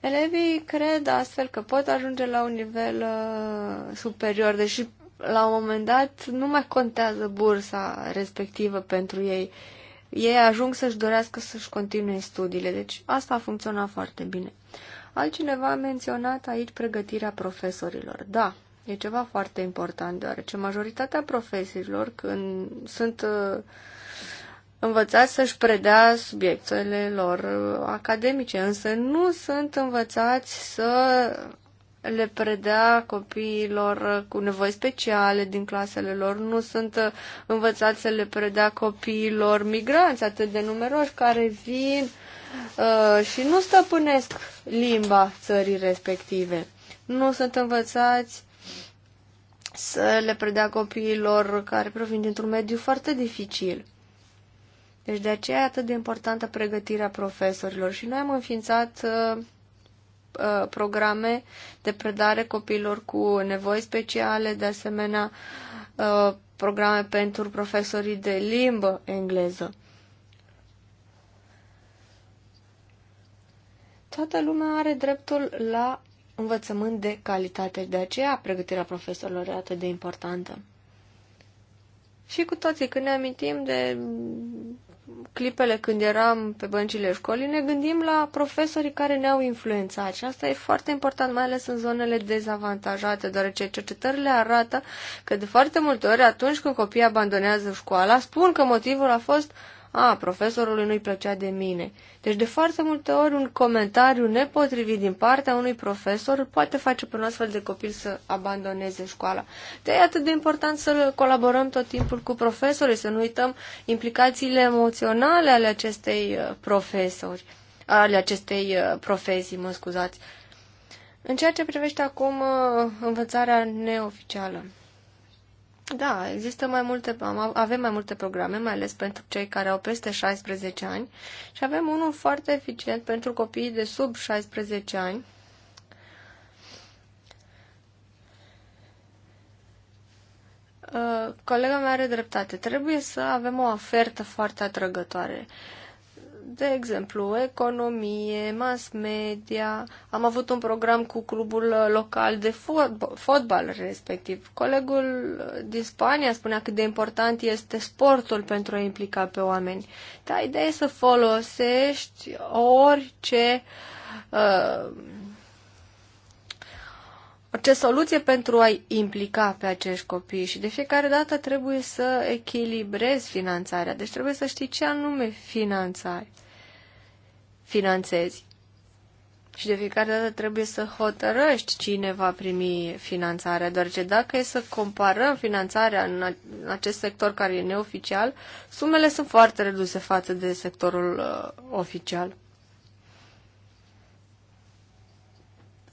Elevii cred astfel că pot ajunge la un nivel uh, superior, deși la un moment dat nu mai contează bursa respectivă pentru ei. Ei ajung să-și dorească să-și continue studiile, deci asta a funcționat foarte bine. Altcineva a menționat aici pregătirea profesorilor. Da, e ceva foarte important, deoarece majoritatea profesorilor, când sunt uh, învățați să-și predea subiectele lor academice, însă nu sunt învățați să le predea copiilor cu nevoi speciale din clasele lor, nu sunt învățați să le predea copiilor migranți atât de numeroși care vin uh, și nu stăpânesc limba țării respective. Nu sunt învățați să le predea copiilor care provin dintr-un mediu foarte dificil. Deci de aceea e atât de importantă pregătirea profesorilor și noi am înființat uh, uh, programe de predare copiilor cu nevoi speciale, de asemenea uh, programe pentru profesorii de limbă engleză. Toată lumea are dreptul la învățământ de calitate, de aceea pregătirea profesorilor e atât de importantă. Și cu toții, când ne amintim de clipele când eram pe băncile școlii, ne gândim la profesorii care ne-au influențat și asta e foarte important, mai ales în zonele dezavantajate, deoarece cercetările arată că de foarte multe ori atunci când copiii abandonează școala, spun că motivul a fost uh, a, profesorului nu-i plăcea de mine. Deci de foarte multe ori un comentariu nepotrivit din partea unui profesor poate face pe un astfel de copil să abandoneze școala. De e atât de important să colaborăm tot timpul cu profesorii, să nu uităm implicațiile emoționale ale acestei uh, profesori, ale acestei uh, profesii, mă scuzați. În ceea ce privește acum uh, învățarea neoficială, da, există mai multe, avem mai multe programe, mai ales pentru cei care au peste 16 ani și avem unul foarte eficient pentru copiii de sub 16 ani. Uh, colega mea are dreptate. Trebuie să avem o ofertă foarte atrăgătoare de exemplu, economie, mass media. Am avut un program cu clubul local de fotbal respectiv. Colegul din Spania spunea cât de important este sportul pentru a implica pe oameni. Dar ideea e să folosești orice uh, orice soluție pentru a-i implica pe acești copii și de fiecare dată trebuie să echilibrezi finanțarea. Deci trebuie să știi ce anume finanțai finanțezi. Și de fiecare dată trebuie să hotărăști cine va primi finanțarea, Doar ce dacă e să comparăm finanțarea în acest sector care e neoficial, sumele sunt foarte reduse față de sectorul uh, oficial.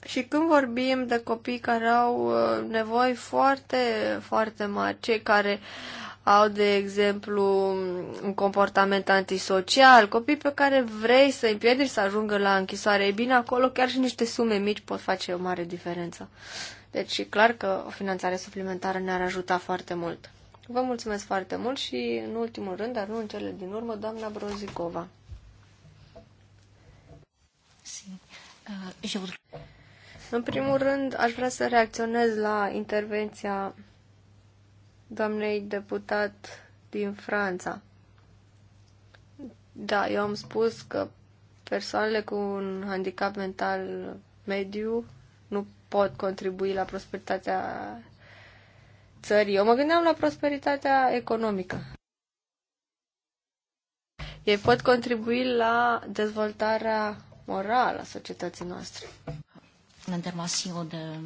Și când vorbim de copii care au uh, nevoi foarte, foarte mari, cei care uh, au, de exemplu, un comportament antisocial, copii pe care vrei să împiedici să ajungă la închisoare, e bine, acolo chiar și niște sume mici pot face o mare diferență. Deci e clar că o finanțare suplimentară ne-ar ajuta foarte mult. Vă mulțumesc foarte mult și, în ultimul rând, dar nu în cele din urmă, doamna Brozicova. Uh, în primul rând, aș vrea să reacționez la intervenția doamnei deputat din Franța. Da, eu am spus că persoanele cu un handicap mental mediu nu pot contribui la prosperitatea țării. Eu mă gândeam la prosperitatea economică. Ei pot contribui la dezvoltarea morală a societății noastre de...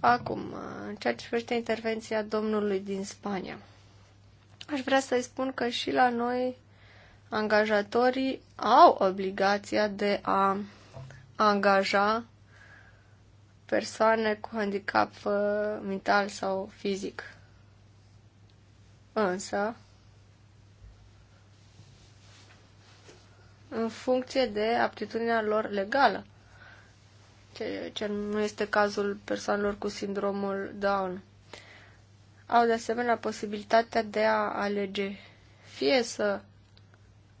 Acum, în ceea ce privește intervenția domnului din Spania, aș vrea să-i spun că și la noi angajatorii au obligația de a angaja persoane cu handicap uh, mental sau fizic. Însă, în funcție de aptitudinea lor legală ceea ce nu este cazul persoanelor cu sindromul Down. Au de asemenea posibilitatea de a alege fie să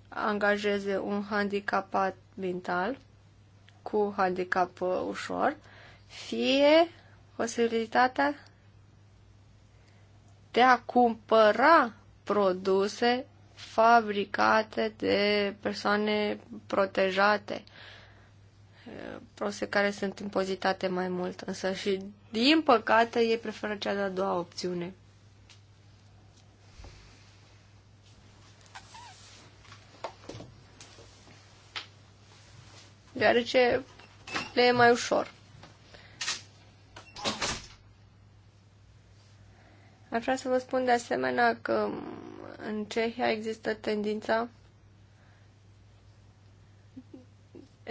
angajeze un handicapat mental cu handicap uh, ușor, fie posibilitatea de a cumpăra produse fabricate de persoane protejate prose care sunt impozitate mai mult, însă și, din păcate, ei preferă cea de-a doua opțiune. Deoarece le e mai ușor. Aș vrea să vă spun de asemenea că în Cehia există tendința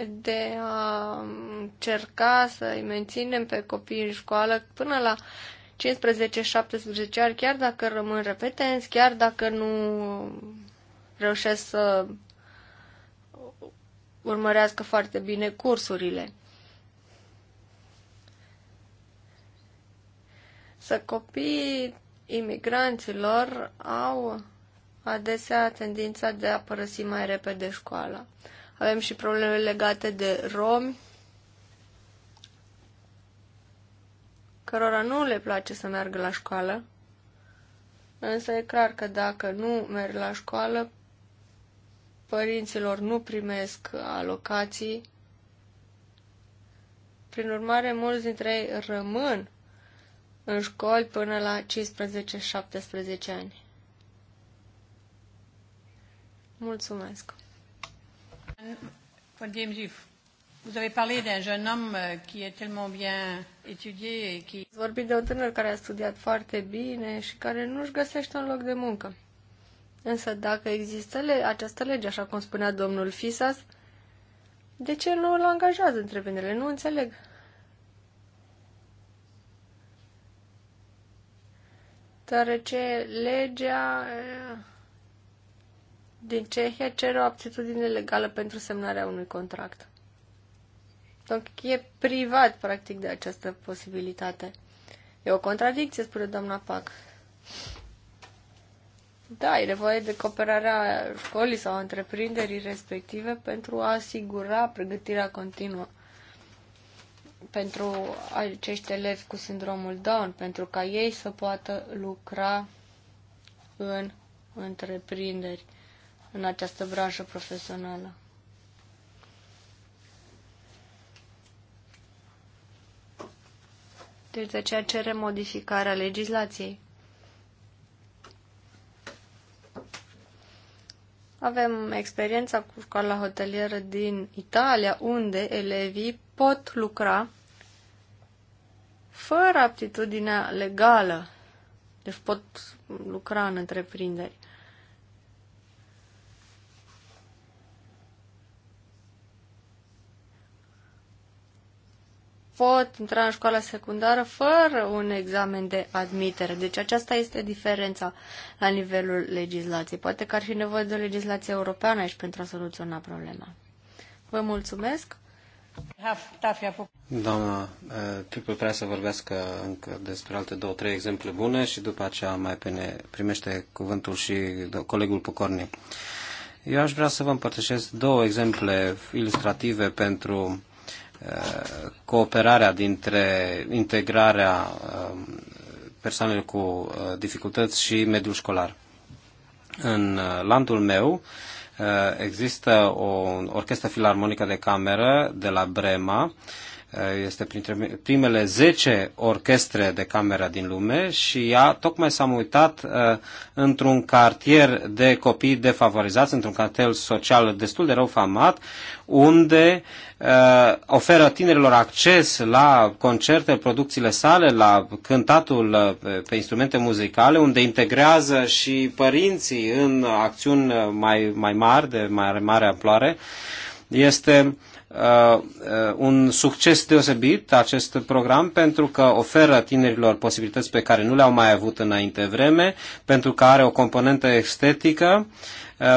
de a încerca să-i menținem pe copii în școală până la 15-17 ani, chiar dacă rămân repetenți, chiar dacă nu reușesc să urmărească foarte bine cursurile. Să copiii imigranților au adesea tendința de a părăsi mai repede școala. Avem și probleme legate de romi, cărora nu le place să meargă la școală, însă e clar că dacă nu merg la școală, părinților nu primesc alocații. Prin urmare, mulți dintre ei rămân în școli până la 15-17 ani. Mulțumesc! Paul James, Vous avez parlé d'un jeune homme euh, qui est tellement bien étudié et qui... Ați vorbit de un tânăr care a studiat foarte bine și care nu își găsește un loc de muncă. Însă dacă există le- această lege, așa cum spunea domnul Fisas, de ce nu îl angajează întreprinderile? Nu înțeleg. Deoarece legea din Cehia cere o aptitudine legală pentru semnarea unui contract. Donc deci, e privat, practic, de această posibilitate. E o contradicție, spune doamna Pac. Da, e nevoie de cooperarea școlii sau întreprinderii respective pentru a asigura pregătirea continuă pentru acești elevi cu sindromul Down, pentru ca ei să poată lucra în întreprinderi în această branșă profesională. Deci de aceea cere modificarea legislației. Avem experiența cu școala hotelieră din Italia, unde elevii pot lucra fără aptitudinea legală. Deci pot lucra în întreprinderi. pot intra în școala secundară fără un examen de admitere. Deci aceasta este diferența la nivelul legislației. Poate că ar fi nevoie de o legislație europeană aici pentru a soluționa problema. Vă mulțumesc! Doamna, eh, tipul prea să vorbească încă despre alte două, trei exemple bune și după aceea mai pene, primește cuvântul și colegul Pucorni. Eu aș vrea să vă împărtășesc două exemple ilustrative pentru cooperarea dintre integrarea um, persoanelor cu uh, dificultăți și mediul școlar. În uh, landul meu uh, există o orchestră filarmonică de cameră de la Brema, Eh, este printre primele 10 orchestre de cameră din lume și ea tocmai s-a mutat eh, într-un cartier de copii defavorizați, într-un cartier social destul de rău famat, unde eh, oferă tinerilor acces la concerte, producțiile sale, la cântatul pe instrumente muzicale, unde integrează și părinții în acțiuni mai, mai mari, de mai mare amploare. Este Uh, uh, un succes deosebit acest program pentru că oferă tinerilor posibilități pe care nu le-au mai avut înainte vreme, pentru că are o componentă estetică.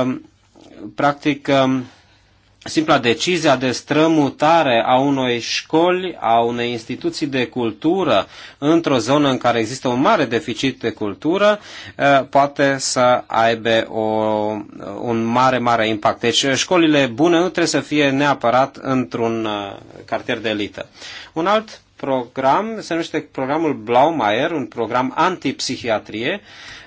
Um, practic, um, simpla decizia de strămutare a unei școli, a unei instituții de cultură într-o zonă în care există un mare deficit de cultură, eh, poate să aibă o, un mare, mare impact. Deci eh, școlile bune nu trebuie să fie neapărat într-un eh, cartier de elită. Un alt program, se numește programul Blaumeier, un program antipsihiatrie,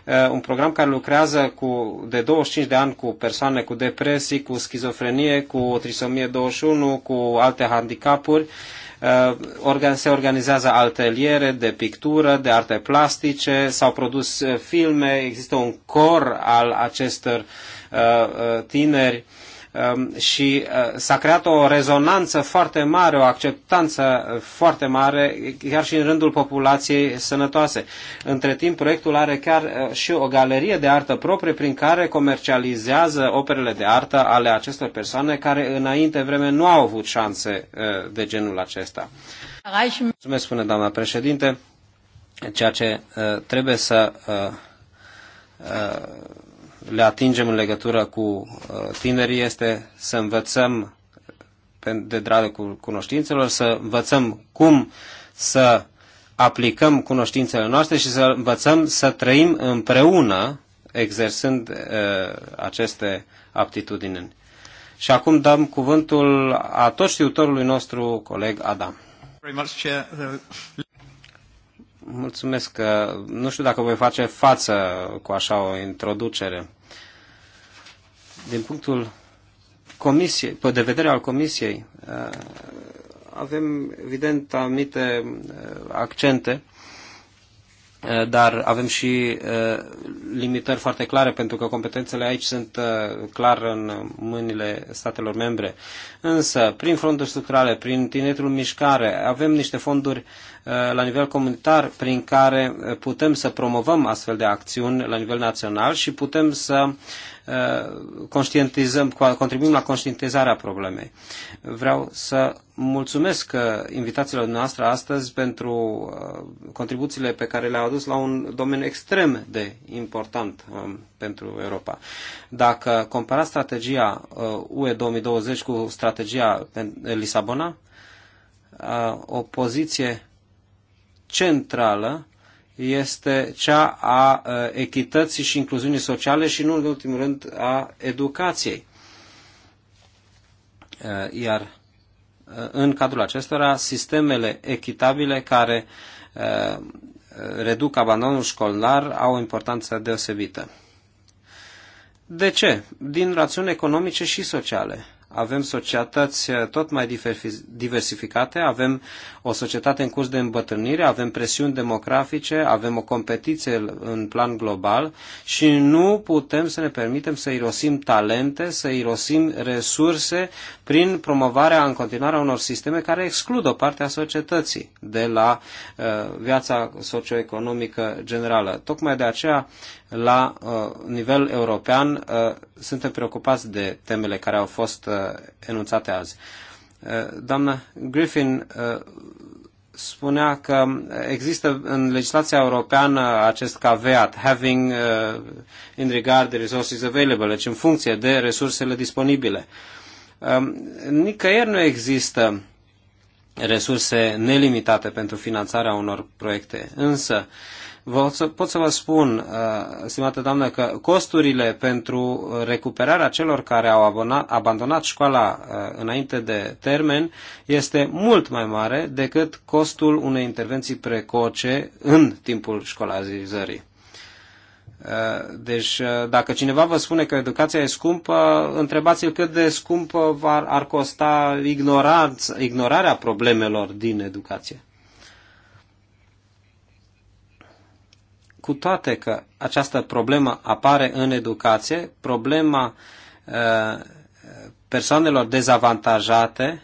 uh, un program care lucrează cu, de 25 de ani cu persoane cu depresii, cu schizofrenie, cu trisomie 21, cu alte handicapuri. Uh, se organizează ateliere de pictură, de arte plastice, s-au produs uh, filme, există un cor al acestor tineri Um, și uh, s-a creat o rezonanță foarte mare, o acceptanță uh, foarte mare, chiar și în rândul populației sănătoase. Între timp, proiectul are chiar uh, și o galerie de artă proprie prin care comercializează operele de artă ale acestor persoane care înainte vreme nu au avut șanse de genul acesta. Mulțumesc, spune doamna președinte. Ceea ce trebuie să le atingem în legătură cu uh, tinerii este să învățăm de dragul cunoștințelor, să învățăm cum să aplicăm cunoștințele noastre și să învățăm să trăim împreună exersând uh, aceste aptitudini. Și acum dăm cuvântul a tot știutorului nostru coleg Adam. Uh, Mulțumesc. Nu știu dacă voi face față cu așa o introducere. Din punctul comisiei, pe de vedere al comisiei, eh, avem evident anumite eh, accente Eh, dar avem și eh, limitări foarte clare pentru că competențele aici sunt eh, clar în mâinile statelor membre. Însă, prin fonduri structurale, prin tineretul mișcare, avem niște fonduri la nivel comunitar prin care putem să promovăm astfel de acțiuni la nivel național și putem să conștientizăm, contribuim la conștientizarea problemei. Vreau să mulțumesc uh, invitațiilor noastre astăzi pentru uh, contribuțiile pe care le-au adus la un domeniu extrem de important um, pentru Europa. Dacă comparați strategia uh, UE 2020 cu strategia Lisabona, o poziție centrală este cea a echității și incluziunii sociale și, nu în ultimul rând, a educației. Iar Uh, în cadrul acestora sistemele echitabile care uh, reduc abandonul școlar au o importanță deosebită. De ce? Din rațiuni economice și sociale avem societăți eh, tot mai diversificate, avem o societate în curs de îmbătrânire, avem presiuni demografice, avem o competiție în plan global și nu putem să ne permitem să irosim talente, să irosim resurse prin promovarea în continuare a unor sisteme care exclud o parte a societății de la eh, viața socioeconomică generală. Tocmai de aceea la uh, nivel european uh, suntem preocupați de temele care au fost uh, enunțate azi. Uh, doamna Griffin uh, spunea că există în legislația europeană acest caveat, having uh, in regard the resources available, deci în funcție de resursele disponibile. Uh, nicăieri nu există resurse nelimitate pentru finanțarea unor proiecte, însă uh, Pot să vă spun, uh, stimată doamnă, că costurile pentru recuperarea celor care au abonat, abandonat școala uh, înainte de termen este mult mai mare decât costul unei intervenții precoce în timpul școlarizării. Uh, deci, dacă cineva vă spune că educația e scumpă, întrebați-l cât de scumpă ar, ar costa ignorarea problemelor din educație. cu toate că această problemă apare în educație, problema uh, persoanelor dezavantajate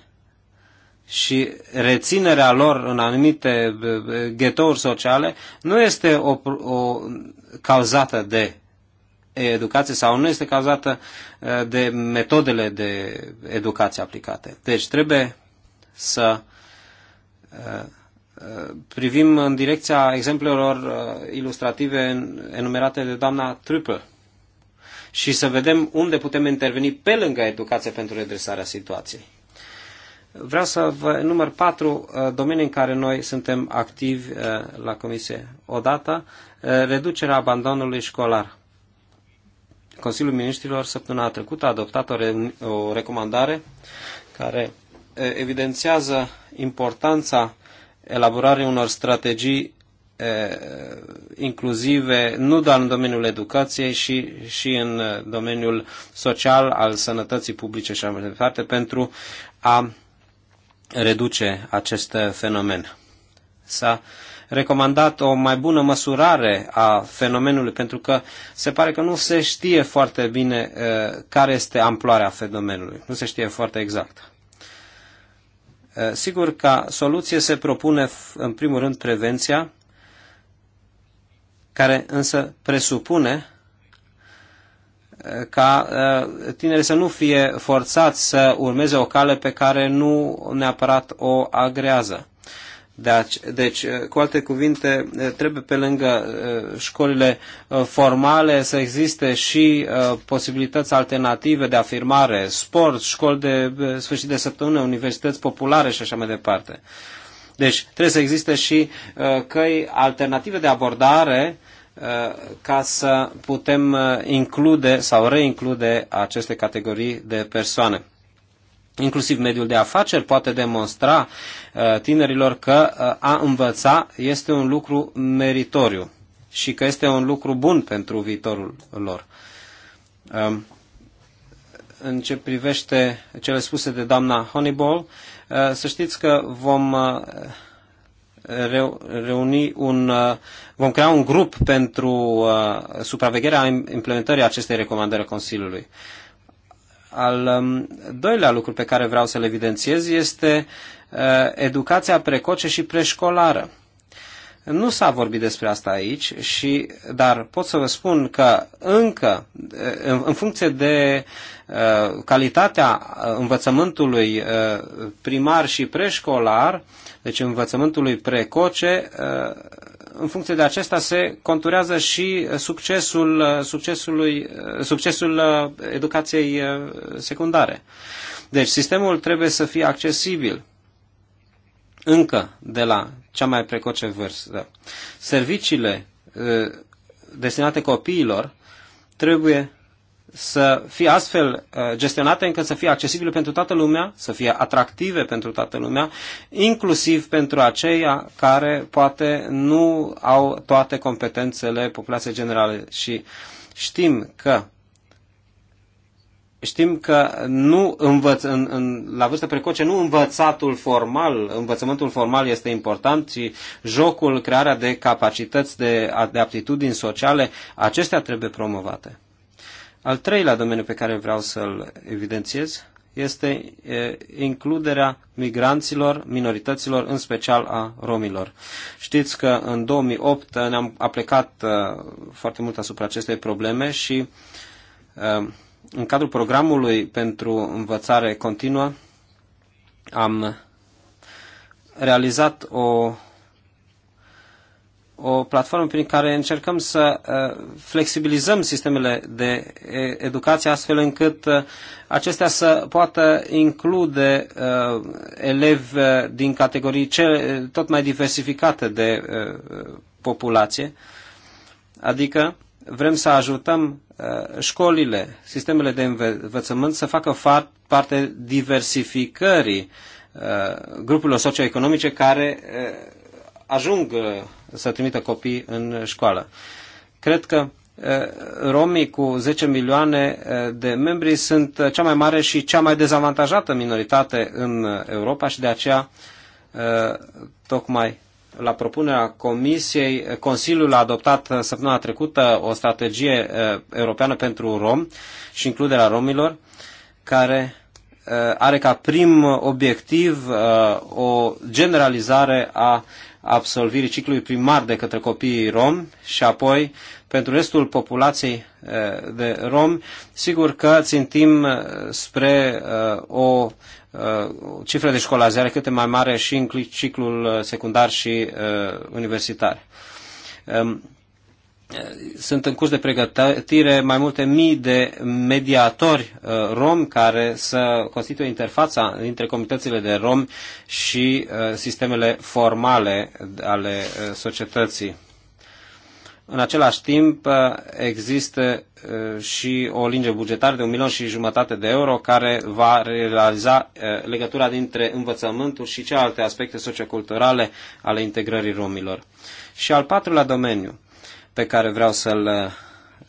și reținerea lor în anumite uh, ghetouri sociale nu este o, o cauzată de educație sau nu este cauzată uh, de metodele de educație aplicate. Deci trebuie să privim în direcția exemplelor uh, ilustrative enumerate de doamna Trupă și să vedem unde putem interveni pe lângă educație pentru redresarea situației. Vreau să vă număr patru uh, domenii în care noi suntem activi uh, la Comisie. Odată, reducerea abandonului școlar. Consiliul Ministrilor săptămâna trecută a adoptat o, re- o recomandare care evidențiază importanța elaborarea unor strategii inclusive nu doar în domeniul educației și, și în domeniul social al sănătății publice și așa mai departe pentru a reduce acest fenomen. S-a recomandat o mai bună măsurare a fenomenului pentru că se pare că nu se știe foarte bine care este amploarea fenomenului, nu se știe foarte exact. Eh, sigur, ca soluție se propune în primul rând prevenția, care însă presupune eh, ca eh, tinerii să nu fie forțați să urmeze o cale pe care nu neapărat o agrează. Deci, deci, cu alte cuvinte, eh, trebuie pe lângă eh, școlile formale să existe și posibilități alternative de afirmare, sport, școli de sfârșit de săptămână, universități populare și așa mai departe. Deci, trebuie să existe și căi alternative de abordare ca să putem include sau reinclude aceste categorii de persoane inclusiv mediul de afaceri, poate demonstra uh, tinerilor că uh, a învăța este un lucru meritoriu și că este un lucru bun pentru viitorul lor. Um, în ce privește cele spuse de doamna Honeyball, uh, să știți că vom reuni un, vom crea un grup pentru supravegherea implementării acestei recomandări a Consiliului. Al um, doilea lucru pe care vreau să-l evidențiez este uh, educația precoce și preșcolară. Nu s-a vorbit despre asta aici, și, dar pot să vă spun că încă, uh, în, în funcție de uh, calitatea uh, învățământului uh, primar și preșcolar, deci învățământului precoce, uh, în funcție de acesta se conturează și succesul, succesului, succesul uh, educației uh, secundare. Deci sistemul trebuie să fie accesibil încă de la cea mai precoce vârstă. Serviciile uh, destinate copiilor trebuie să fie astfel uh, gestionate încât să fie accesibile pentru toată lumea, să fie atractive pentru toată lumea, inclusiv pentru aceia care poate nu au toate competențele populației generale. Și știm că Știm că nu învăț, în, în, la vârstă precoce nu învățatul formal, învățământul formal este important, ci jocul, crearea de capacități, de, de aptitudini sociale, acestea trebuie promovate. Al treilea domeniu pe care vreau să-l evidențiez este includerea migranților, minorităților, în special a romilor. Știți că în 2008 ne-am aplicat foarte mult asupra acestei probleme și în cadrul programului pentru învățare continuă am realizat o o platformă prin care încercăm să uh, flexibilizăm sistemele de educație astfel încât uh, acestea să poată include uh, elevi din categorii cele, tot mai diversificate de populație. Adică vrem să ajutăm școlile, sistemele de învățământ să facă parte diversificării grupurilor socioeconomice care ajung să trimită copii în școală. Cred că romii cu 10 milioane de membri sunt cea mai mare și cea mai dezavantajată minoritate în Europa și de aceea tocmai la propunerea Comisiei, Consiliul a adoptat săptămâna trecută o strategie europeană pentru rom și includerea romilor, care are ca prim obiectiv o generalizare a absolvirii ciclului primar de către copiii rom și apoi pentru restul populației eh, de rom, sigur că țintim eh, spre eh, o cifră de școlarizare cât mai mare și în ciclul secundar și universitar. Ehm, sunt în curs de pregătire mai multe mii de mediatori uh, rom care să constituie interfața între comunitățile de rom și uh, sistemele formale ale uh, societății. În același timp există și o linge bugetară de un milion și jumătate de euro care va realiza legătura dintre învățământul și celelalte aspecte socioculturale ale integrării romilor. Și al patrulea domeniu pe care vreau să-l uh,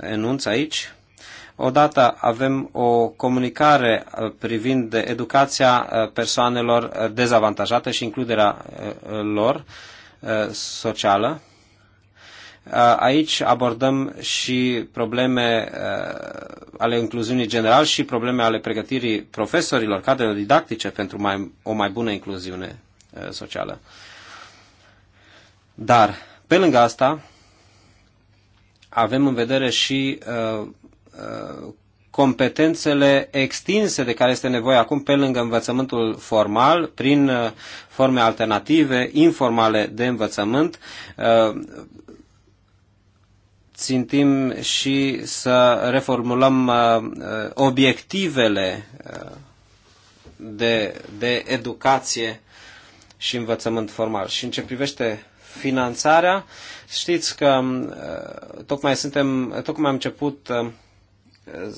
enunț aici. Odată avem o comunicare uh, privind educația uh, persoanelor dezavantajate și includerea lor socială. Aici abordăm și probleme ale incluziunii general și probleme ale pregătirii profesorilor, cadrelor didactice pentru mai, o mai bună incluziune socială. Dar, pe lângă asta, avem în vedere și uh, uh, competențele extinse de care este nevoie acum pe lângă învățământul formal, prin uh, forme alternative, informale de învățământ. Uh, țintim și să reformulăm uh, obiectivele de, de educație și învățământ formal. Și în ce privește finanțarea, uh, Știți că uh, tocmai, suntem, tocmai am început uh,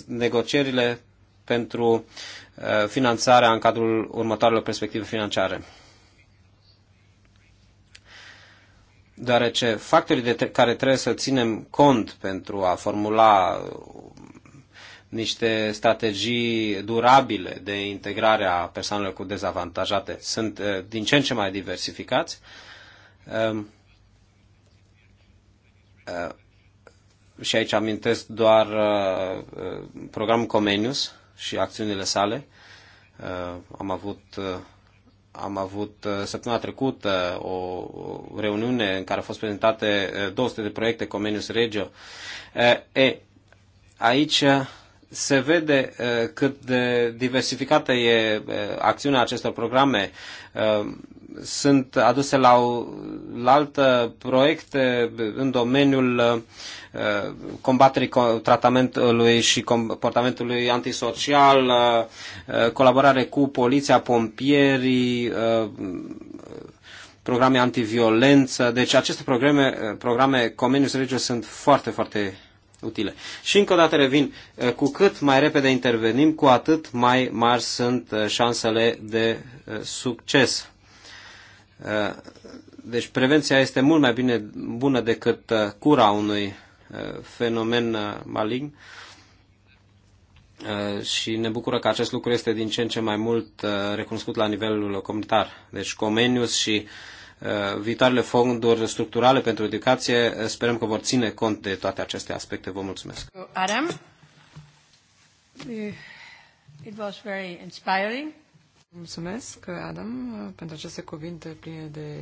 negocierile pentru uh, finanțarea în cadrul următoarelor perspective financiare. Deoarece factorii de care trebuie să ținem cont pentru a formula niște strategii durabile de integrare a persoanelor cu dezavantajate sunt din ce în ce mai diversificați. Uh, și aici amintesc doar uh, uh, programul Comenius și acțiunile sale. Am avut, am avut săptămâna trecută o reuniune în care au fost prezentate 200 de proiecte Comenius Regio. E, aici se vede uh, cât de diversificată e uh, acțiunea acestor programe. Uh, sunt aduse la, o, la altă proiecte în domeniul combaterii tratamentului și comportamentului antisocial, colaborare cu poliția, pompierii, programe antiviolență. Deci aceste programe, programe Comenius Regius sunt foarte, foarte utile. Și încă o dată revin, uh, cu cât mai repede intervenim, cu atât mai mari sunt uh, șansele de uh, succes. Deci prevenția este mult mai bine bună decât cura unui fenomen malign și ne bucură că acest lucru este din ce în ce mai mult recunoscut la nivelul comunitar. Deci Comenius și uh, Uh, viitoarele fonduri structurale pentru educație uh, sperăm că vor ține cont de toate aceste aspecte. Vă mulțumesc. Adam, uh, it was very inspiring. Mulțumesc, Adam, pentru aceste cuvinte pline de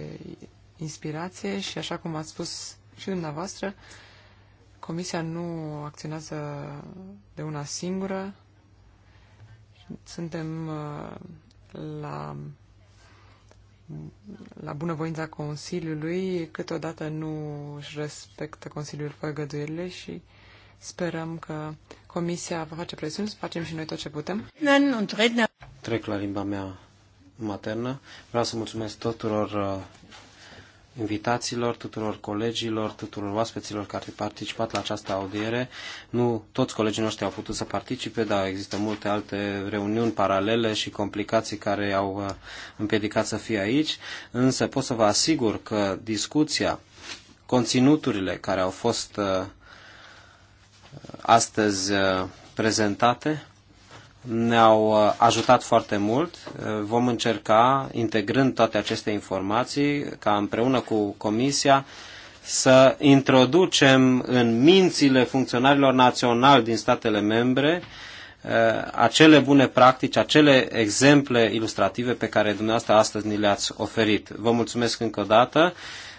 inspirație și așa cum ați spus și dumneavoastră, Comisia nu acționează de una singură. Suntem la la bunăvoința Consiliului, câteodată nu își respectă Consiliul făgăduirile și sperăm că Comisia va face presiuni, să facem și noi tot ce putem. Trec la limba mea maternă. Vreau să mulțumesc tuturor uh, invitaților, tuturor colegilor, tuturor oaspeților care au participat la această audiere. Nu toți colegii noștri au putut să participe, dar există multe alte reuniuni paralele și complicații care au uh, împiedicat să fie aici, însă pot să vă asigur că discuția, conținuturile care au fost uh, astăzi uh, prezentate ne-au uh, ajutat foarte mult. Uh, vom încerca, integrând toate aceste informații, ca împreună cu Comisia, să introducem în mințile funcționarilor naționali din statele membre uh, acele bune practici, acele exemple ilustrative pe care dumneavoastră astăzi ni le-ați oferit. Vă mulțumesc încă o dată.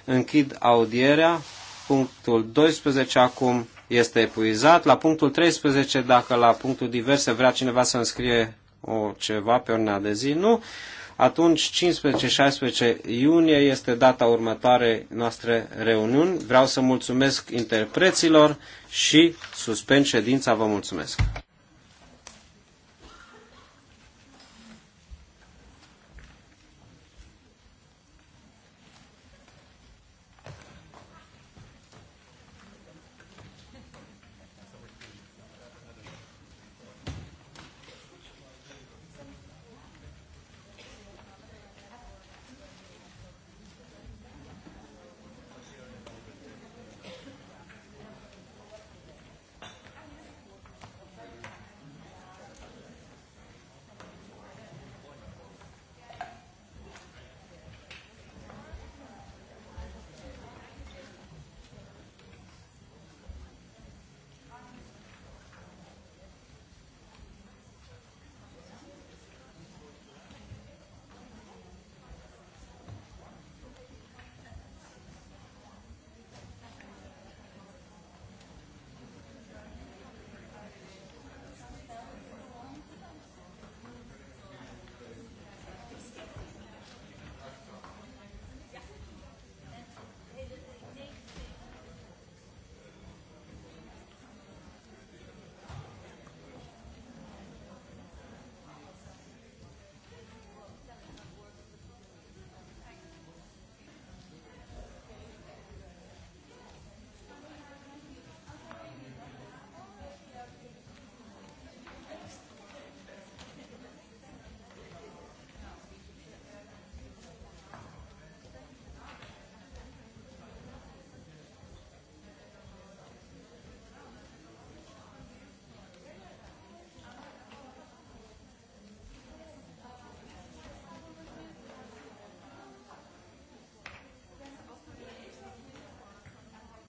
Închid audierea. Punctul 12 acum este epuizat. La punctul 13, dacă la punctul diverse vrea cineva să înscrie o ceva pe ordinea de zi, nu. Atunci, 15-16 iunie este data următoare noastre reuniuni. Vreau să mulțumesc interpreților și suspend ședința. Vă mulțumesc!